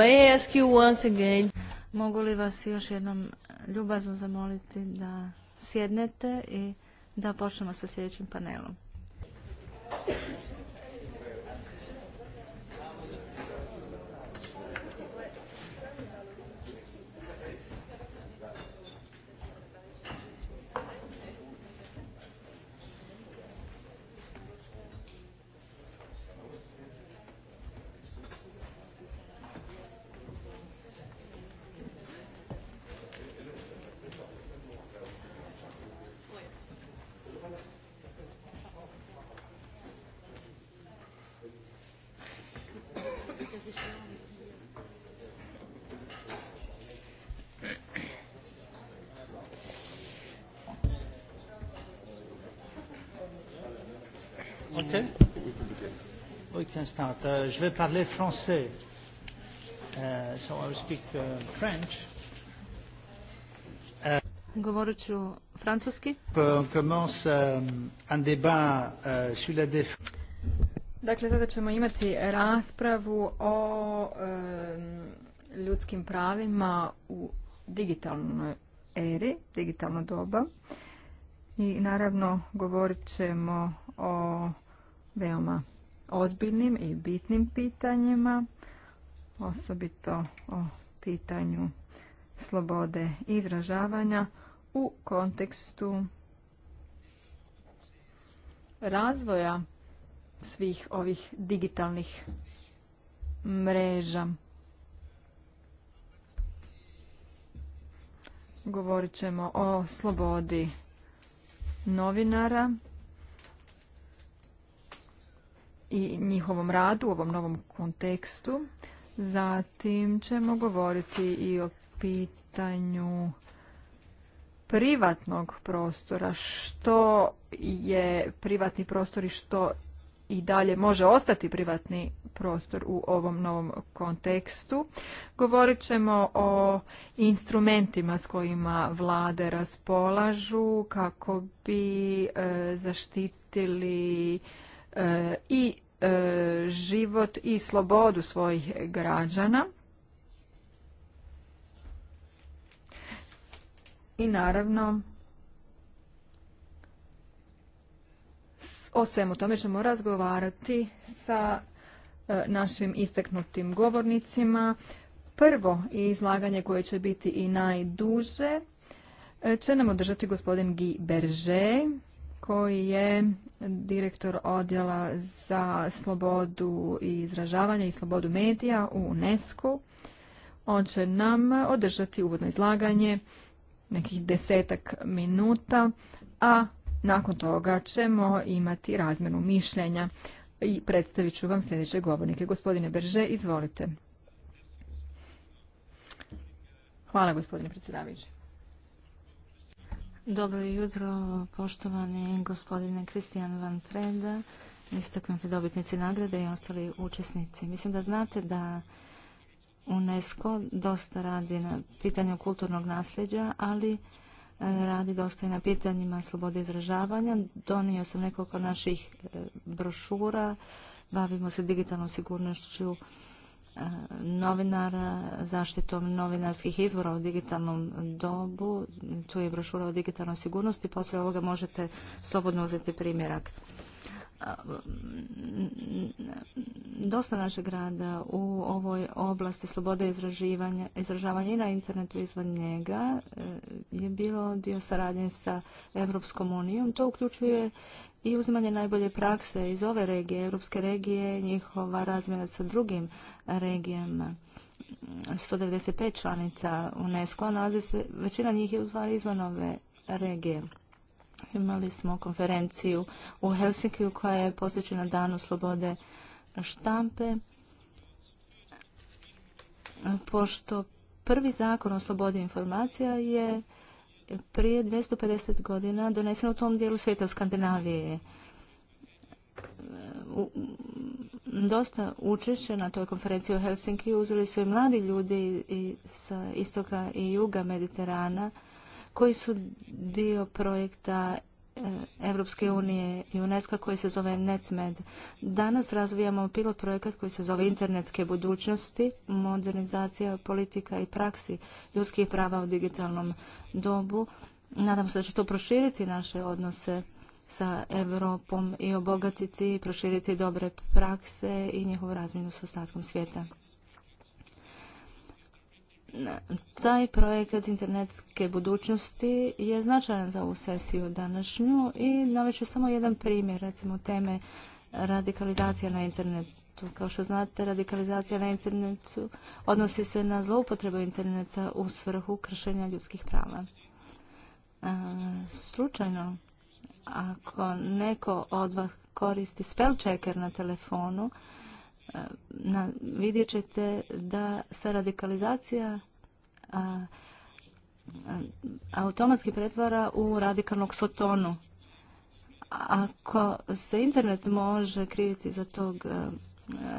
May I ask you once again? Mogu li vas još jednom ljubazno zamoliti da sjednete i da počnemo sa sljedećim panelom? start. Uh, je vais parler français. Uh, so I will speak uh, French. Uh, Govorit ću francuski. On commence um, un débat uh, sur la défense. Dakle, tada ćemo imati raspravu o um, ljudskim pravima u digitalnoj eri, digitalno doba. I naravno govorit ćemo o veoma ozbiljnim i bitnim pitanjima, osobito o pitanju slobode izražavanja u kontekstu razvoja svih ovih digitalnih mreža. Govorit ćemo o slobodi novinara i njihovom radu u ovom novom kontekstu. Zatim ćemo govoriti i o pitanju privatnog prostora. Što je privatni prostor i što i dalje može ostati privatni prostor u ovom novom kontekstu. Govorit ćemo o instrumentima s kojima vlade raspolažu kako bi e, zaštitili E, i e, život i slobodu svojih građana. I naravno, o svemu tome ćemo razgovarati sa e, našim isteknutim govornicima. Prvo izlaganje koje će biti i najduže će nam održati gospodin Guy Berger koji je direktor odjela za slobodu i izražavanje i slobodu medija u UNESCO. On će nam održati uvodno izlaganje nekih desetak minuta, a nakon toga ćemo imati razmenu mišljenja i predstavit ću vam sljedeće govornike. Gospodine Brže, izvolite. Hvala gospodine predsjedavajući. Dobro jutro, poštovani gospodine Kristijan Van Preda, istaknuti dobitnici nagrade i ostali učesnici. Mislim da znate da UNESCO dosta radi na pitanju kulturnog nasljeđa, ali e, radi dosta i na pitanjima slobode izražavanja. Donio sam nekoliko naših e, brošura, bavimo se digitalnom sigurnošću novinara, zaštitom novinarskih izvora u digitalnom dobu. Tu je brošura o digitalnoj sigurnosti. Poslije ovoga možete slobodno uzeti primjerak. Dosta našeg rada u ovoj oblasti slobode izražavanja, i na internetu izvan njega e, je bilo dio saradnje sa Evropskom unijom. To uključuje i uzimanje najbolje prakse iz ove regije, europske regije, njihova razmjena sa drugim regijama. 195 članica UNESCO, nalazi se, većina njih je stvari izvan ove regije. Imali smo konferenciju u Helsinkiju koja je posvećena danu slobode štampe. Pošto prvi zakon o slobodi informacija je prije 250 godina donesen u tom dijelu svijeta u Skandinavije. dosta učešće na toj konferenciji u Helsinki uzeli su i mladi ljudi i sa istoka i juga Mediterana koji su dio projekta Evropske unije i UNESCO koji se zove NetMed. Danas razvijamo pilot projekat koji se zove Internetske budućnosti, modernizacija politika i praksi ljudskih prava u digitalnom dobu. Nadam se da će to proširiti naše odnose sa Europom i obogatiti i proširiti dobre prakse i njihovu razmjenu s ostatkom svijeta. Taj projekat internetske budućnosti je značajan za ovu sesiju današnju i naveću samo jedan primjer, recimo teme radikalizacija na internetu. Kao što znate, radikalizacija na internetu odnosi se na zloupotrebu interneta u svrhu kršenja ljudskih prava. E, slučajno, ako neko od vas koristi spell checker na telefonu, na, vidjet ćete da se radikalizacija a, automatski pretvara u radikalnog sotonu. Ako se internet može kriviti za tog e,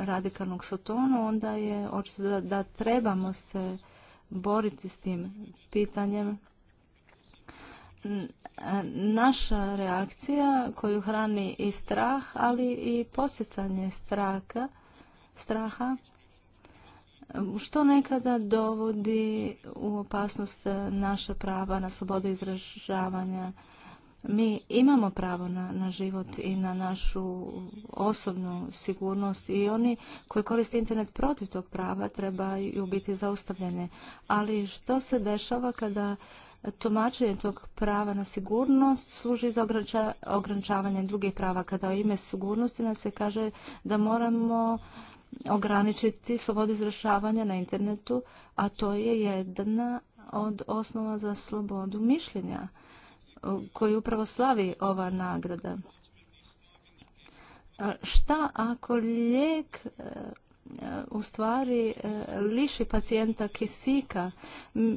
radikalnog sotonu, onda je očito da, da trebamo se boriti s tim pitanjem. Naša reakcija koju hrani i strah, ali i posjecanje straka, straha, što nekada dovodi u opasnost naša prava na slobodu izražavanja. Mi imamo pravo na, na život i na našu osobnu sigurnost i oni koji koriste internet protiv tog prava trebaju biti zaustavljene. Ali što se dešava kada tumačenje tog prava na sigurnost služi za ograničavanje drugih prava. Kada ime sigurnosti nam se kaže da moramo ograničiti slobodu izrašavanja na internetu, a to je jedna od osnova za slobodu mišljenja koju upravo slavi ova nagrada. E, šta ako lijek e, u stvari e, liši pacijenta kisika.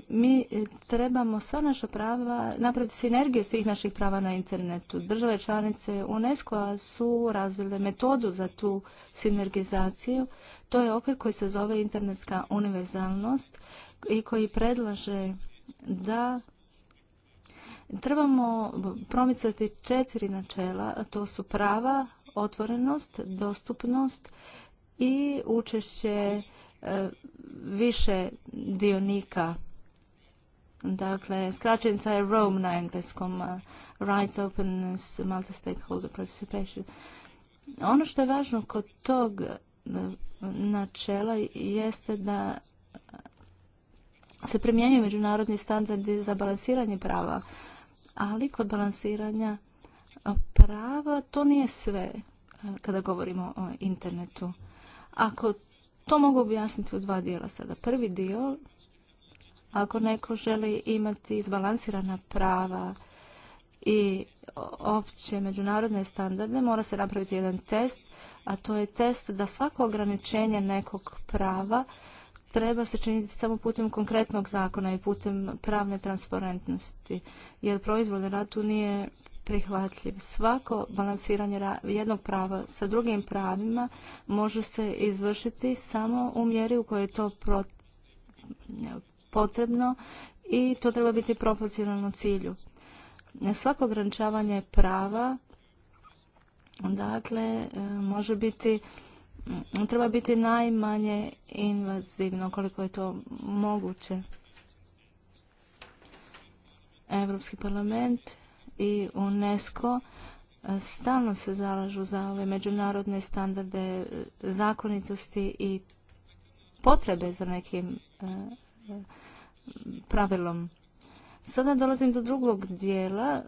Mi trebamo sva naša prava, napraviti sinergiju svih naših prava na internetu. Države članice unesco su razvile metodu za tu sinergizaciju. To je okvir koji se zove internetska univerzalnost i koji predlaže da trebamo promicati četiri načela, a to su prava, otvorenost, dostupnost, i učešće e, više dionika. Dakle, skraćenica je Rome na engleskom, Rights Openness, Multi-Stakeholder Participation. Ono što je važno kod tog e, načela jeste da se primjenjuju međunarodni standardi za balansiranje prava, ali kod balansiranja prava to nije sve e, kada govorimo o internetu. Ako to mogu objasniti u dva dijela sada. Prvi dio, ako neko želi imati izbalansirana prava i opće međunarodne standarde, mora se napraviti jedan test, a to je test da svako ograničenje nekog prava treba se činiti samo putem konkretnog zakona i putem pravne transparentnosti, jer proizvodne rad tu nije prihvatljiv. Svako balansiranje jednog prava sa drugim pravima može se izvršiti samo u mjeri u kojoj je to potrebno i to treba biti proporcionalno cilju. Svako ograničavanje prava dakle e, može biti treba biti najmanje invazivno koliko je to moguće. Europski parlament i UNESCO e, stalno se zalažu za ove međunarodne standarde e, zakonitosti i potrebe za nekim e, pravilom. Sada dolazim do drugog dijela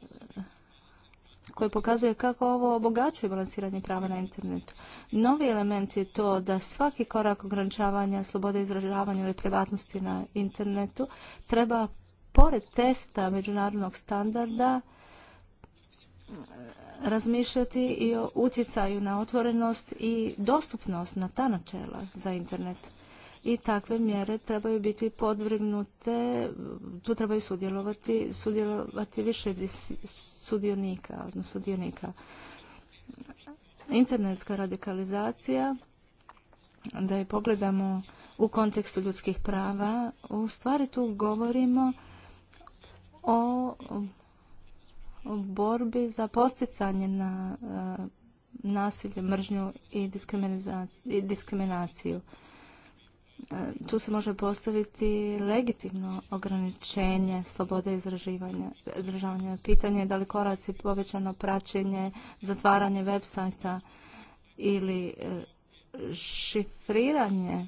koji pokazuje kako ovo obogaćuje balansiranje prava na internetu. Novi element je to da svaki korak ograničavanja slobode izražavanja ili privatnosti na internetu treba pored testa međunarodnog standarda razmišljati i o utjecaju na otvorenost i dostupnost na ta načela za internet. I takve mjere trebaju biti podvrgnute, tu trebaju sudjelovati, sudjelovati više sudionika, odnosno sudionika. Internetska radikalizacija, da je pogledamo u kontekstu ljudskih prava, u stvari tu govorimo o borbi za posticanje na eh, nasilje, mržnju i diskriminaciju. Eh, tu se može postaviti legitimno ograničenje slobode izražavanja. Pitanje je da li koraci povećano praćenje, zatvaranje web sajta ili eh, šifriranje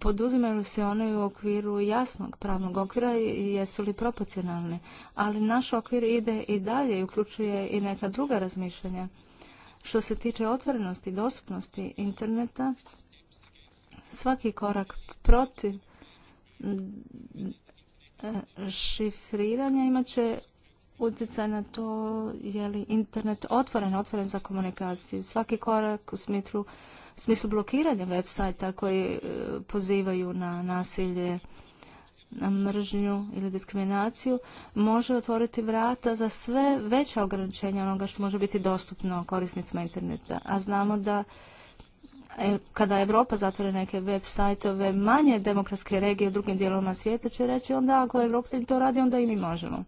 poduzimaju se one u okviru jasnog pravnog okvira i jesu li proporcionalne Ali naš okvir ide i dalje i uključuje i neka druga razmišljanja. Što se tiče otvorenosti i dostupnosti interneta, svaki korak protiv e, šifriranja imat će utjecaj na to je li internet otvoren, otvoren za komunikaciju. Svaki korak u smitru smislu blokiranja web sajta koji e, pozivaju na nasilje, na mržnju ili diskriminaciju, može otvoriti vrata za sve veća ograničenja onoga što može biti dostupno korisnicima interneta. A znamo da e, kada Europa zatvore neke web sajtove, manje demokratske regije u drugim dijelovima svijeta će reći onda ako Evropa to radi, onda i mi možemo.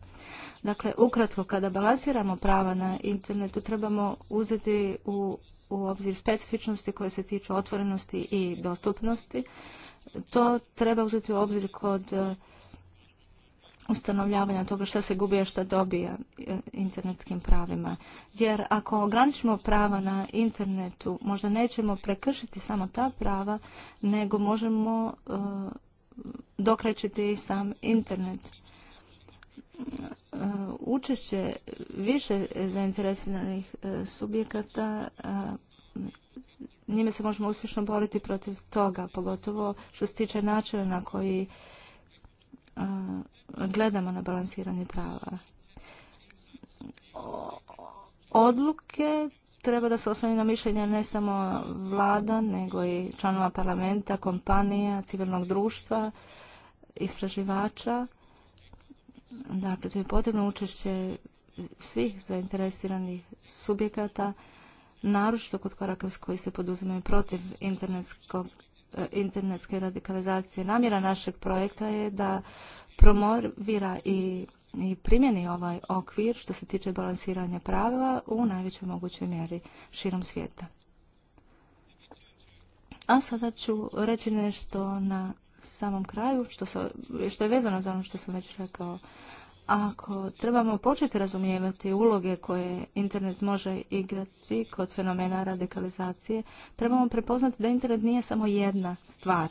Dakle, ukratko, kada balansiramo prava na internetu, trebamo uzeti u u obzir specifičnosti koje se tiču otvorenosti i dostupnosti. To treba uzeti u obzir kod e, ustanovljavanja toga što se gubi, šta dobija e, internetskim pravima. Jer ako ograničimo prava na internetu, možda nećemo prekršiti samo ta prava, nego možemo dokrečiti dokrećiti i sam internet. Uh, učešće više zainteresiranih uh, subjekata uh, njime se možemo uspješno boriti protiv toga, pogotovo što se tiče načina na koji gledamo na balansiranje prava. Odluke treba da se osnovi na mišljenje ne samo vlada, nego i članova parlamenta, kompanija, civilnog društva, istraživača Dakle, tu je potrebno učešće svih zainteresiranih subjekata, naročito kod koraka koji se poduzimaju protiv e, internetske radikalizacije. Namjera našeg projekta je da promovira i, i primjeni ovaj okvir što se tiče balansiranja pravila u najvećoj mogućoj mjeri širom svijeta. A sada ću reći nešto na samom kraju, što, što je vezano za ono što sam već rekao, ako trebamo početi razumijevati uloge koje internet može igrati kod fenomena radikalizacije, trebamo prepoznati da internet nije samo jedna stvar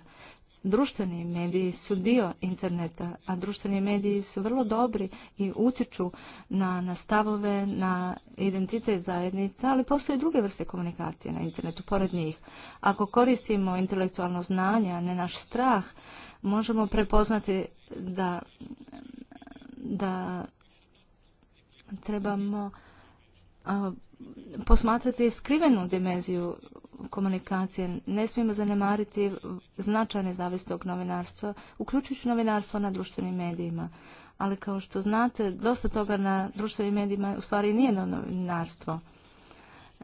društveni mediji su dio interneta, a društveni mediji su vrlo dobri i utječu na, na stavove, na identitet zajednica, ali postoje druge vrste komunikacije na internetu, pored njih. Ako koristimo intelektualno znanje, a ne naš strah, možemo prepoznati da, da trebamo posmatrati skrivenu dimenziju komunikacije. Ne smijemo zanemariti značaj nezavisnog novinarstva, uključujući novinarstvo na društvenim medijima. Ali kao što znate, dosta toga na društvenim medijima u stvari nije novinarstvo.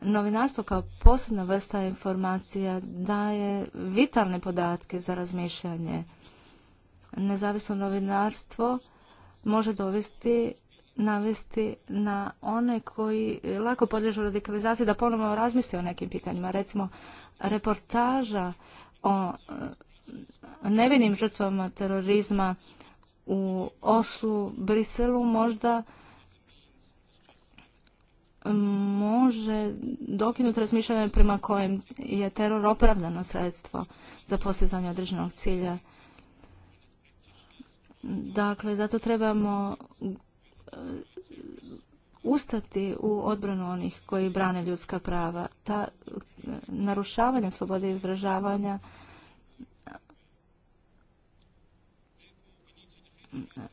Novinarstvo kao posebna vrsta informacija daje vitalne podatke za razmišljanje. Nezavisno novinarstvo može dovesti navesti na one koji lako podliježu radikalizaciji da ponovno razmisli o nekim pitanjima. Recimo, reportaža o e, nevinim žrtvama terorizma u Oslu, Briselu možda može dokinuti razmišljanje prema kojem je teror opravdano sredstvo za postizanje određenog cilja. Dakle, zato trebamo ustati u odbranu onih koji brane ljudska prava. Ta narušavanje slobode izražavanja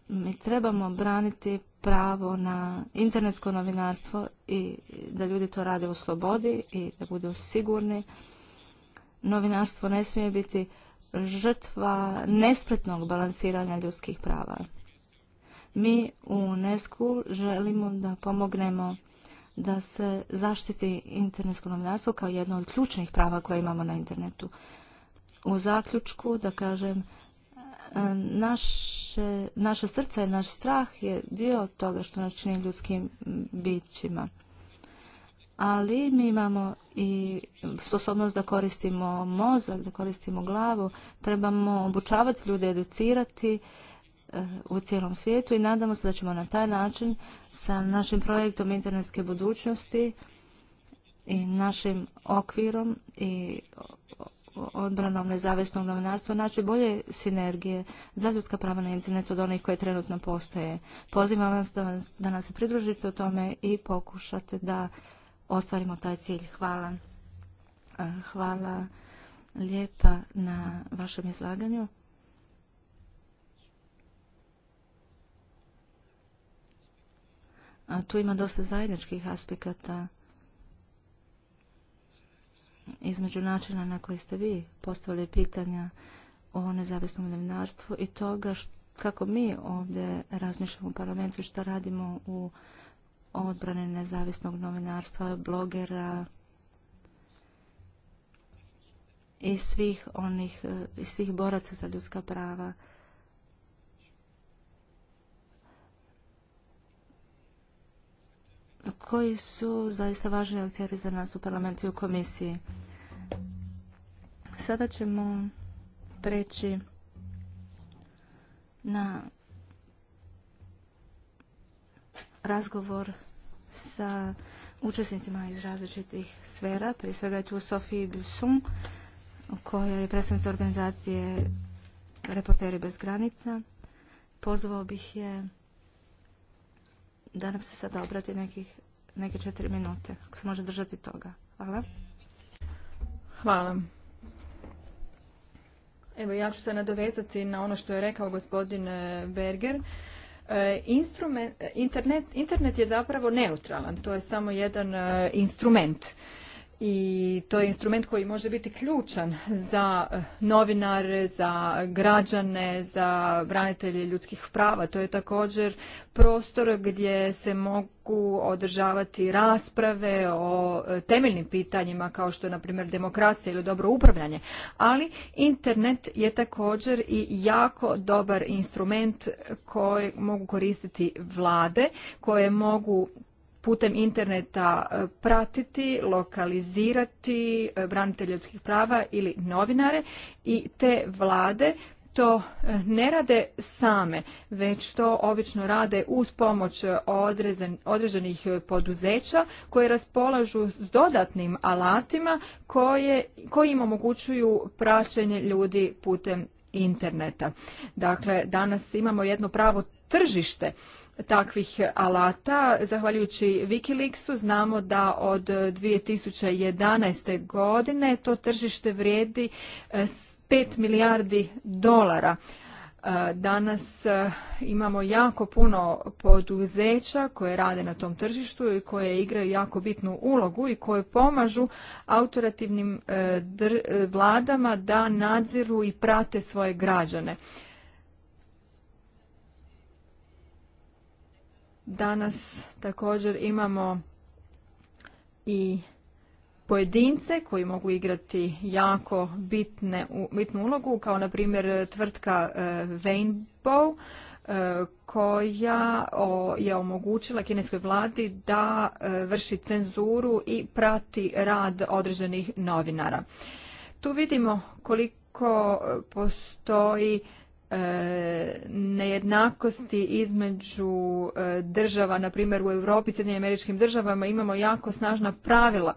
mi trebamo braniti pravo na internetsko novinarstvo i da ljudi to rade u slobodi i da budu sigurni. Novinarstvo ne smije biti žrtva nespretnog balansiranja ljudskih prava. Mi u UNESCO želimo da pomognemo da se zaštiti internetsko novinarstvo kao jedno od ključnih prava koje imamo na internetu. U zaključku da kažem e, naše, naše srce, naš strah je dio toga što nas čini ljudskim bićima. Ali mi imamo i sposobnost da koristimo mozak, da koristimo glavu, trebamo obučavati ljude, educirati u cijelom svijetu i nadamo se da ćemo na taj način sa našim projektom internetske budućnosti i našim okvirom i odbranom nezavisnog novinarstva naći bolje sinergije za ljudska prava na internetu od onih koje trenutno postoje. Pozivam vas da, nas se pridružite u tome i pokušate da ostvarimo taj cilj. Hvala. Hvala lijepa na vašem izlaganju. A tu ima dosta zajedničkih aspekata između načina na koji ste vi postavili pitanja o nezavisnom novinarstvu i toga kako mi ovdje razmišljamo u parlamentu i što radimo u odbrane nezavisnog novinarstva, blogera i svih onih i svih boraca za ljudska prava. koji su zaista važni akteri za nas u parlamentu i u komisiji. Sada ćemo preći na razgovor sa učesnicima iz različitih sfera. Prije svega je tu Sofie Bussum, koja je predstavnica organizacije Reporteri bez granica. Pozvao bih je da nam se sada obrati nekih, neke četiri minute, ako se može držati toga. Hvala. Hvala. Evo, ja ću se nadovezati na ono što je rekao gospodin e, Berger. E, e, internet je zapravo neutralan, to je samo jedan instrument i to je instrument koji može biti ključan za eh, novinare, za građane, za branitelje ljudskih prava. To je također prostor gdje se mogu održavati rasprave o eh, temeljnim pitanjima kao što je na primjer demokracija ili dobro upravljanje, ali internet je također i jako dobar instrument koji mogu koristiti vlade, koje mogu putem interneta e, pratiti, lokalizirati e, branitelje ljudskih prava ili novinare i te vlade to e, ne rade same, već to obično rade uz pomoć određenih poduzeća koje raspolažu s dodatnim alatima koje, koji im omogućuju praćenje ljudi putem interneta. Dakle, danas imamo jedno pravo tržište takvih alata. Zahvaljujući Wikileaksu znamo da od 2011. godine to tržište vrijedi 5 e, milijardi dolara. E, danas e, imamo jako puno poduzeća koje rade na tom tržištu i koje igraju jako bitnu ulogu i koje pomažu autorativnim vladama da nadziru i prate svoje građane. danas također imamo i pojedince koji mogu igrati jako bitne, bitnu ulogu, kao na primjer tvrtka Rainbow, e, e, koja je omogućila kineskoj vladi da e, vrši cenzuru i prati rad određenih novinara. Tu vidimo koliko postoji E, nejednakosti između e, država, na primjer u Europi i Sjedinjenim američkim državama imamo jako snažna pravila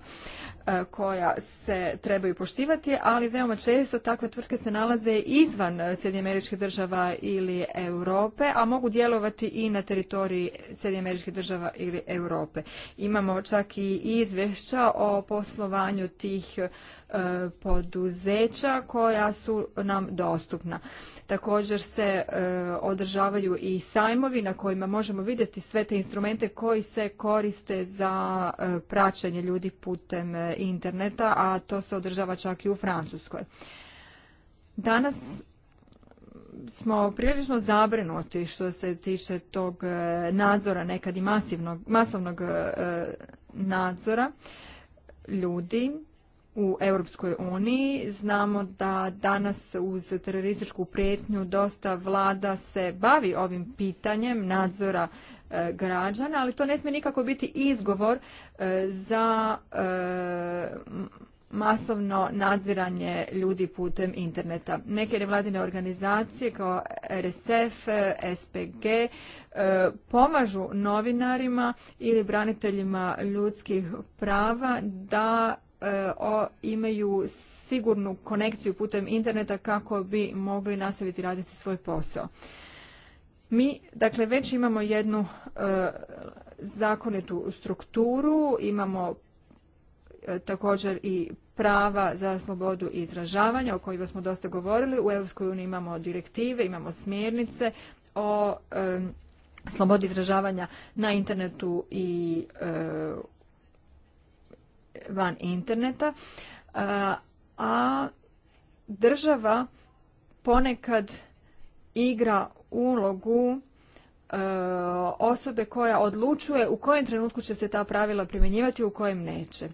e, koja se trebaju poštivati, ali veoma često takve tvrtke se nalaze izvan Sjedinjenih američkih država ili Europe, a mogu djelovati i na teritoriji Sjedinjenih američkih država ili Europe. Imamo čak i izvješća o poslovanju tih poduzeća koja su nam dostupna. Također se e, održavaju i sajmovi na kojima možemo vidjeti sve te instrumente koji se koriste za e, praćenje ljudi putem e, interneta, a to se održava čak i u Francuskoj. Danas smo prilično zabrinuti što se tiče tog nadzora, nekad i masovnog nadzora ljudi u Europskoj uniji. Znamo da danas uz terorističku prijetnju dosta vlada se bavi ovim pitanjem nadzora e, građana, ali to ne smije nikako biti izgovor e, za e, masovno nadziranje ljudi putem interneta. Neke nevladine organizacije kao RSF, SPG pomažu novinarima ili braniteljima ljudskih prava da E, imaju sigurnu konekciju putem interneta kako bi mogli nastaviti raditi svoj posao. Mi dakle već imamo jednu e, zakonitu strukturu, imamo e, također i prava za slobodu izražavanja o kojima smo dosta govorili. U EU imamo direktive, imamo smjernice o slobodi izražavanja na internetu i van interneta, a država ponekad igra ulogu e, osobe koja odlučuje u kojem trenutku će se ta pravila primjenjivati, u kojem neće.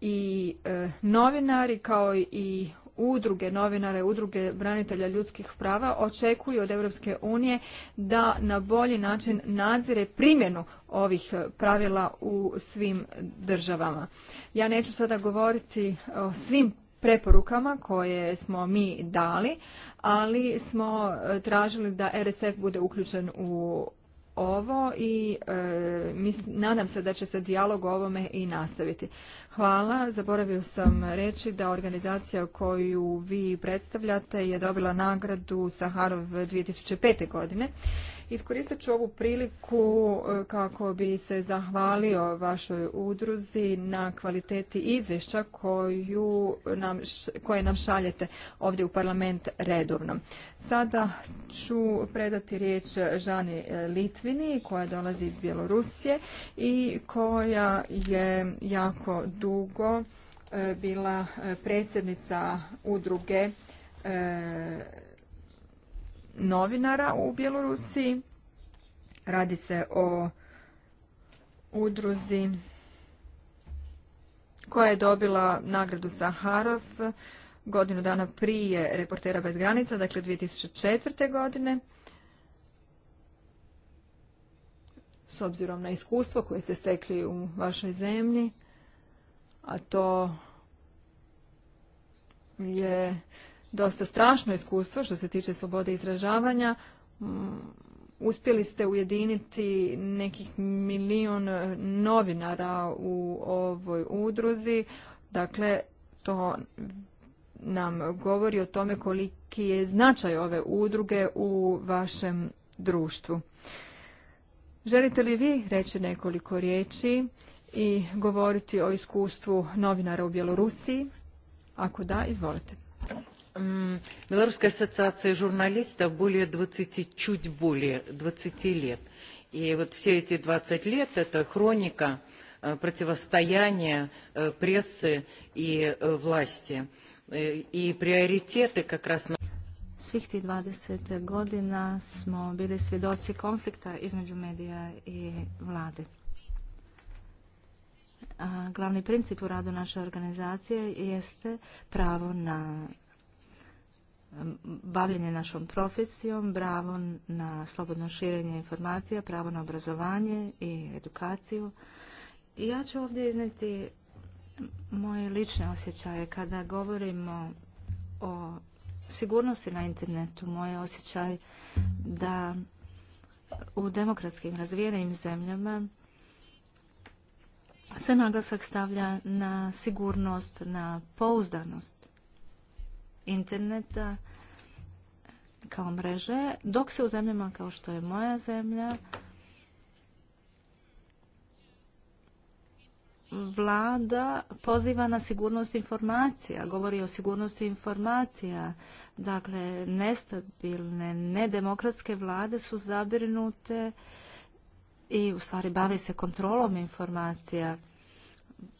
I e, novinari kao i udruge novinare, udruge branitelja ljudskih prava očekuju od Europske unije da na bolji način nadzire primjenu ovih eh, pravila u svim državama. Ja neću sada govoriti o svim preporukama koje smo mi dali, ali smo eh, tražili da RSF bude uključen u ovo i eh, nadam se da će se dijalog o ovome i nastaviti. Hvala. Zaboravio sam reći da organizacija koju vi predstavljate je dobila nagradu Saharov 2005. godine. Iskoristit ću ovu priliku e, kako bi se zahvalio vašoj udruzi na kvaliteti izvješća koju nam, koje nam šaljete ovdje u parlament redovno. Sada ću predati riječ Žani e, Litvini koja dolazi iz Bjelorusije i koja je jako dugo e, bila predsjednica udruge novinara u Bjelorusiji. Radi se o udruzi koja je dobila nagradu Saharov godinu dana prije Reportera bez granica, dakle 2004. godine. S obzirom na iskustvo koje ste stekli u vašoj zemlji, a to je dosta strašno iskustvo što se tiče slobode izražavanja. Mm, uspjeli ste ujediniti nekih milijun e, novinara u ovoj udruzi. Dakle, to nam govori o tome koliki je značaj ove udruge u vašem društvu. Želite li vi reći nekoliko riječi i govoriti o iskustvu novinara u Bjelorusiji? Ako da, izvolite. Белорусская ассоциация журналистов более 20, чуть более 20 лет. И вот все эти 20 лет – это хроника противостояния прессы и власти. И приоритеты как раз На... Svih tih 20 godina smo bili svjedoci konflikta između medija i vlade. glavni princip u radu naše organizacije jeste pravo na bavljenje našom profesijom, bravo na slobodno širenje informacija, pravo na obrazovanje i edukaciju. I ja ću ovdje izneti moje lične osjećaje kada govorimo o sigurnosti na internetu. Moj osjećaj da u demokratskim razvijenim zemljama se naglasak stavlja na sigurnost, na pouzdanost interneta kao mreže, dok se u zemljama kao što je moja zemlja vlada poziva na sigurnost informacija, govori o sigurnosti informacija. Dakle, nestabilne, nedemokratske vlade su zabrinute i u stvari bave se kontrolom informacija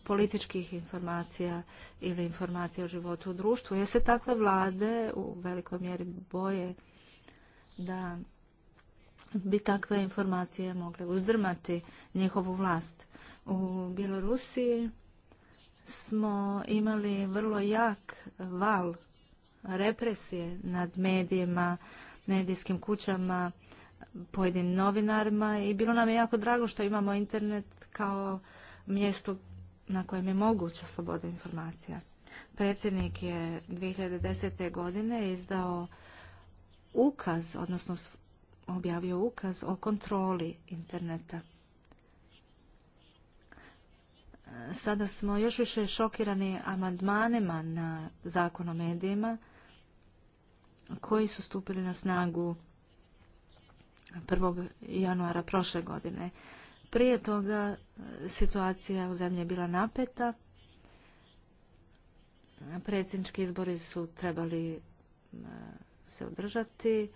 političkih informacija ili informacija o životu u društvu, jer se takve vlade u velikoj mjeri boje da bi takve informacije mogle uzdrmati njihovu vlast. U Bjelorusiji smo imali vrlo jak val represije nad medijima, medijskim kućama, pojedinim novinarima i bilo nam je jako drago što imamo internet kao mjesto na kojem je moguća sloboda informacija. Predsjednik je 2010. godine izdao ukaz, odnosno objavio ukaz o kontroli interneta. Sada smo još više šokirani amandmanima na zakon o medijima koji su stupili na snagu 1. januara prošle godine. Prije toga e, situacija u zemlji je bila napeta. Predsjednički izbori su trebali e, se održati.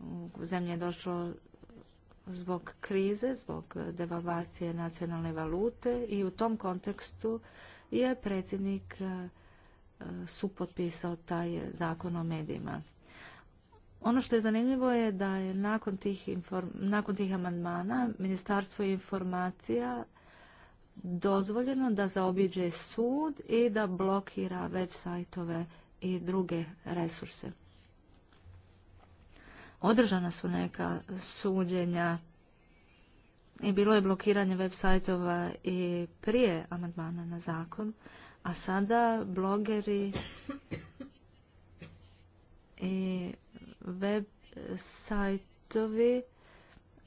U zemlji je došlo zbog krize, zbog devalvacije nacionalne valute i u tom kontekstu je predsjednik e, supotpisao taj zakon o medijima. Ono što je zanimljivo je da je nakon tih, nakon tih amandmana Ministarstvo informacija dozvoljeno da zaobiđe sud i da blokira web sajtove i druge resurse. Održana su neka suđenja i bilo je blokiranje web sajtova i prije amandmana na zakon, a sada blogeri i web sajtovi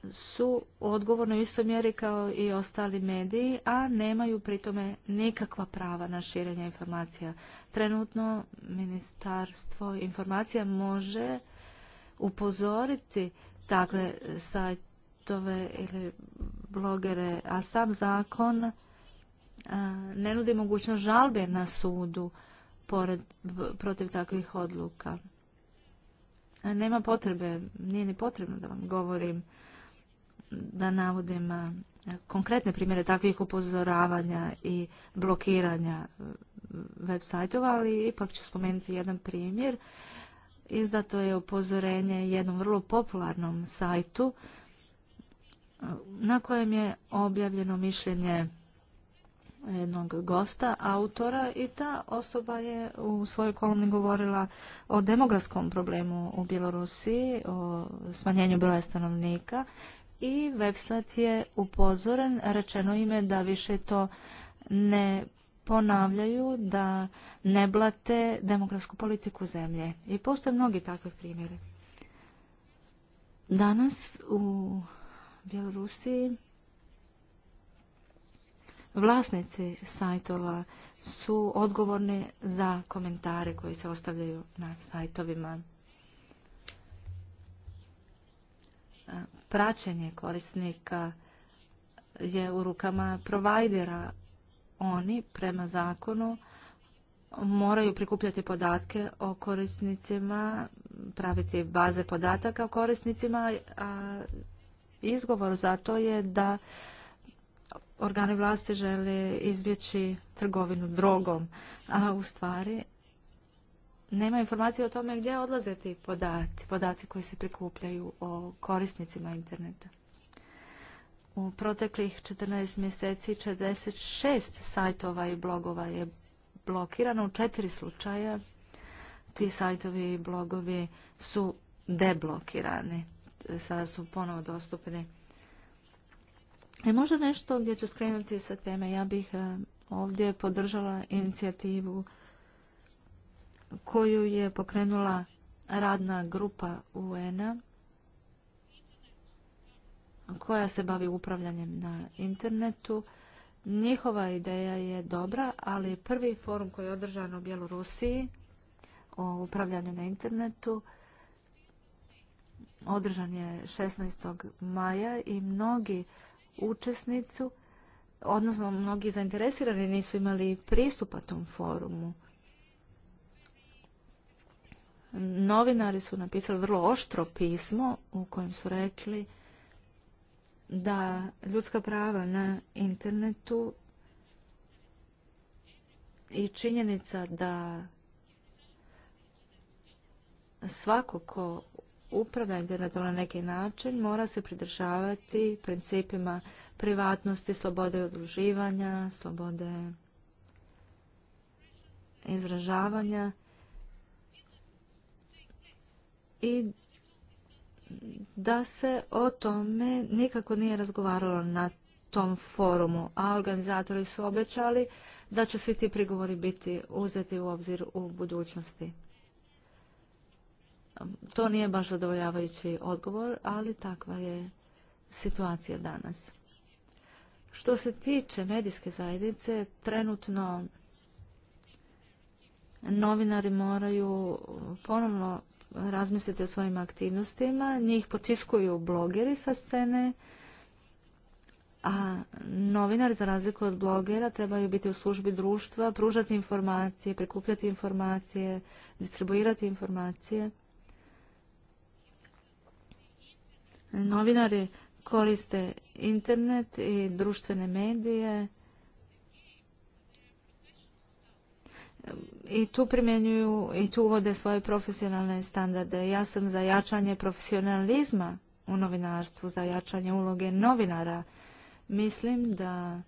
su odgovorni u istoj mjeri kao i ostali mediji, a nemaju pritome nikakva prava na širenje informacija. Trenutno ministarstvo informacija može upozoriti takve sajtove ili blogere, a sam zakon ne nudi mogućnost žalbe na sudu protiv takvih odluka. Nema potrebe, nije ni potrebno da vam govorim, da navodim konkretne primjere takvih upozoravanja i blokiranja e, web sajtova, ali ipak ću spomenuti jedan primjer. Izdato je upozorenje jednom vrlo popularnom sajtu e, na kojem je objavljeno mišljenje jednog gosta, autora i ta osoba je u svojoj kolumni govorila o demografskom problemu u Bjelorusiji, o smanjenju broja stanovnika i website je upozoren, rečeno ime da više to ne ponavljaju, da ne blate demografsku politiku zemlje. I postoje mnogi takvi primjeri. Danas u Bjelorusiji Vlasnici sajtova su odgovorni za komentare koji se ostavljaju na sajtovima. E, praćenje korisnika je u rukama provajdera. Oni prema zakonu moraju prikupljati podatke o korisnicima, praviti baze podataka o korisnicima, a izgovor za to je da organi vlasti žele izbjeći trgovinu drogom, a u stvari nema informacije o tome gdje odlaze ti podaci, podaci koji se prikupljaju o korisnicima interneta. U proteklih 14 mjeseci 46 sajtova i blogova je blokirano u četiri slučaja. Ti sajtovi i blogovi su deblokirani, sada su ponovo dostupni. I e, možda nešto gdje ću skrenuti sa teme. Ja bih e, ovdje podržala inicijativu koju je pokrenula radna grupa UN-a koja se bavi upravljanjem na internetu. Njihova ideja je dobra, ali prvi forum koji je održan u Bjelorusiji o upravljanju na internetu održan je 16. maja i mnogi učesnicu, odnosno mnogi zainteresirani nisu imali pristupa tom forumu. Novinari su napisali vrlo oštro pismo u kojem su rekli da ljudska prava na internetu i činjenica da svako ko upravlja na neki način mora se pridržavati principima privatnosti, slobode odruživanja slobode izražavanja i da se o tome nikako nije razgovaralo na tom forumu, a organizatori su obećali da će svi ti prigovori biti uzeti u obzir u budućnosti. To nije baš zadovoljavajući odgovor, ali takva je situacija danas. Što se tiče medijske zajednice, trenutno novinari moraju ponovno razmisliti o svojim aktivnostima. Njih potiskuju blogeri sa scene, a novinari, za razliku od blogera, trebaju biti u službi društva, pružati informacije, prikupljati informacije, distribuirati informacije. Novinari koriste internet i društvene medije i tu primjenjuju i tu uvode svoje profesionalne standarde. Ja sam za jačanje profesionalizma u novinarstvu, za jačanje uloge novinara. Mislim da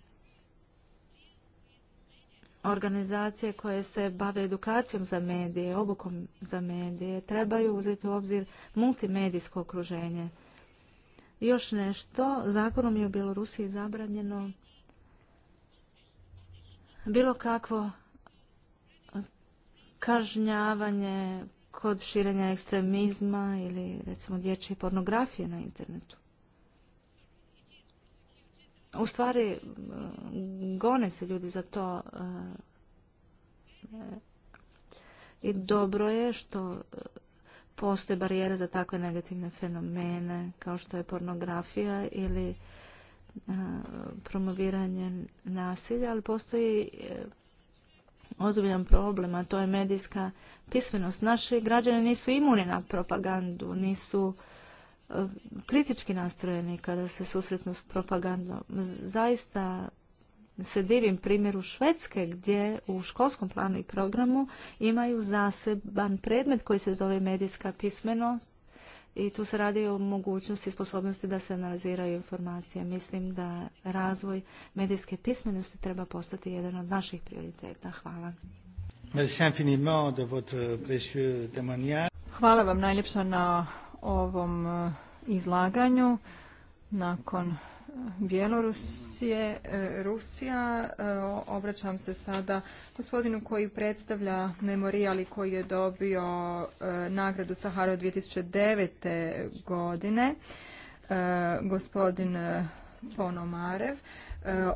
organizacije koje se bave edukacijom za medije, obukom za medije, trebaju uzeti u obzir multimedijsko okruženje. Još nešto, zakonom je u Bjelorusiji zabranjeno bilo kakvo kažnjavanje kod širenja ekstremizma ili recimo dječje pornografije na internetu. U stvari e, gone se ljudi za to e, e, i dobro je što postoje barijere za takve negativne fenomene kao što je pornografija ili e, promoviranje nasilja, ali postoji e, ozbiljan problem, a to je medijska pismenost. Naši građani nisu imuni na propagandu, nisu e, kritički nastrojeni kada se susretnu s propagandom. Zaista se divim primjeru Švedske gdje u školskom planu i programu imaju zaseban predmet koji se zove medijska pismenost i tu se radi o mogućnosti i sposobnosti da se analiziraju informacije. Mislim da razvoj medijske pismenosti treba postati jedan od naših prioriteta. Hvala. Hvala vam najljepša na ovom eh, izlaganju. Nakon Bjelorusije, e, Rusija. E, obraćam se sada gospodinu koji predstavlja memorijal i koji je dobio e, nagradu Sahara 2009. godine, gospodin Ponomarev.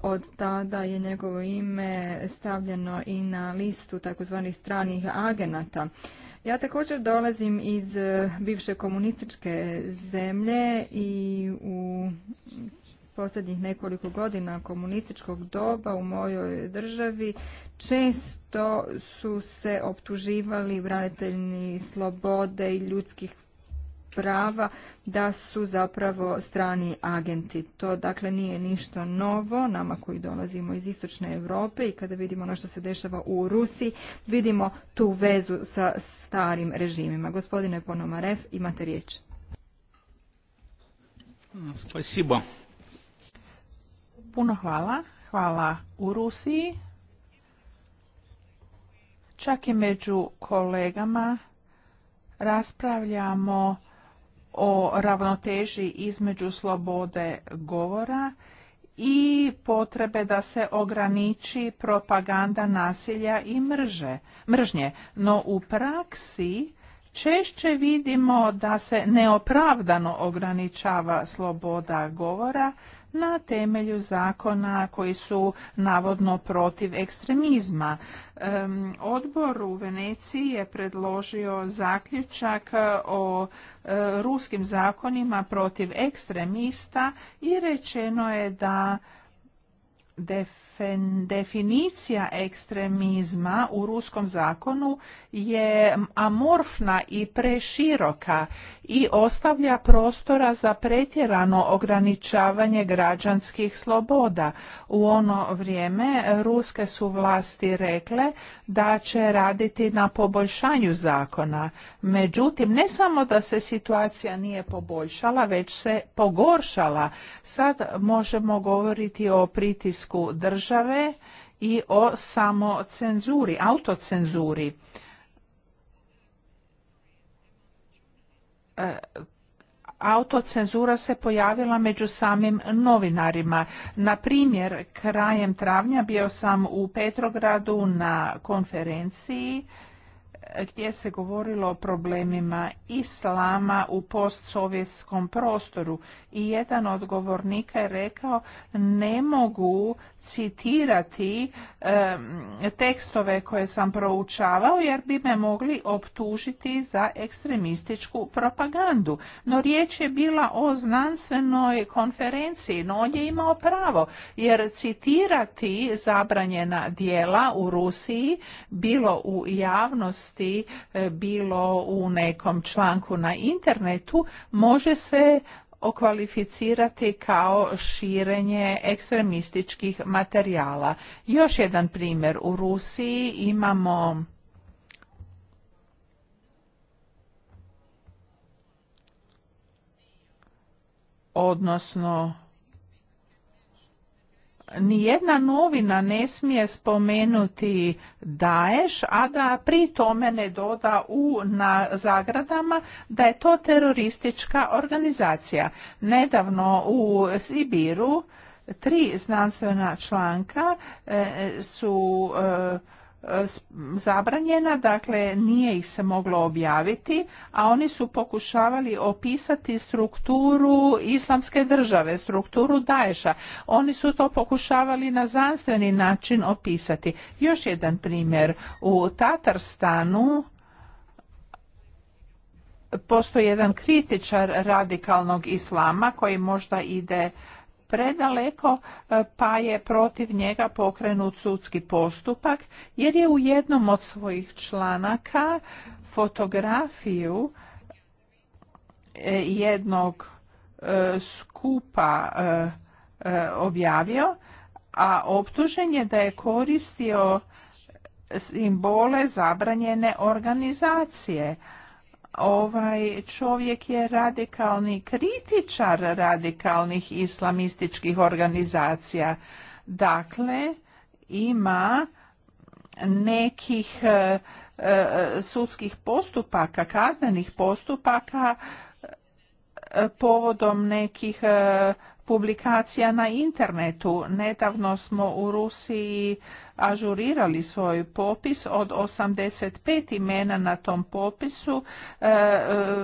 Od tada je njegovo ime stavljeno i na listu takozvanih stranih agenata. Ja također dolazim iz bivše komunističke zemlje i u posljednjih nekoliko godina komunističkog doba u mojoj državi često su se optuživali branitelji slobode i ljudskih prava da su zapravo strani agenti. To dakle nije ništa novo nama koji dolazimo iz istočne Europe i kada vidimo ono što se dešava u Rusiji, vidimo tu vezu sa starim režimima. Gospodine Ponomarev, imate riječ. Hvala. Puno hvala. Hvala u Rusiji. Čak i među kolegama raspravljamo o ravnoteži između slobode govora i potrebe da se ograniči propaganda nasilja i mrže, mržnje. No u praksi češće vidimo da se neopravdano ograničava sloboda govora na temelju zakona koji su navodno protiv ekstremizma. Odbor u Veneciji je predložio zaključak o e, ruskim zakonima protiv ekstremista i rečeno je da de definicija ekstremizma u ruskom zakonu je amorfna i preširoka i ostavlja prostora za pretjerano ograničavanje građanskih sloboda. U ono vrijeme ruske su vlasti rekle da će raditi na poboljšanju zakona. Međutim, ne samo da se situacija nije poboljšala, već se pogoršala. Sad možemo govoriti o pritisku država države i o samocenzuri, autocenzuri. E, autocenzura se pojavila među samim novinarima. Na primjer, krajem travnja bio sam u Petrogradu na konferenciji e, gdje se govorilo o problemima islama u postsovjetskom prostoru i jedan od govornika je rekao ne mogu citirati tekstove koje sam proučavao jer bi me mogli optužiti za ekstremističku propagandu. No riječ je bila o znanstvenoj konferenciji, no on je imao pravo jer citirati zabranjena dijela u Rusiji bilo u javnosti, eh, bilo u nekom članku na internetu može se okvalificirati kao širenje ekstremističkih materijala. Još jedan primjer. U Rusiji imamo odnosno nijedna novina ne smije spomenuti Daješ, a da pri tome ne doda u na zagradama da je to teroristička organizacija. Nedavno u Sibiru tri znanstvena članka e, su e, zabranjena, dakle nije ih se moglo objaviti, a oni su pokušavali opisati strukturu islamske države, strukturu Daesha. Oni su to pokušavali na znanstveni način opisati. Još jedan primjer, u Tatarstanu postoji jedan kritičar radikalnog islama koji možda ide predaleko e, pa je protiv njega pokrenut sudski postupak jer je u jednom od svojih članaka fotografiju e, jednog e, skupa objavio, a optužen je da je koristio simbole zabranjene organizacije, ovaj čovjek je radikalni kritičar radikalnih islamističkih organizacija. Dakle, ima nekih e, e, sudskih postupaka, kaznenih postupaka e, povodom nekih publikacija na internetu. Nedavno smo u Rusiji ažurirali svoj popis od 85 imena na tom popisu. E, e,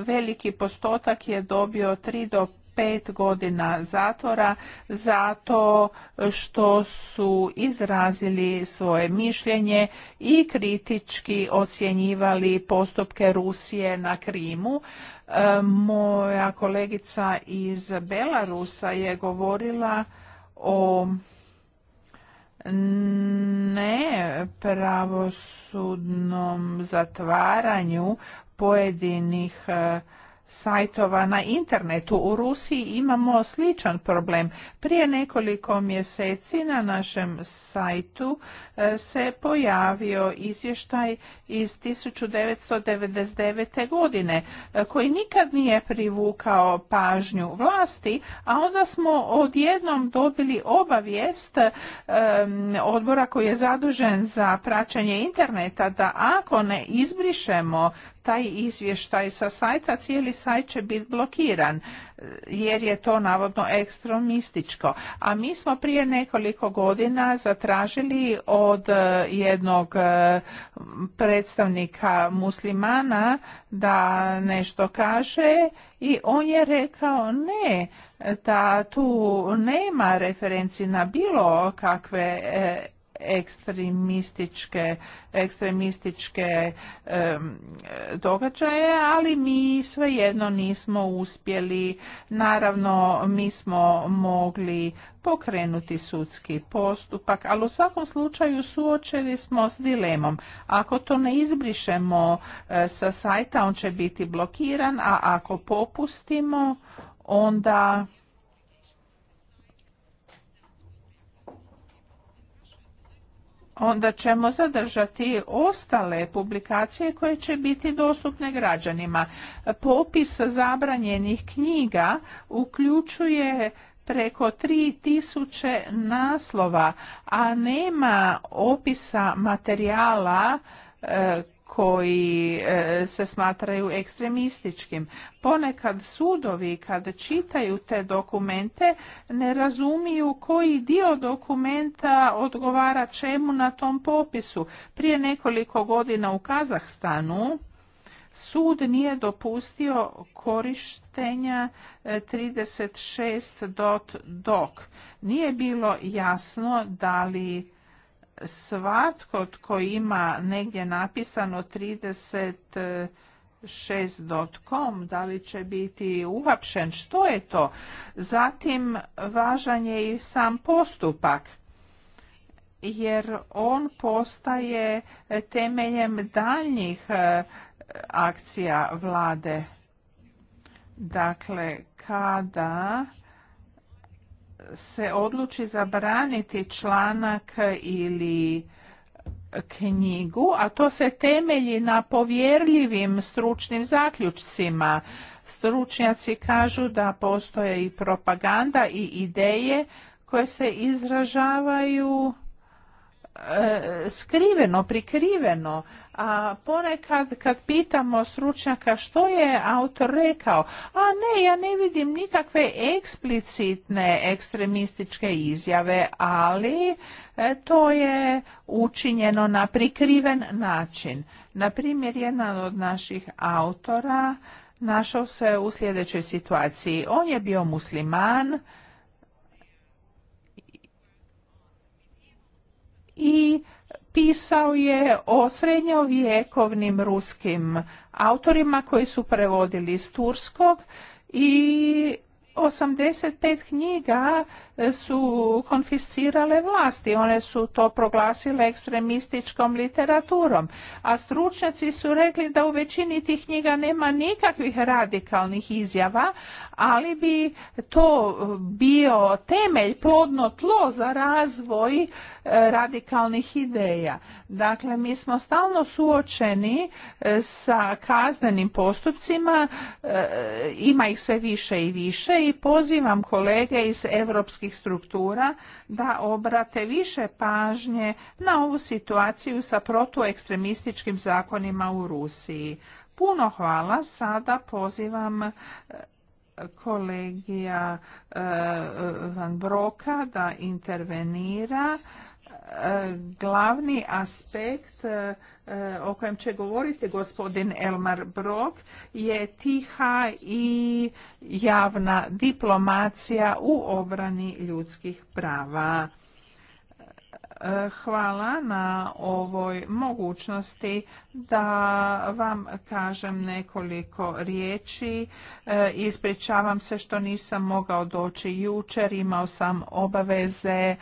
veliki postotak je dobio 3 do pet godina zatvora zato što su izrazili svoje mišljenje i kritički ocjenjivali postupke Rusije na Krimu, E, moja kolegica iz Belarusa je govorila o ne zatvaranju pojedinih e, sajtova na internetu. U Rusiji imamo sličan problem. Prije nekoliko mjeseci na našem sajtu e, se pojavio izvještaj iz 1999. godine e, koji nikad nije privukao pažnju vlasti, a onda smo odjednom dobili obavijest e, odbora koji je zadužen za praćenje interneta da ako ne izbrišemo taj izvještaj sa sajta, cijeli sajt će biti blokiran e, jer je to navodno ekstremističko. A mi smo prije nekoliko godina zatražili od e, jednog e, predstavnika muslimana da nešto kaže i on je rekao ne, da tu nema referenci na bilo kakve ekstremističke, ekstremističke događaje, ali mi svejedno nismo uspjeli. Naravno, mi smo mogli pokrenuti sudski postupak, ali u svakom slučaju suočeni smo s dilemom. Ako to ne izbrišemo e, sa sajta, on će biti blokiran, a ako popustimo, onda onda ćemo zadržati ostale publikacije koje će biti dostupne građanima. Popis zabranjenih knjiga uključuje preko 3000 naslova, a nema opisa materijala e, koji e, se smatraju ekstremističkim. Ponekad sudovi kad čitaju te dokumente ne razumiju koji dio dokumenta odgovara čemu na tom popisu. Prije nekoliko godina u Kazahstanu sud nije dopustio korištenja 36.doc. E, nije bilo jasno da li svatko tko ima negdje napisano 36.com, da li će biti uhapšen, što je to? Zatim važan je i sam postupak, jer on postaje temeljem daljnjih e, akcija vlade. Dakle, kada se odluči zabraniti članak ili knjigu, a to se temelji na povjerljivim stručnim zaključcima. Stručnjaci kažu da postoje i propaganda i ideje koje se izražavaju e, skriveno, prikriveno. A ponekad kad pitamo stručnjaka što je autor rekao, a ne, ja ne vidim nikakve eksplicitne ekstremističke izjave, ali e, to je učinjeno na prikriven način. Na primjer, jedan od naših autora našao se u sljedećoj situaciji. On je bio musliman i pisao je o srednjovjekovnim ruskim autorima koji su prevodili iz turskog i 85 knjiga su konfiscirale vlasti. One su to proglasile ekstremističkom literaturom. A stručnjaci su rekli da u većini tih knjiga nema nikakvih radikalnih izjava, ali bi to bio temelj, plodno tlo za razvoj E, radikalnih ideja. Dakle, mi smo stalno suočeni e, sa kaznenim postupcima, e, ima ih sve više i više i pozivam kolege iz europskih struktura da obrate više pažnje na ovu situaciju sa protuekstremističkim zakonima u Rusiji. Puno hvala, sada pozivam kolegija Van Broka da intervenira glavni aspekt e, e, o kojem će govoriti gospodin Elmar Brok je tiha i javna diplomacija u obrani ljudskih prava. Hvala na ovoj mogućnosti da vam kažem nekoliko riječi. E, ispričavam se što nisam mogao doći jučer, imao sam obaveze e,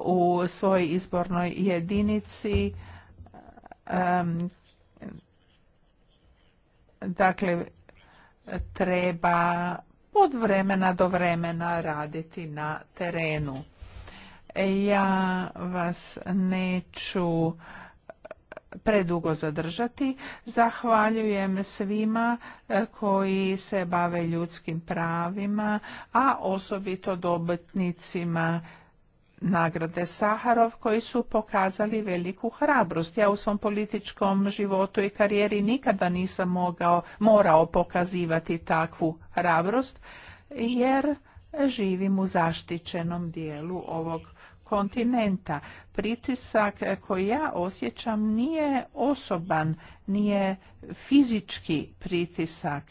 u svojoj izbornoj jedinici. E, dakle, treba od vremena do vremena raditi na terenu. Ja vas neću predugo zadržati. Zahvaljujem svima eh, koji se bave ljudskim pravima, a osobito dobitnicima nagrade Saharov koji su pokazali veliku hrabrost. Ja u svom političkom životu i karijeri nikada nisam mogao, morao pokazivati takvu hrabrost jer živim u zaštićenom dijelu ovog kontinenta. Pritisak koji ja osjećam nije osoban, nije fizički pritisak.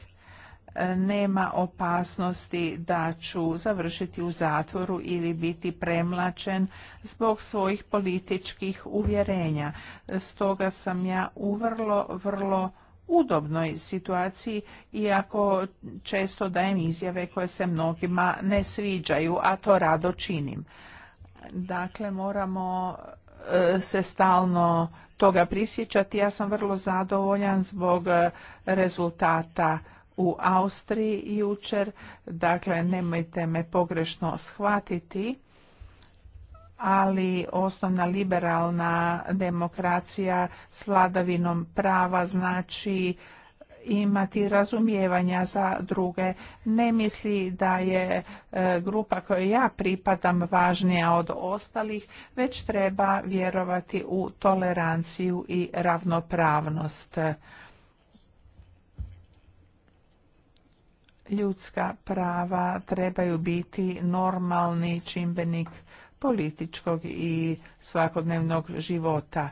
Nema opasnosti da ću završiti u zatvoru ili biti premlačen zbog svojih političkih uvjerenja. Stoga sam ja u vrlo, vrlo udobnoj situaciji, iako često dajem izjave koje se mnogima ne sviđaju, a to rado činim. Dakle, moramo e, se stalno toga prisjećati. Ja sam vrlo zadovoljan zbog e, rezultata u Austriji jučer. Dakle, nemojte me pogrešno shvatiti ali osnovna liberalna demokracija s vladavinom prava znači imati razumijevanja za druge. Ne misli da je e, grupa kojoj ja pripadam važnija od ostalih, već treba vjerovati u toleranciju i ravnopravnost. Ljudska prava trebaju biti normalni čimbenik političkog i svakodnevnog života.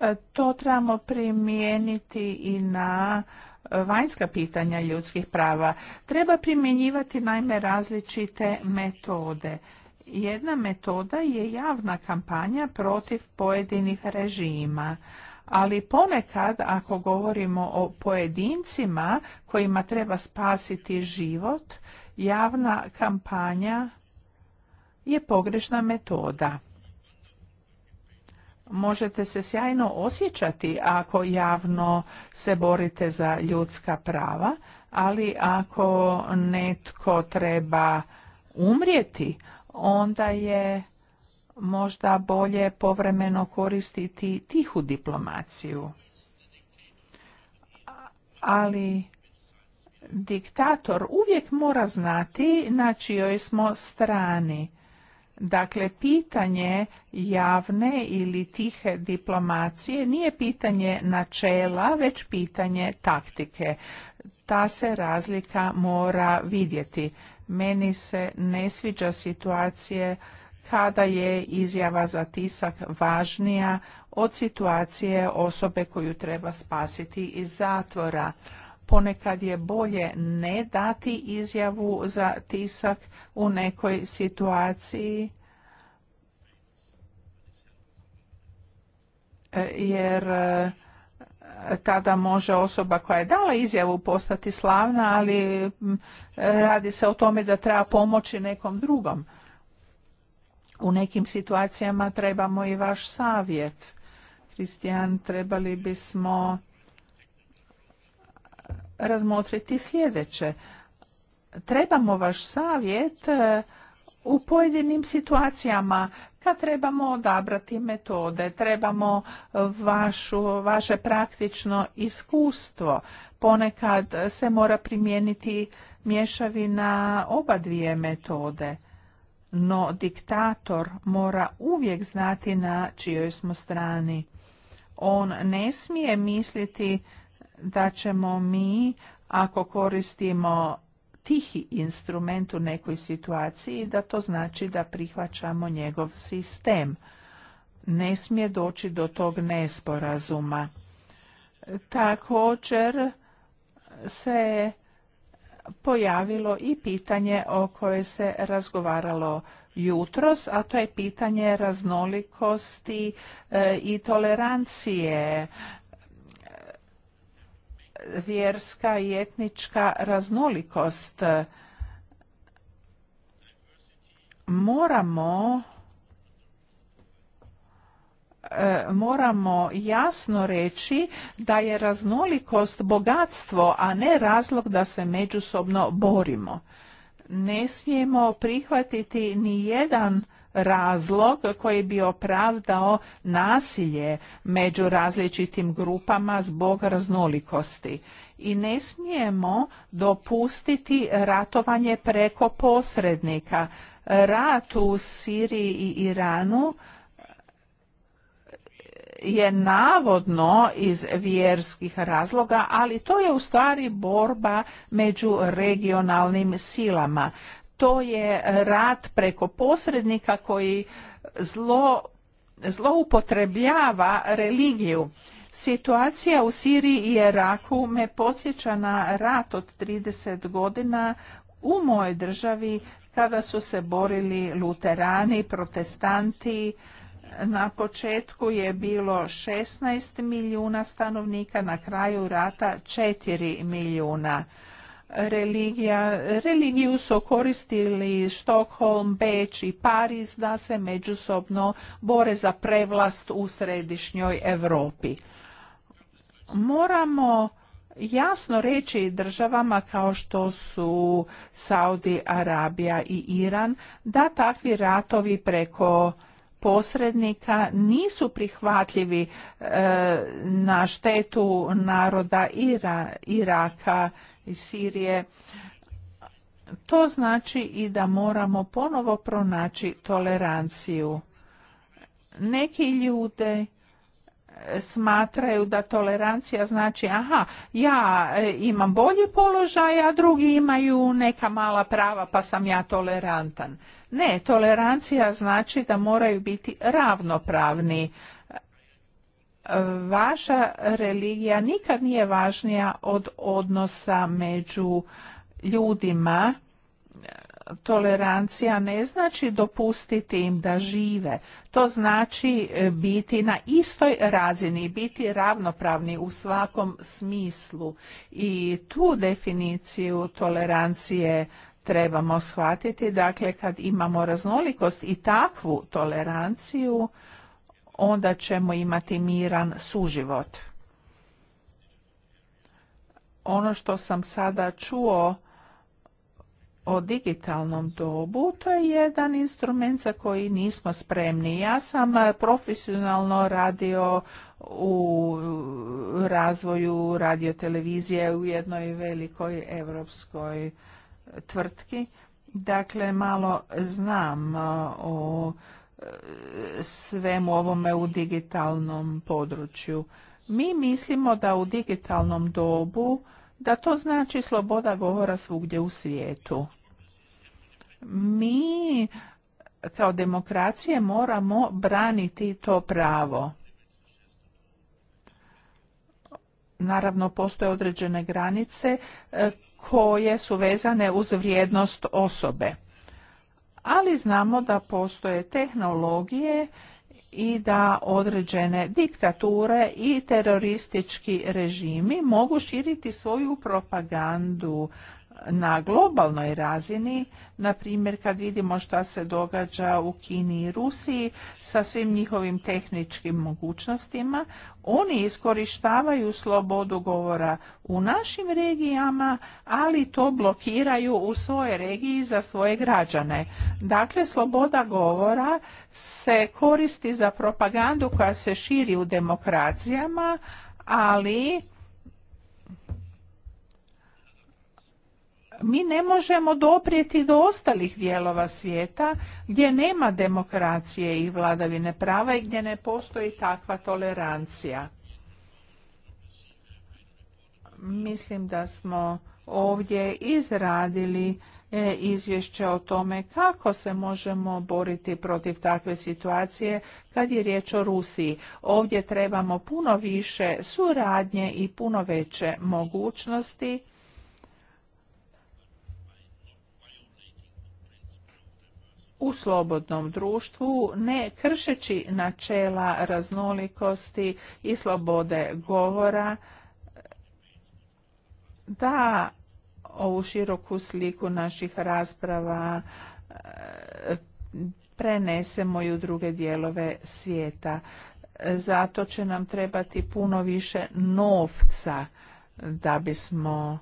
E, to trebamo primijeniti i na vanjska pitanja ljudskih prava. Treba primjenjivati najme različite metode. Jedna metoda je javna kampanja protiv pojedinih režima ali ponekad ako govorimo o pojedincima kojima treba spasiti život, javna kampanja je pogrešna metoda. Možete se sjajno osjećati ako javno se borite za ljudska prava, ali ako netko treba umrijeti, onda je možda bolje povremeno koristiti tihu diplomaciju. Ali diktator uvijek mora znati na čijoj smo strani. Dakle, pitanje javne ili tihe diplomacije nije pitanje načela, već pitanje taktike. Ta se razlika mora vidjeti. Meni se ne sviđa situacije kada je izjava za tisak važnija od situacije osobe koju treba spasiti iz zatvora. Ponekad je bolje ne dati izjavu za tisak u nekoj situaciji jer e, tada može osoba koja je dala izjavu postati slavna, ali radi se o tome da treba pomoći nekom drugom. U nekim situacijama trebamo i vaš savjet. Kristijan, trebali bismo razmotriti sljedeće. Trebamo vaš savjet e, u pojedinim situacijama kad trebamo odabrati metode, trebamo vašu, vaše praktično iskustvo. Ponekad se mora primijeniti mješavina oba dvije metode no diktator mora uvijek znati na čijoj smo strani. On ne smije misliti da ćemo mi, ako koristimo tihi instrument u nekoj situaciji, da to znači da prihvaćamo njegov sistem. Ne smije doći do tog nesporazuma. Također se pojavilo i pitanje o koje se razgovaralo jutros, a to je pitanje raznolikosti e, i tolerancije vjerska i etnička raznolikost. Moramo E, moramo jasno reći da je raznolikost bogatstvo, a ne razlog da se međusobno borimo. Ne smijemo prihvatiti ni jedan razlog koji bi opravdao nasilje među različitim grupama zbog raznolikosti i ne smijemo dopustiti ratovanje preko posrednika. Rat u Siriji i Iranu je navodno iz vjerskih razloga, ali to je u stvari borba među regionalnim silama. To je rat preko posrednika koji zlo, zloupotrebljava religiju. Situacija u Siriji i Iraku me podsjeća na rat od 30 godina u mojoj državi kada su se borili luterani, protestanti, na početku je bilo 16 milijuna stanovnika, na kraju rata 4 milijuna. Religija, religiju su koristili Stockholm, Beč i Pariz da se međusobno bore za prevlast u središnjoj Europi. Moramo jasno reći državama kao što su Saudi Arabija i Iran da takvi ratovi preko posrednika nisu prihvatljivi e, na štetu naroda Ira, Iraka i Sirije. To znači i da moramo ponovo pronaći toleranciju. Neki ljude smatraju da tolerancija znači aha ja e, imam bolji položaj a drugi imaju neka mala prava pa sam ja tolerantan ne tolerancija znači da moraju biti ravnopravni vaša religija nikad nije važnija od odnosa među ljudima tolerancija ne znači dopustiti im da žive. To znači e, biti na istoj razini, biti ravnopravni u svakom smislu. I tu definiciju tolerancije trebamo shvatiti. Dakle, kad imamo raznolikost i takvu toleranciju, onda ćemo imati miran suživot. Ono što sam sada čuo o digitalnom dobu, to je jedan instrument za koji nismo spremni. Ja sam eh, profesionalno radio u razvoju radiotelevizije u jednoj velikoj europskoj tvrtki. Dakle, malo znam eh, o eh, svemu ovome u digitalnom području. Mi mislimo da u digitalnom dobu da to znači sloboda govora svugdje u svijetu. Mi kao demokracije moramo braniti to pravo. Naravno, postoje određene granice e, koje su vezane uz vrijednost osobe. Ali znamo da postoje tehnologije i da određene diktature i teroristički režimi mogu širiti svoju propagandu na globalnoj razini, na primjer kad vidimo šta se događa u Kini i Rusiji sa svim njihovim tehničkim mogućnostima, oni iskorištavaju slobodu govora u našim regijama, ali to blokiraju u svoje regiji za svoje građane. Dakle, sloboda govora se koristi za propagandu koja se širi u demokracijama, ali mi ne možemo doprijeti do ostalih dijelova svijeta gdje nema demokracije i vladavine prava i gdje ne postoji takva tolerancija. Mislim da smo ovdje izradili e, izvješće o tome kako se možemo boriti protiv takve situacije kad je riječ o Rusiji. Ovdje trebamo puno više suradnje i puno veće mogućnosti u slobodnom društvu ne kršeći načela raznolikosti i slobode govora da ovu široku sliku naših rasprava e, prenesemo i u druge dijelove svijeta. Zato će nam trebati puno više novca da bismo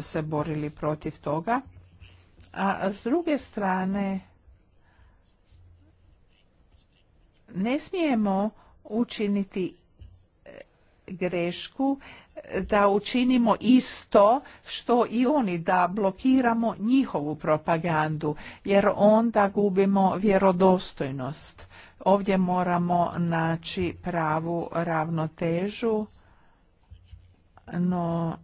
se borili protiv toga. A s druge strane Ne smijemo učiniti e, grešku e, da učinimo isto što i oni da blokiramo njihovu propagandu jer onda gubimo vjerodostojnost ovdje moramo naći pravu ravnotežu no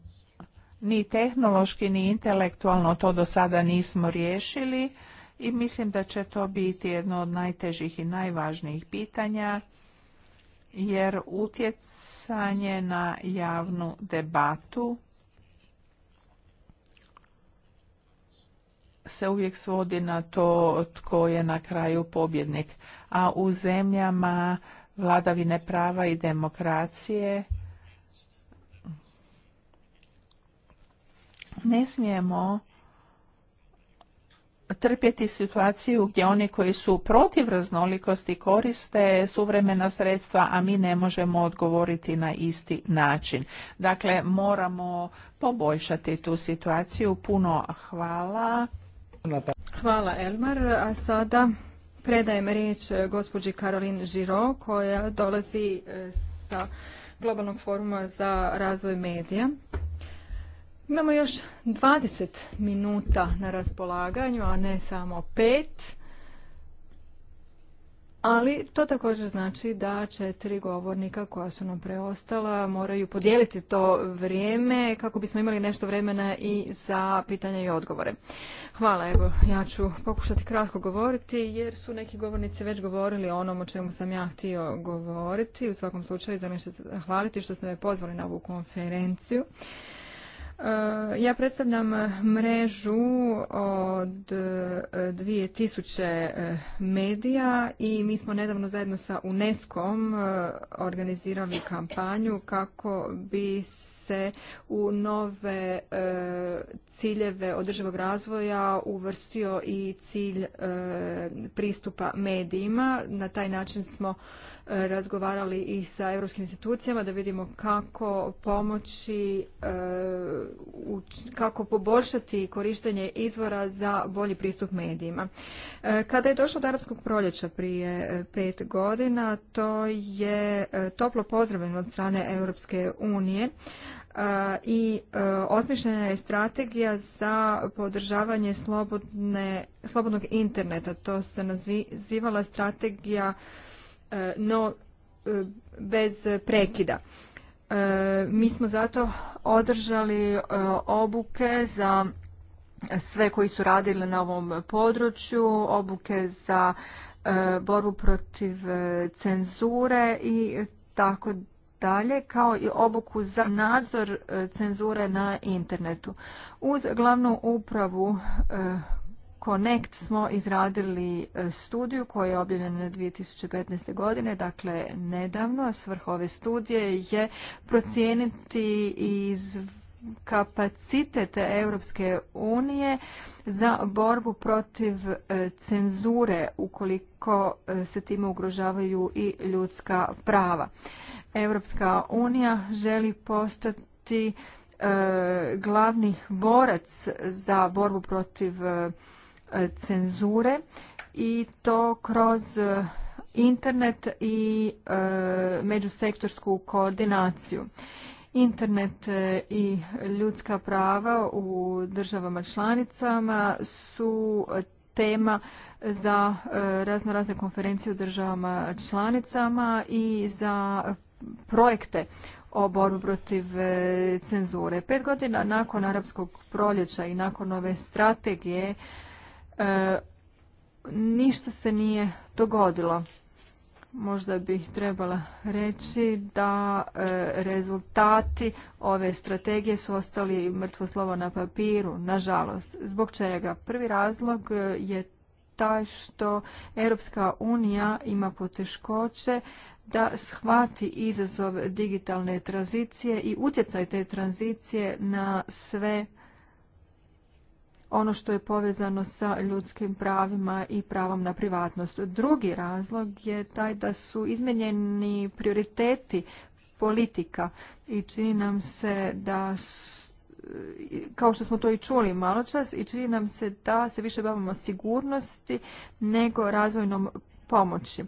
ni tehnološki ni intelektualno to do sada nismo riješili i mislim da će to biti jedno od najtežih i najvažnijih pitanja jer utjecanje na javnu debatu se uvijek svodi na to tko je na kraju pobjednik. A u zemljama vladavine prava i demokracije ne smijemo trpjeti situaciju gdje oni koji su protiv raznolikosti koriste suvremena sredstva, a mi ne možemo odgovoriti na isti način. Dakle, moramo poboljšati tu situaciju. Puno hvala. Hvala Elmar. A sada predajem riječ e, gospođi Karolin Žiro koja dolazi e, sa globalnog foruma za razvoj medija. Imamo još 20 minuta na raspolaganju, a ne samo 5. Ali to također znači da četiri govornika koja su nam preostala moraju podijeliti to vrijeme kako bismo imali nešto vremena i za pitanja i odgovore. Hvala, evo, ja ću pokušati kratko govoriti jer su neki govornici već govorili o onom o čemu sam ja htio govoriti. U svakom slučaju, za se zahvaliti što ste me pozvali na ovu konferenciju. E, ja predstavljam mrežu od 2000 e, e, medija i mi smo nedavno zajedno sa UNESCO-om organizirali kampanju kako bi se u nove ciljeve održivog razvoja uvrstio i cilj pristupa medijima. Na taj način smo razgovarali i sa europskim institucijama da vidimo kako pomoći, eh, kako poboljšati korištenje izvora za bolji pristup medijima. Eh, kada je došlo do arapskog proljeća prije eh, pet godina, to je toplo pozdravljeno od strane Europske unije i osmišljena je strategija za podržavanje slobodne, slobodnog interneta. To se nazivala strategija E, no e, bez prekida. E, mi smo zato održali obuke za sve koji su radili na ovom području, obuke za borbu protiv cenzure i tako dalje, kao i obuku za nadzor cenzure na internetu. Uz glavnu upravu Connect smo izradili e, studiju koja je objavljena 2015. godine, dakle nedavno. Svrh ove studije je procijeniti iz kapacitete Europske unije za borbu protiv e, cenzure ukoliko e, se time ugrožavaju i ljudska prava. Europska unija želi postati glavni borac za borbu protiv E, cenzure i to kroz e, internet i e, međusektorsku koordinaciju. Internet i ljudska prava u državama članicama su tema za razno razne konferencije u državama članicama i za projekte o borbu protiv cenzure. Pet godina nakon arapskog proljeća i nakon ove strategije E, ništa se nije dogodilo. Možda bi trebala reći da e, rezultati ove strategije su ostali mrtvo slovo na papiru, nažalost. Zbog čega? Prvi razlog e, je taj što Europska unija ima poteškoće da shvati izazov digitalne tranzicije i utjecaj te tranzicije na sve ono što je povezano sa ljudskim pravima i pravom na privatnost. Drugi razlog je taj da su izmenjeni prioriteti politika i čini nam se da kao što smo to i čuli malo čas i čini nam se da se više bavimo sigurnosti nego razvojnom pomoći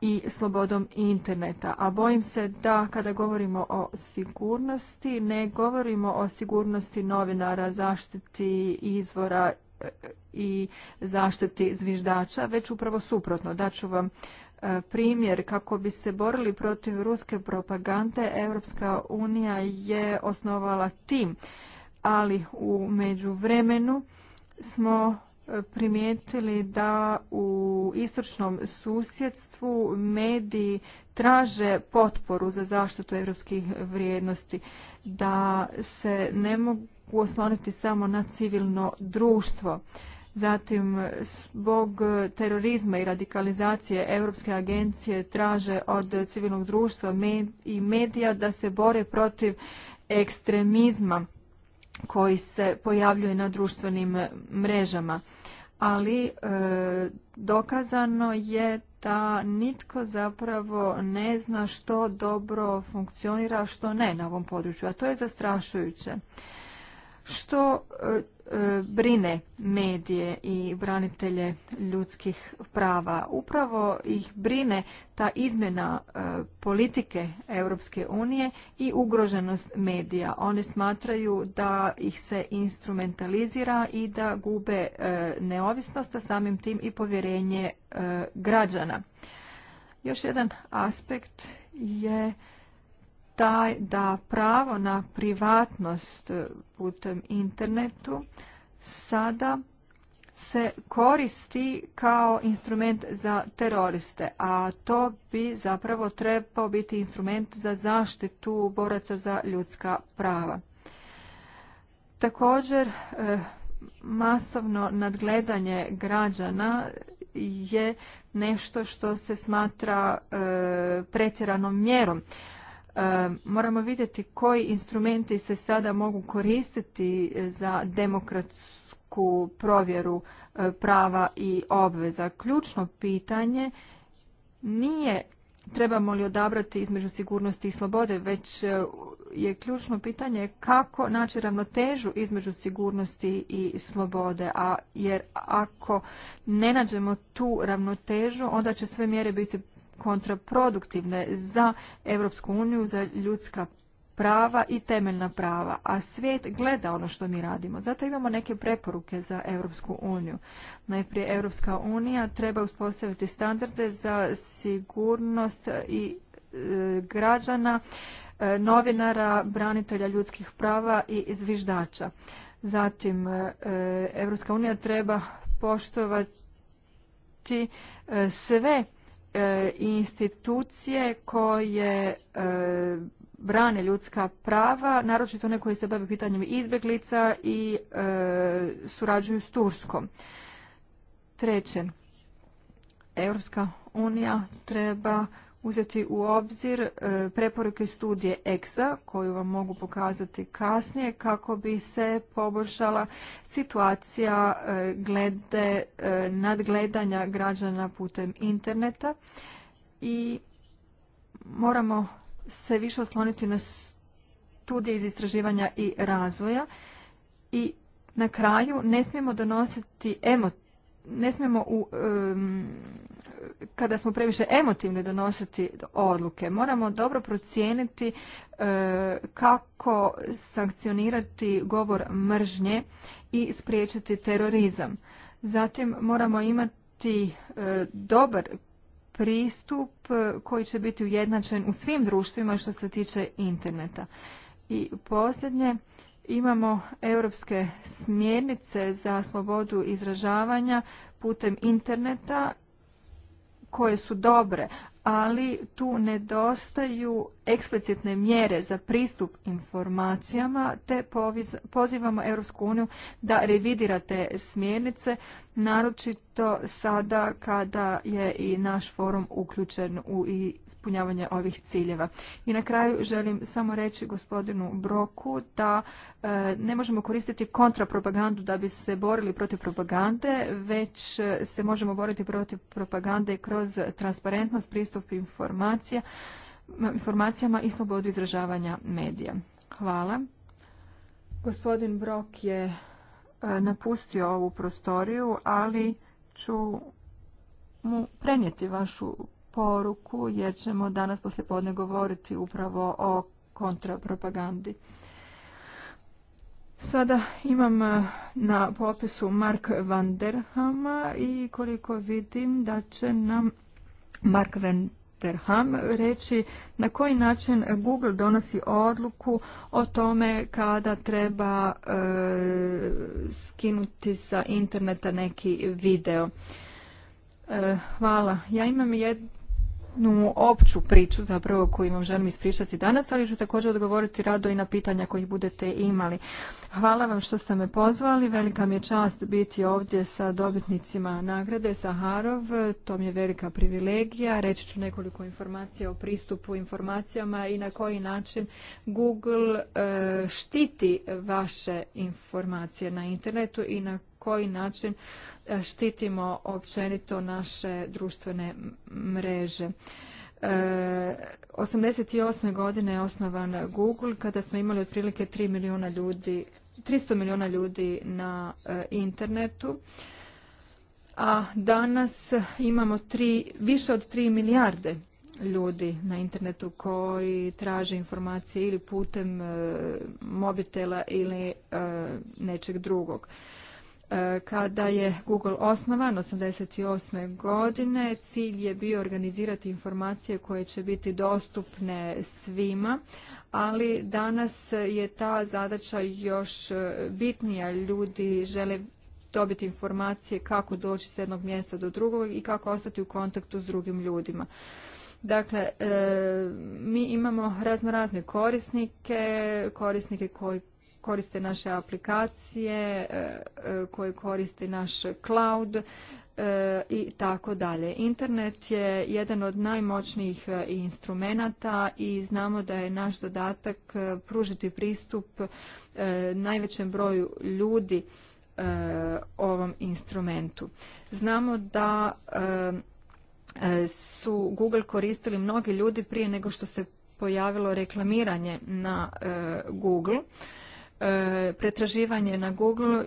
i slobodom interneta. A bojim se da kada govorimo o sigurnosti, ne govorimo o sigurnosti novinara, zaštiti izvora e, i zaštiti zviždača, već upravo suprotno. Daću vam e, primjer kako bi se borili protiv ruske propagande, Europska unija je osnovala tim, ali u međuvremenu smo primijetili da u istočnom susjedstvu mediji traže potporu za zaštitu europskih vrijednosti, da se ne mogu osloniti samo na civilno društvo. Zatim, zbog terorizma i radikalizacije, Europske agencije traže od civilnog društva i medija da se bore protiv ekstremizma koji se pojavljuje na društvenim mrežama. Ali e, dokazano je da nitko zapravo ne zna što dobro funkcionira, a što ne na ovom području, a to je zastrašujuće. Što e, brine medije i branitelje ljudskih prava. Upravo ih brine ta izmjena e, politike Europske unije i ugroženost medija. One smatraju da ih se instrumentalizira i da gube e, neovisnost, a samim tim i povjerenje e, građana. Još jedan aspekt je taj da pravo na privatnost e, putem internetu sada se koristi kao instrument za teroriste, a to bi zapravo trebao biti instrument za zaštitu boraca za ljudska prava. Također, e, masovno nadgledanje građana je nešto što se smatra e, pretjeranom mjerom Moramo vidjeti koji instrumenti se sada mogu koristiti e, za demokratsku provjeru e, prava i obveza. Ključno pitanje nije trebamo li odabrati između sigurnosti i slobode, već e, je ključno pitanje kako naći ravnotežu između sigurnosti i slobode, a jer ako ne nađemo tu ravnotežu, onda će sve mjere biti kontraproduktivne za Europsku uniju, za ljudska prava i temeljna prava, a svijet gleda ono što mi radimo. Zato imamo neke preporuke za Europsku uniju. Najprije Europska unija treba uspostaviti standarde za sigurnost i e, građana, e, novinara, branitelja ljudskih prava i zviždača. Zatim, Europska unija treba poštovati e, sve E, institucije koje e, brane ljudska prava, naročito one koje se bave pitanjem izbjeglica i e, surađuju s Turskom. Treće, Europska unija treba uzeti u obzir e, preporuke studije EXA koju vam mogu pokazati kasnije kako bi se poboljšala situacija e, glede e, nadgledanja građana putem interneta i moramo se više osloniti na studije iz istraživanja i razvoja i na kraju ne smijemo donositi emo, ne smijemo u, kada smo previše emotivni donositi odluke. Moramo dobro procijeniti e, kako sankcionirati govor mržnje i spriječiti terorizam. Zatim moramo imati e, dobar pristup e, koji će biti ujednačen u svim društvima što se tiče interneta. I posljednje, imamo europske smjernice za slobodu izražavanja putem interneta koje su dobre, ali tu nedostaju eksplicitne mjere za pristup informacijama te pozivamo Europsku uniju da revidira te smjernice, naročito sada kada je i naš forum uključen u ispunjavanje ovih ciljeva. I na kraju želim samo reći gospodinu Broku da e, ne možemo koristiti kontrapropagandu da bi se borili protiv propagande, već se možemo boriti protiv propagande kroz transparentnost, pristup informacija informacijama i slobodu izražavanja medija. Hvala. Gospodin Brok je e, napustio ovu prostoriju, ali ću mu prenijeti vašu poruku jer ćemo danas podne govoriti upravo o kontrapropagandi. Sada imam e, na popisu Mark Vanderhama i koliko vidim da će nam Mark Van Terham reći na koji način Google donosi odluku o tome kada treba e, skinuti sa interneta neki video. E, hvala. Ja imam jednu jednu opću priču zapravo koju vam želim ispričati danas, ali ću također odgovoriti rado i na pitanja kojih budete imali. Hvala vam što ste me pozvali, velika mi je čast biti ovdje sa dobitnicima nagrade Saharov, to mi je velika privilegija, reći ću nekoliko informacija o pristupu informacijama i na koji način Google e, štiti vaše informacije na internetu i na koji način štitimo općenito naše društvene mreže. 88. E, godine je osnovan Google kada smo imali otprilike 3 milijuna ljudi, 300 milijuna ljudi na e, internetu. A danas imamo tri, više od 3 milijarde ljudi na internetu koji traže informacije ili putem e, mobitela ili nečeg drugog. E, kada je Google osnovan 1988. godine, cilj je bio organizirati informacije koje će biti dostupne svima, ali danas je ta zadaća još bitnija. Ljudi žele dobiti informacije kako doći s jednog mjesta do drugog i kako ostati u kontaktu s drugim ljudima. Dakle, e, mi imamo razno razne korisnike, korisnike koji koriste naše aplikacije, e, e, koji koriste naš cloud e, i tako dalje. Internet je jedan od najmoćnijih instrumenata i znamo da je naš zadatak pružiti pristup najvećem broju ljudi ovom instrumentu. Znamo da su Google koristili mnogi ljudi prije nego što se pojavilo reklamiranje na Google E, pretraživanje na Google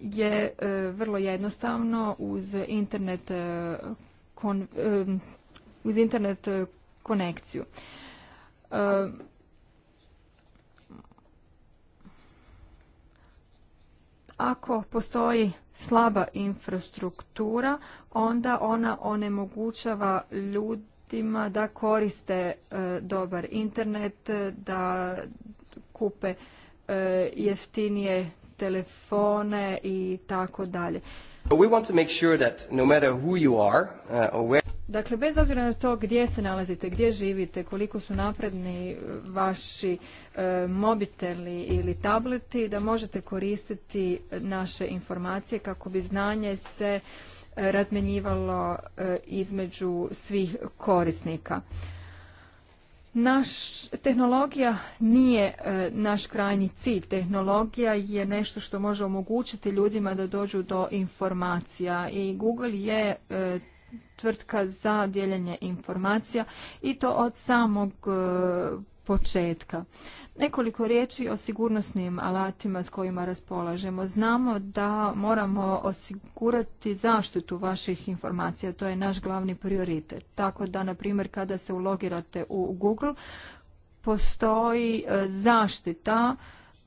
je e, vrlo jednostavno uz internet e, uz internet konekciju. Ako postoji slaba infrastruktura, onda ona onemogućava ljudima da koriste dobar internet, da kupe E, jeftinije telefone i tako dalje. Dakle, bez obzira na to gdje se nalazite, gdje živite, koliko su napredni vaši e, mobiteli ili tableti, da možete koristiti naše informacije kako bi znanje se e, razmjenjivalo e, između svih korisnika. Naš, tehnologija nije e, naš krajnji cilj. Tehnologija je nešto što može omogućiti ljudima da dođu do informacija i Google je e, tvrtka za dijeljenje informacija i to od samog e, početka. Nekoliko riječi o sigurnosnim alatima s kojima raspolažemo. Znamo da moramo osigurati zaštitu vaših informacija, to je naš glavni prioritet. Tako da, na primjer, kada se ulogirate u Google, postoji e, zaštita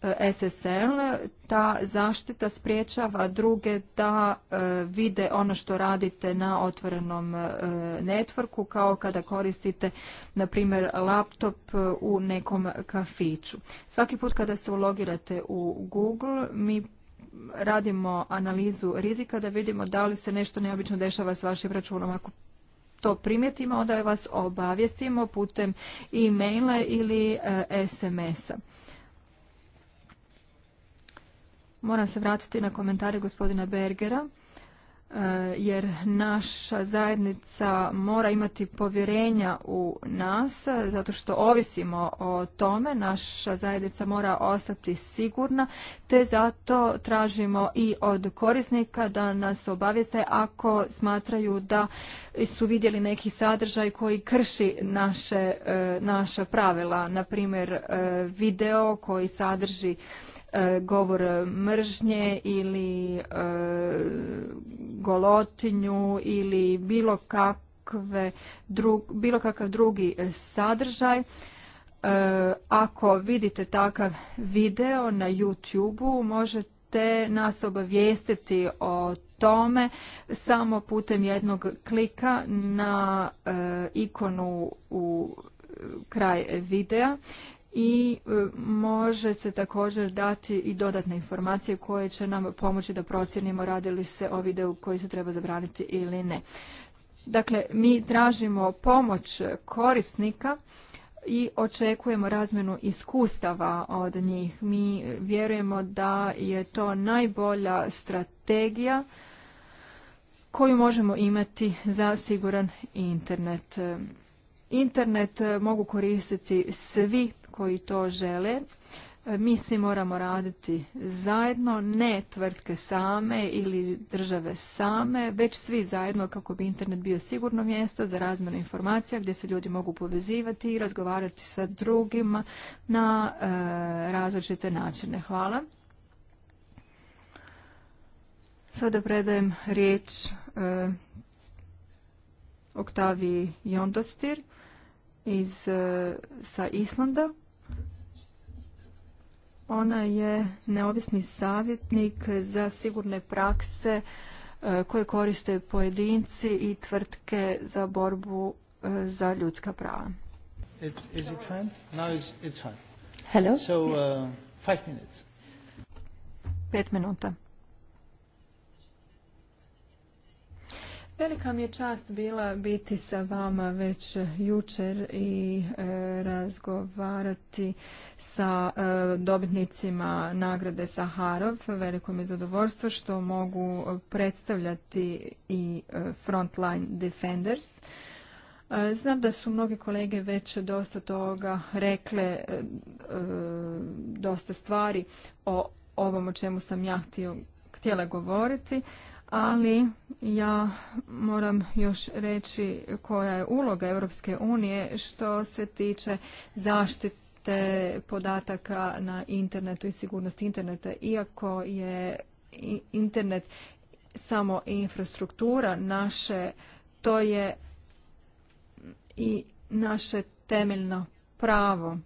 E, SSL, ta zaštita spriječava druge da e, vide ono što radite na otvorenom e, networku kao kada koristite na primjer laptop u nekom kafiću. Svaki put kada se ulogirate u Google mi radimo analizu rizika da vidimo da li se nešto neobično dešava s vašim računom ako to primijetimo, onda vas obavijestimo putem e-maila ili SMS-a. Moram se vratiti na komentare gospodina Bergera e, jer naša zajednica mora imati povjerenja u nas zato što ovisimo o tome naša zajednica mora ostati sigurna te zato tražimo i od korisnika da nas obavijeste ako smatraju da su vidjeli neki sadržaj koji krši naše e, naša pravila na primjer e, video koji sadrži E, govor mržnje ili e, golotinju ili bilo kakve bilo kakav drugi sadržaj e, ako vidite takav video na YouTubeu možete nas obavijestiti o tome samo putem jednog klika na ikonu u kraj videa i e, može se također dati i dodatne informacije koje će nam pomoći da procijenimo radi li se o videu koji se treba zabraniti ili ne. Dakle, mi tražimo pomoć korisnika i očekujemo razmjenu iskustava od njih. Mi vjerujemo da je to najbolja strategija koju možemo imati za siguran internet. Internet mogu koristiti svi koji to žele. E, mi svi moramo raditi zajedno, ne tvrtke same ili države same, već svi zajedno kako bi internet bio sigurno mjesto za razmjenu informacija gdje se ljudi mogu povezivati i razgovarati sa drugima na e, različite načine. Hvala. Sada predajem riječ e, Oktaviji Jondostir iz, e, sa Islanda ona je neovisni savjetnik za sigurne prakse e, koje koriste pojedinci i tvrtke za borbu e, za ljudska prava. Hello? Pet minuta. Velika mi je čast bila biti sa vama već jučer i e, razgovarati sa e, dobitnicima nagrade Saharov. Veliko mi je zadovoljstvo što mogu predstavljati i e, Frontline Defenders. znam da su mnogi kolege već dosta toga rekle, dosta stvari o ovom o čemu sam ja htjela govoriti ali ja moram još reći koja je uloga Europske unije što se tiče zaštite podataka na internetu i sigurnosti interneta. Iako je internet samo infrastruktura naše, to je i naše temeljno pravo.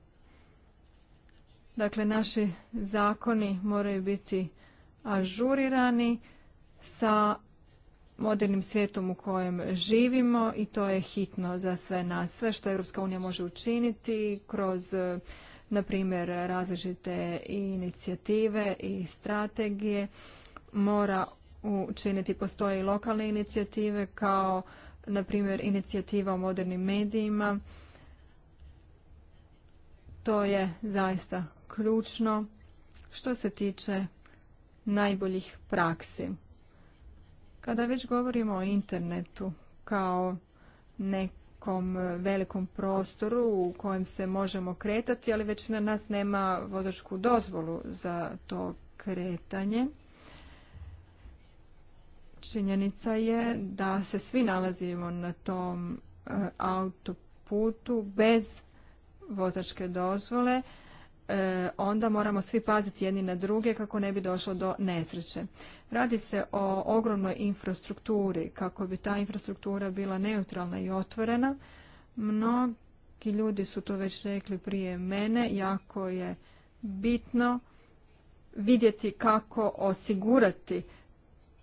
Dakle, naši zakoni moraju biti ažurirani sa modernim svijetom u kojem živimo i to je hitno za sve nas. Sve što Europska unija može učiniti kroz, e, na primjer, različite inicijative i strategije mora učiniti. Postoje i lokalne inicijative kao, na primjer, inicijativa o modernim medijima. To je zaista ključno što se tiče najboljih praksi. Kada već govorimo o internetu kao nekom velikom prostoru u kojem se možemo kretati, ali već na nas nema vozačku dozvolu za to kretanje. Činjenica je da se svi nalazimo na tom e, autoputu bez vozačke dozvole E, onda moramo svi paziti jedni na druge kako ne bi došlo do nesreće. Radi se o ogromnoj infrastrukturi, kako bi ta infrastruktura bila neutralna i otvorena. Mnogi ljudi su to već rekli prije mene, jako je bitno vidjeti kako osigurati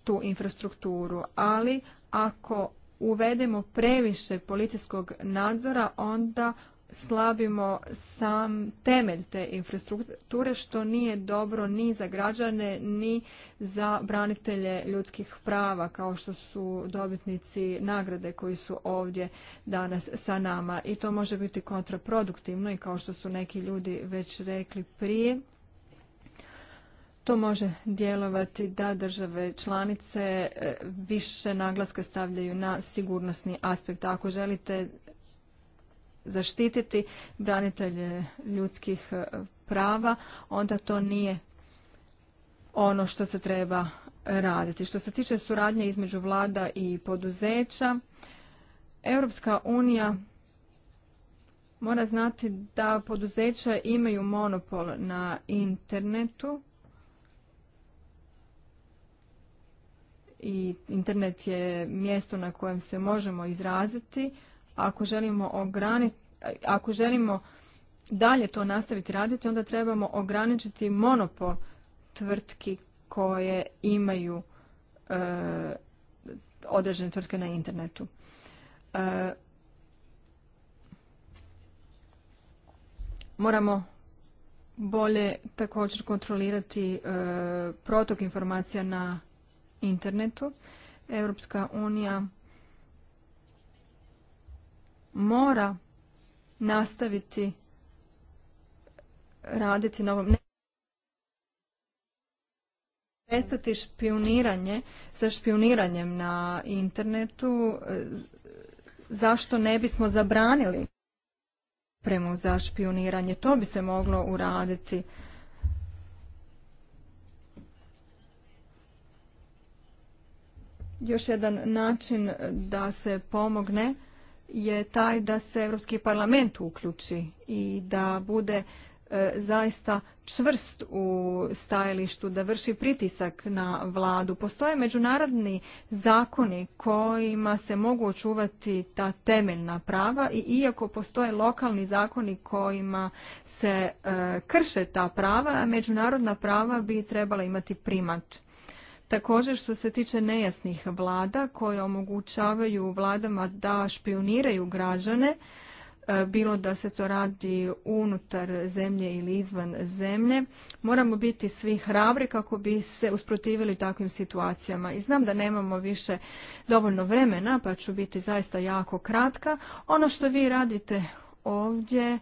tu infrastrukturu, ali ako uvedemo previše policijskog nadzora, onda slabimo sam temelj te infrastrukture što nije dobro ni za građane ni za branitelje ljudskih prava kao što su dobitnici nagrade koji su ovdje danas sa nama i to može biti kontraproduktivno i kao što su neki ljudi već rekli prije to može djelovati da države članice e, više naglaska stavljaju na sigurnosni aspekt. Ako želite zaštititi branitelje ljudskih e, prava, onda to nije ono što se treba raditi. Što se tiče suradnje između vlada i poduzeća, Europska unija mora znati da poduzeća imaju monopol na internetu i internet je mjesto na kojem se možemo izraziti ako želimo ograničiti, ako želimo dalje to nastaviti raditi, onda trebamo ograničiti monopol tvrtki koje imaju e, određene tvrtke na internetu. E, moramo bolje također kontrolirati e, protok informacija na internetu. Europska unija mora nastaviti raditi na ovom prestati špioniranje sa špioniranjem na internetu e, zašto ne bismo zabranili premu za špioniranje to bi se moglo uraditi još jedan način da se pomogne je taj da se Europski parlament uključi i da bude e, zaista čvrst u stajalištu, da vrši pritisak na vladu. Postoje međunarodni zakoni kojima se mogu očuvati ta temeljna prava i iako postoje lokalni zakoni kojima se e, krše ta prava, međunarodna prava bi trebala imati primat. Također što se tiče nejasnih vlada koje omogućavaju vladama da špioniraju građane, e, bilo da se to radi unutar zemlje ili izvan zemlje. Moramo biti svi hrabri kako bi se usprotivili takvim situacijama. I znam da nemamo više dovoljno vremena, pa ću biti zaista jako kratka. Ono što vi radite ovdje,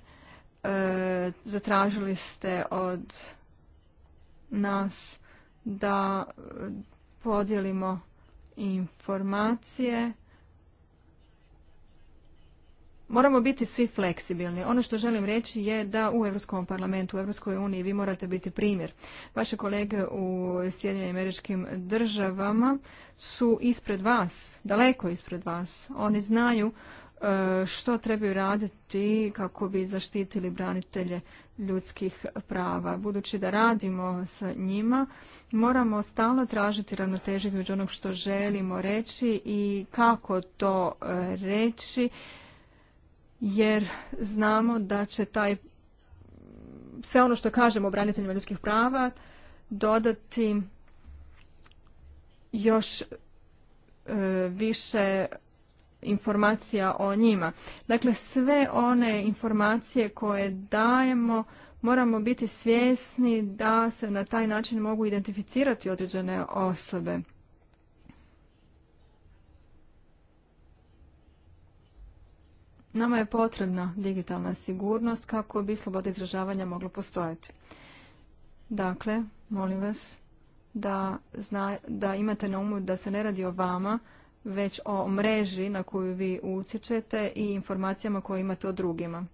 e, zatražili ste od nas da e, podijelimo informacije. Moramo biti svi fleksibilni. Ono što želim reći je da u Europskom parlamentu, u Europskoj uniji vi morate biti primjer. Vaše kolege u Sjedinjenim američkim državama su ispred vas, daleko ispred vas. Oni znaju E, što trebaju raditi kako bi zaštitili branitelje ljudskih prava. Budući da radimo sa njima, moramo stalno tražiti ravnotežu između onog što želimo reći i kako to e, reći, jer znamo da će taj sve ono što kažemo o braniteljima ljudskih prava dodati još e, više informacija o njima. Dakle, sve one informacije koje dajemo moramo biti svjesni da se na taj način mogu identificirati određene osobe. Nama je potrebna digitalna sigurnost kako bi sloboda izražavanja mogla postojati. Dakle, molim vas da, imate na umu da se ne radi o vama, već o mreži na koju vi utječete i informacijama koje imate o drugima.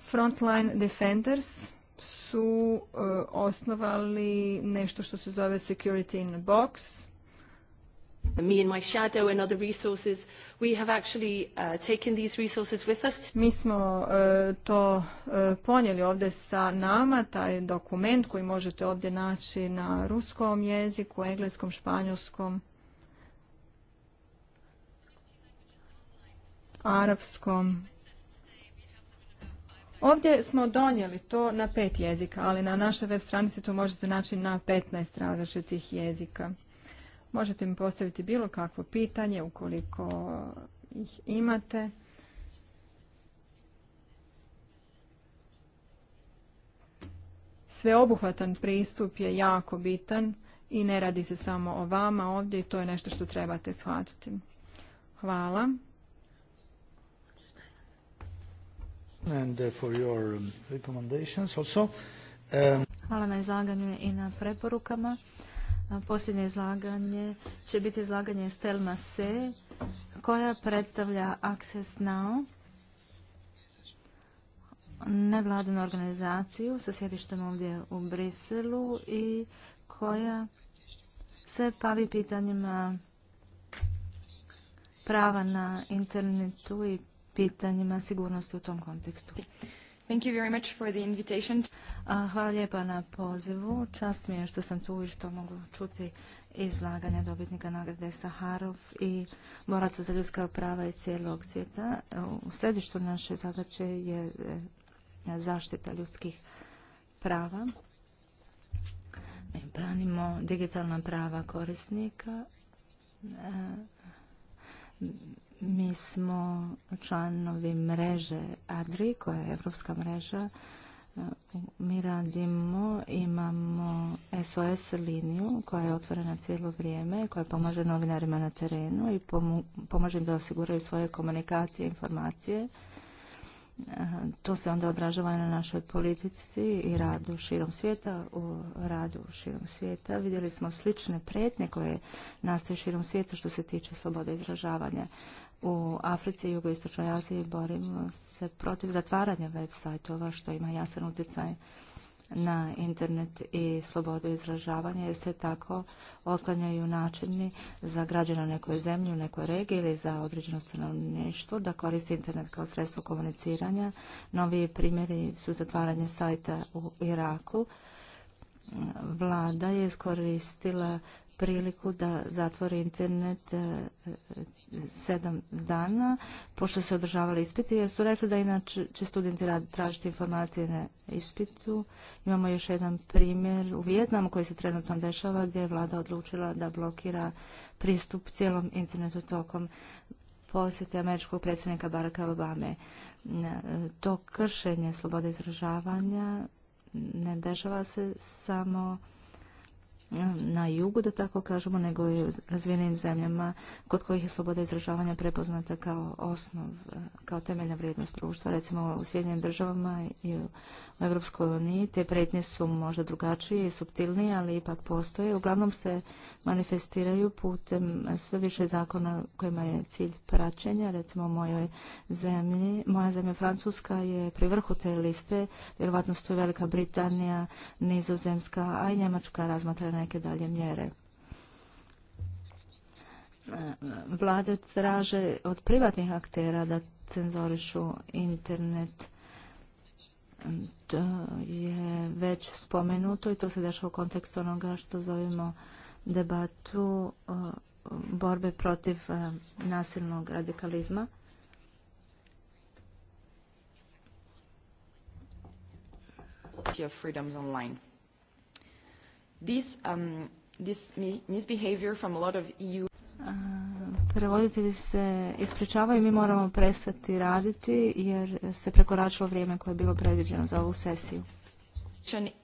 Frontline Defenders su e, osnovali nešto što se zove Security in a Box. Me and my shadow and other resources mi smo uh, to uh, ponijeli ovdje sa nama, taj dokument koji možete ovdje naći na ruskom jeziku, engleskom, španjolskom, arapskom. Ovdje smo donijeli to na pet jezika, ali na našoj web stranici to možete naći na 15 različitih jezika. Možete mi postaviti bilo kakvo pitanje ukoliko ih imate. Sveobuhvatan pristup je jako bitan i ne radi se samo o vama ovdje i to je nešto što trebate shvatiti. Hvala. Uh, um, Hvala na i na preporukama. Posljednje izlaganje će biti izlaganje Stelma Se, koja predstavlja Access Now, nevladinu organizaciju sa sjedištem ovdje u Briselu i koja se bavi pitanjima prava na internetu i pitanjima sigurnosti u tom kontekstu. Thank you very much for the invitation. Hvala lijepa na pozivu. Čast mi je što sam tu i što mogu čuti izlaganja dobitnika nagrade Saharov i boraca za ljudska prava i cijelog svijeta. U središtu naše zadaće je e, zaštita ljudskih prava. Mi branimo digitalna prava korisnika. E, mi smo članovi mreže ADRI, koja je evropska mreža. Mi radimo, imamo SOS liniju koja je otvorena cijelo vrijeme, koja pomaže novinarima na terenu i pomaže im da osiguraju svoje komunikacije, i informacije. To se onda odražava i na našoj politici i radu širom svijeta. U radu širom svijeta vidjeli smo slične pretnje koje nastaju širom svijeta što se tiče slobode izražavanja u Africi i jugoistočnoj Aziji borimo se protiv zatvaranja web sajtova što ima jasan utjecaj na internet i slobodu izražavanja jer se tako otklanjaju načini za građana nekoj zemlji, u nekoj regiji ili za određeno stanovništvo da koristi internet kao sredstvo komuniciranja. Novi primjeri su zatvaranje sajta u Iraku. Vlada je iskoristila priliku da zatvori internet e, sedam dana, pošto se održavali ispiti, jer su rekli da inače će studenti tražiti informacije na ispitu. Imamo još jedan primjer u Vijetnamu koji se trenutno dešava, gdje je vlada odlučila da blokira pristup cijelom internetu tokom posjete američkog predsjednika Baracka Obame. To kršenje slobode izražavanja ne dešava se samo na jugu, da tako kažemo, nego i u razvijenim zemljama kod kojih je sloboda izražavanja prepoznata kao osnov, kao temeljna vrijednost društva. Recimo u Sjedinjenim državama i u Europskoj uniji te pretnje su možda drugačije i subtilnije, ali ipak postoje. Uglavnom se manifestiraju putem sve više zakona kojima je cilj praćenja. Recimo u mojoj zemlji, moja zemlja Francuska je pri vrhu te liste, vjerovatno su Velika Britanija, Nizozemska, a i Njemačka razmatrana neke dalje mjere. E, Vlade traže od privatnih aktera da cenzorišu internet. To je već spomenuto i to se dešava u kontekstu onoga što zovemo debatu e, borbe protiv e, nasilnog radikalizma. freedoms online. This, um, this misbehavior from a lot of EU... Prevoditelji se ispričavaju, mi moramo prestati raditi jer se prekoračilo vrijeme koje je bilo predviđeno za ovu sesiju.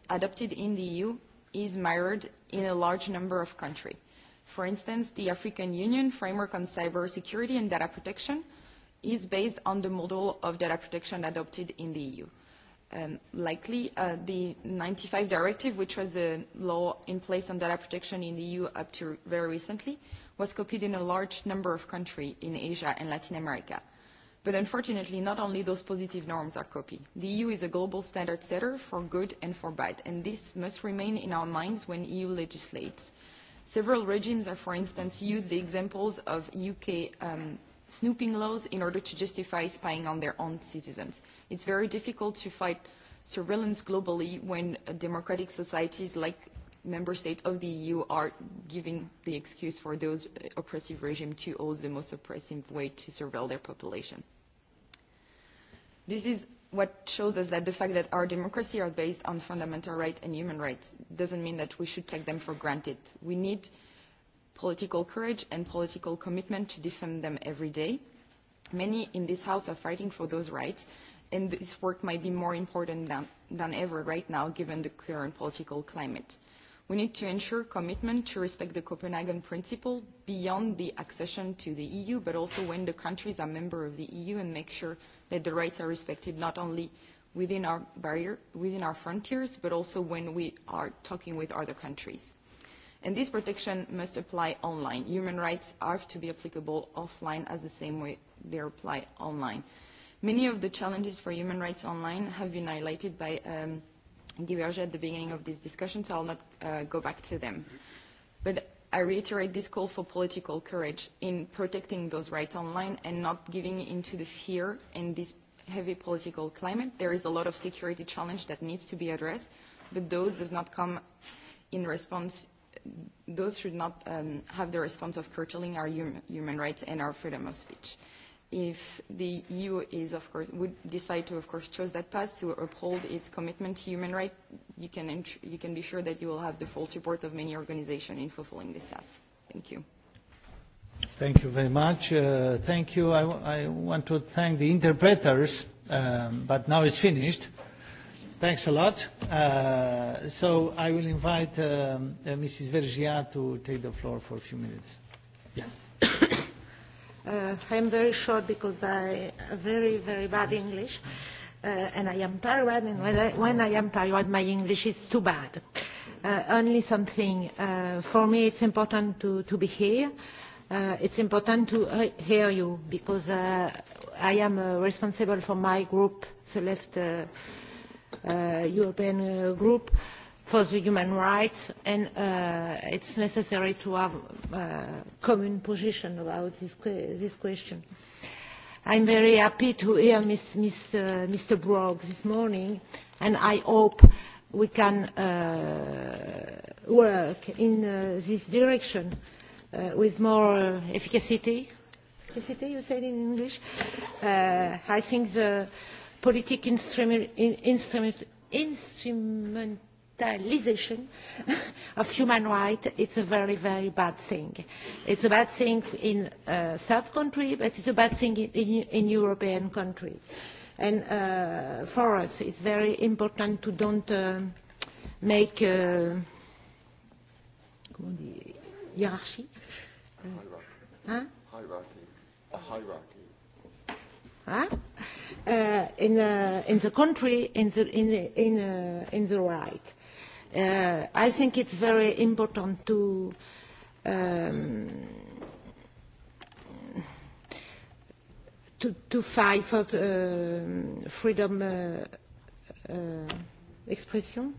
...adopted in the EU is mirrored in a large number of countries. For instance, the African Union framework on cyber security and data protection is based on the model of data protection adopted in the EU um, likely uh, the 95 directive, which was a law in place on data protection in the EU up to very recently, was copied in a large number of countries in Asia and Latin America. But unfortunately, not only those positive norms are copied. The EU is a global standard setter for good and for bad, and this must remain in our minds when EU legislates. Several regimes have, for instance, used the examples of UK um, snooping laws in order to justify spying on their own citizens. It's very difficult to fight surveillance globally when democratic societies like member states of the EU are giving the excuse for those oppressive regimes to use the most oppressive way to surveil their population. This is what shows us that the fact that our democracy are based on fundamental rights and human rights doesn't mean that we should take them for granted. We need political courage and political commitment to defend them every day. Many in this House are fighting for those rights, and this work might be more important than, than ever right now, given the current political climate. We need to ensure commitment to respect the Copenhagen principle beyond the accession to the EU, but also when the countries are member of the EU and make sure that the rights are respected not only within our barrier, within our frontiers, but also when we are talking with other countries. And this protection must apply online. Human rights have to be applicable offline as the same way they apply online. Many of the challenges for human rights online have been highlighted by um, Diverge at the beginning of this discussion, so I'll not uh, go back to them. But I reiterate this call for political courage in protecting those rights online and not giving into the fear in this heavy political climate. There is a lot of security challenge that needs to be addressed, but those does not come in response those should not um, have the response of curtailing our hum human rights and our freedom of speech if the EU is, of course, would decide to, of course, choose that path to uphold its commitment to human rights, you can, you can be sure that you will have the full support of many organizations in fulfilling this task. Thank you. Thank you very much. Uh, thank you. I, I want to thank the interpreters, um, but now it's finished. Thanks a lot. Uh, so I will invite um, uh, Mrs. Vergia to take the floor for a few minutes. Yes. <coughs> Uh, I'm very short because I have very, very bad English. Uh, and I am tired, and when I, when I am tired, my English is too bad. Uh, only something. Uh, for me, it's important to, to be here. Uh, it's important to hear you because uh, I am uh, responsible for my group, the left uh, uh, European uh, group. Uh, for the human rights and uh, it's necessary to have a uh, common position about this, que this question. I'm very happy to hear Mr. Uh, Brog this morning and I hope we can uh, work in this direction with more efficacy. Efficacy, you said in English. I think the political instrument, instrument instrumentalization <laughs> of human rights it's a very very bad thing it's a bad thing in uh, third country but it's a bad thing in, in european country and uh, for us it's very important to don't uh, make uh, a hierarchy a hierarchy Huh? Uh, in, uh, in the country, in the, in the, in, uh, in the right. Uh, I think it's very important to um, to, to fight for um, freedom uh, uh, expression,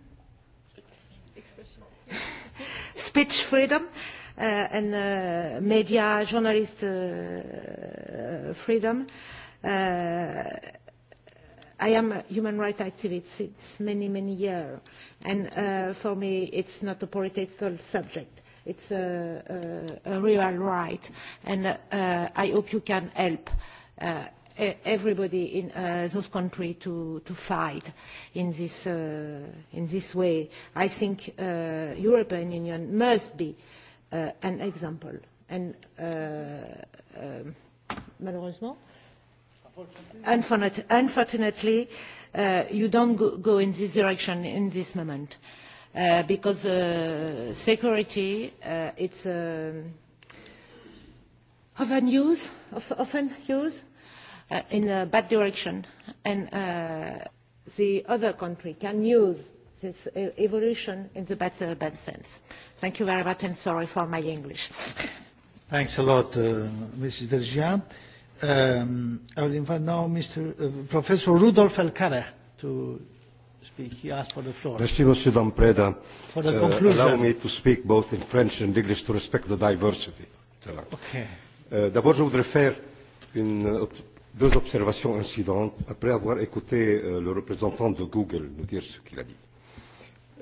speech freedom, uh, and uh, media journalist uh, freedom. Uh, i am a human rights activist since many, many years, and uh, for me it's not a political subject. It's a, a, a real right, and uh, I hope you can help uh, e, everybody in uh, those countries to, to fight in this, uh, in this way. I think uh, European Union must be uh, an example. And uh, uh, malheureusement, Unfortunately, uh, you don't go, go in this direction in this moment uh, because uh, security uh, it's often used often used in a bad direction and uh, the other country can use this e, evolution in the bad, uh, bad sense. Thank you very much and sorry for my English. Thanks a lot, Mrs. Dergian. Um, I will invite now Mr. Uh, Professor Rudolf Elkarek to speak. He asked for the floor. Merci, Monsieur Dampreda. For the uh, conclusion. allow me to speak both in French and English to respect the diversity. Okay. Uh, D'abord, je voudrais faire une, euh, deux observations incidentes après avoir écouté euh, le représentant de Google nous dire ce qu'il a dit.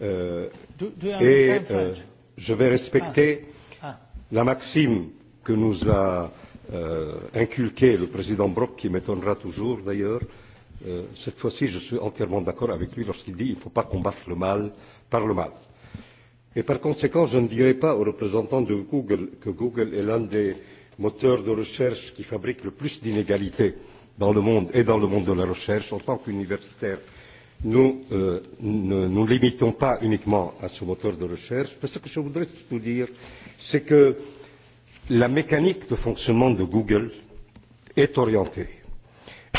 Euh, do, do et euh, je vais respecter ah. Ah. la maxime que nous a Euh, inculqué le président Brok, qui m'étonnera toujours d'ailleurs. Euh, cette fois-ci, je suis entièrement d'accord avec lui lorsqu'il dit qu'il ne faut pas combattre le mal par le mal. Et par conséquent, je ne dirai pas aux représentants de Google que Google est l'un des moteurs de recherche qui fabrique le plus d'inégalités dans le monde et dans le monde de la recherche en tant qu'universitaire Nous euh, ne nous limitons pas uniquement à ce moteur de recherche, mais ce que je voudrais surtout dire, c'est que la mécanique de fonctionnement de Google est orientée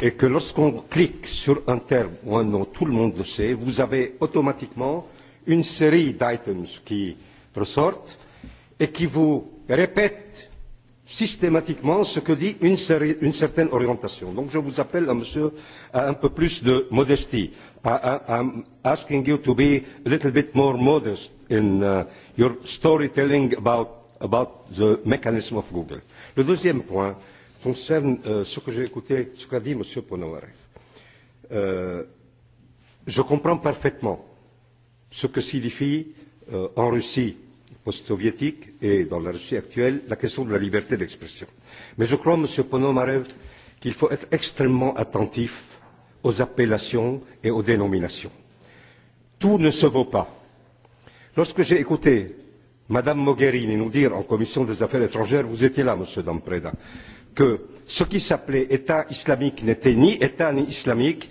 et que lorsqu'on clique sur un terme ou un nom, tout le monde le sait, vous avez automatiquement une série d'items qui ressortent et qui vous répètent systématiquement ce que dit une, série, une certaine orientation. Donc je vous appelle à monsieur à un peu plus de modestie. I, I'm asking you to be a little bit more modest in uh, your storytelling about about the mechanism of Google. Le deuxième point concerne euh, ce que j'ai écouté, ce qu'a dit M. Ponomarev. Euh, je comprends parfaitement ce que signifie euh, en Russie post-soviétique et dans la Russie actuelle la question de la liberté d'expression. Mais je crois, Monsieur Ponomarev, qu'il faut être extrêmement attentif aux appellations et aux dénominations. Tout ne se vaut pas. Lorsque j'ai écouté Madame Mogherini nous dire en commission des affaires étrangères, vous étiez là, Monsieur Dampreda, que ce qui s'appelait État islamique n'était ni État ni islamique.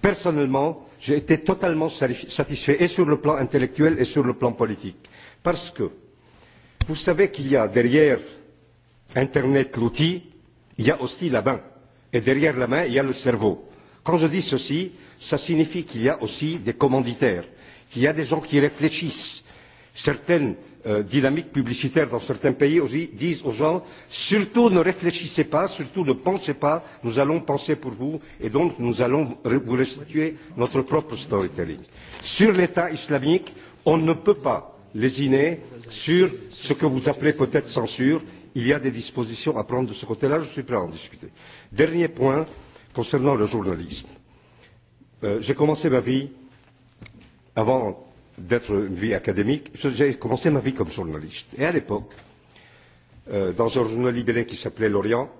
Personnellement, j'ai été totalement satisfait et sur le plan intellectuel et sur le plan politique. Parce que vous savez qu'il y a derrière Internet l'outil, il y a aussi la main. Et derrière la main, il y a le cerveau. Quand je dis ceci, ça signifie qu'il y a aussi des commanditaires, qu'il y a des gens qui réfléchissent. Certaines Euh, dynamique publicitaire dans certains pays aussi disent aux gens surtout ne réfléchissez pas, surtout ne pensez pas, nous allons penser pour vous et donc nous allons vous restituer notre propre storytelling. Sur l'État islamique, on ne peut pas lésiner sur ce que vous appelez peut-être censure. Il y a des dispositions à prendre de ce côté-là, je suis prêt à en discuter. Dernier point concernant le journalisme. Euh, j'ai commencé ma vie avant d'être une vie académique. J'ai commencé ma vie comme journaliste. Et à l'époque, euh, dans un journal libéré qui s'appelait L'Orient,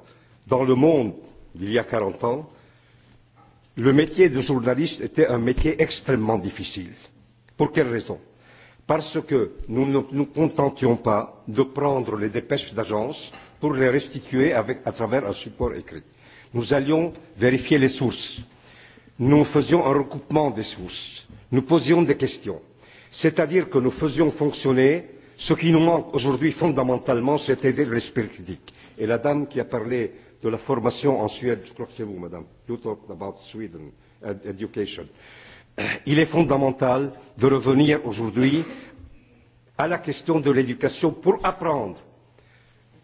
dans le monde, d'il y a 40 ans, le métier de journaliste était un métier extrêmement difficile. Pour quelle raison Parce que nous ne nous contentions pas de prendre les dépêches d'agence pour les restituer avec, à travers un support écrit. Nous allions vérifier les sources. Nous faisions un recoupement des sources. Nous posions des questions c'est-à-dire que nous faisions fonctionner ce qui nous manque aujourd'hui fondamentalement, c'est-à-dire l'esprit critique. Et la dame qui a parlé de la formation en Suède, je crois que c'est vous, madame, you talked about Sweden and education. Il est fondamental de revenir aujourd'hui à la question de l'éducation pour apprendre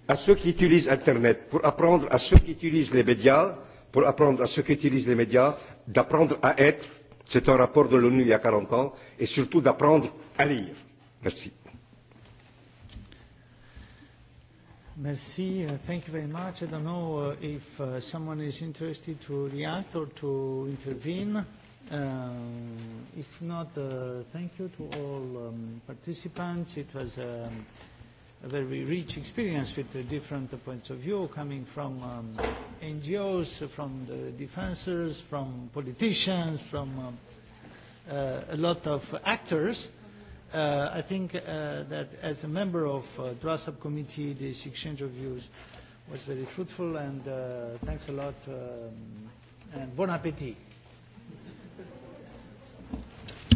à ceux qui utilisent Internet, pour apprendre à ceux qui utilisent les médias, pour apprendre à ceux qui utilisent les médias, d'apprendre à être C'est un rapport de l'ONU il y a 40 ans et surtout d'apprendre à lire. Merci. Merci. Euh, thank you very much. I don't know uh, if uh, someone is interested to react or to intervene. Um, if not, uh, thank you to all um, participants. It was um, a very rich experience with the different points of view coming from um, NGOs, from the defensors, from politicians, from um, uh, a lot of actors. Uh, I think uh, that as a member of uh, DRA subcommittee, this exchange of views was very fruitful and uh, thanks a lot um, and bon appétit.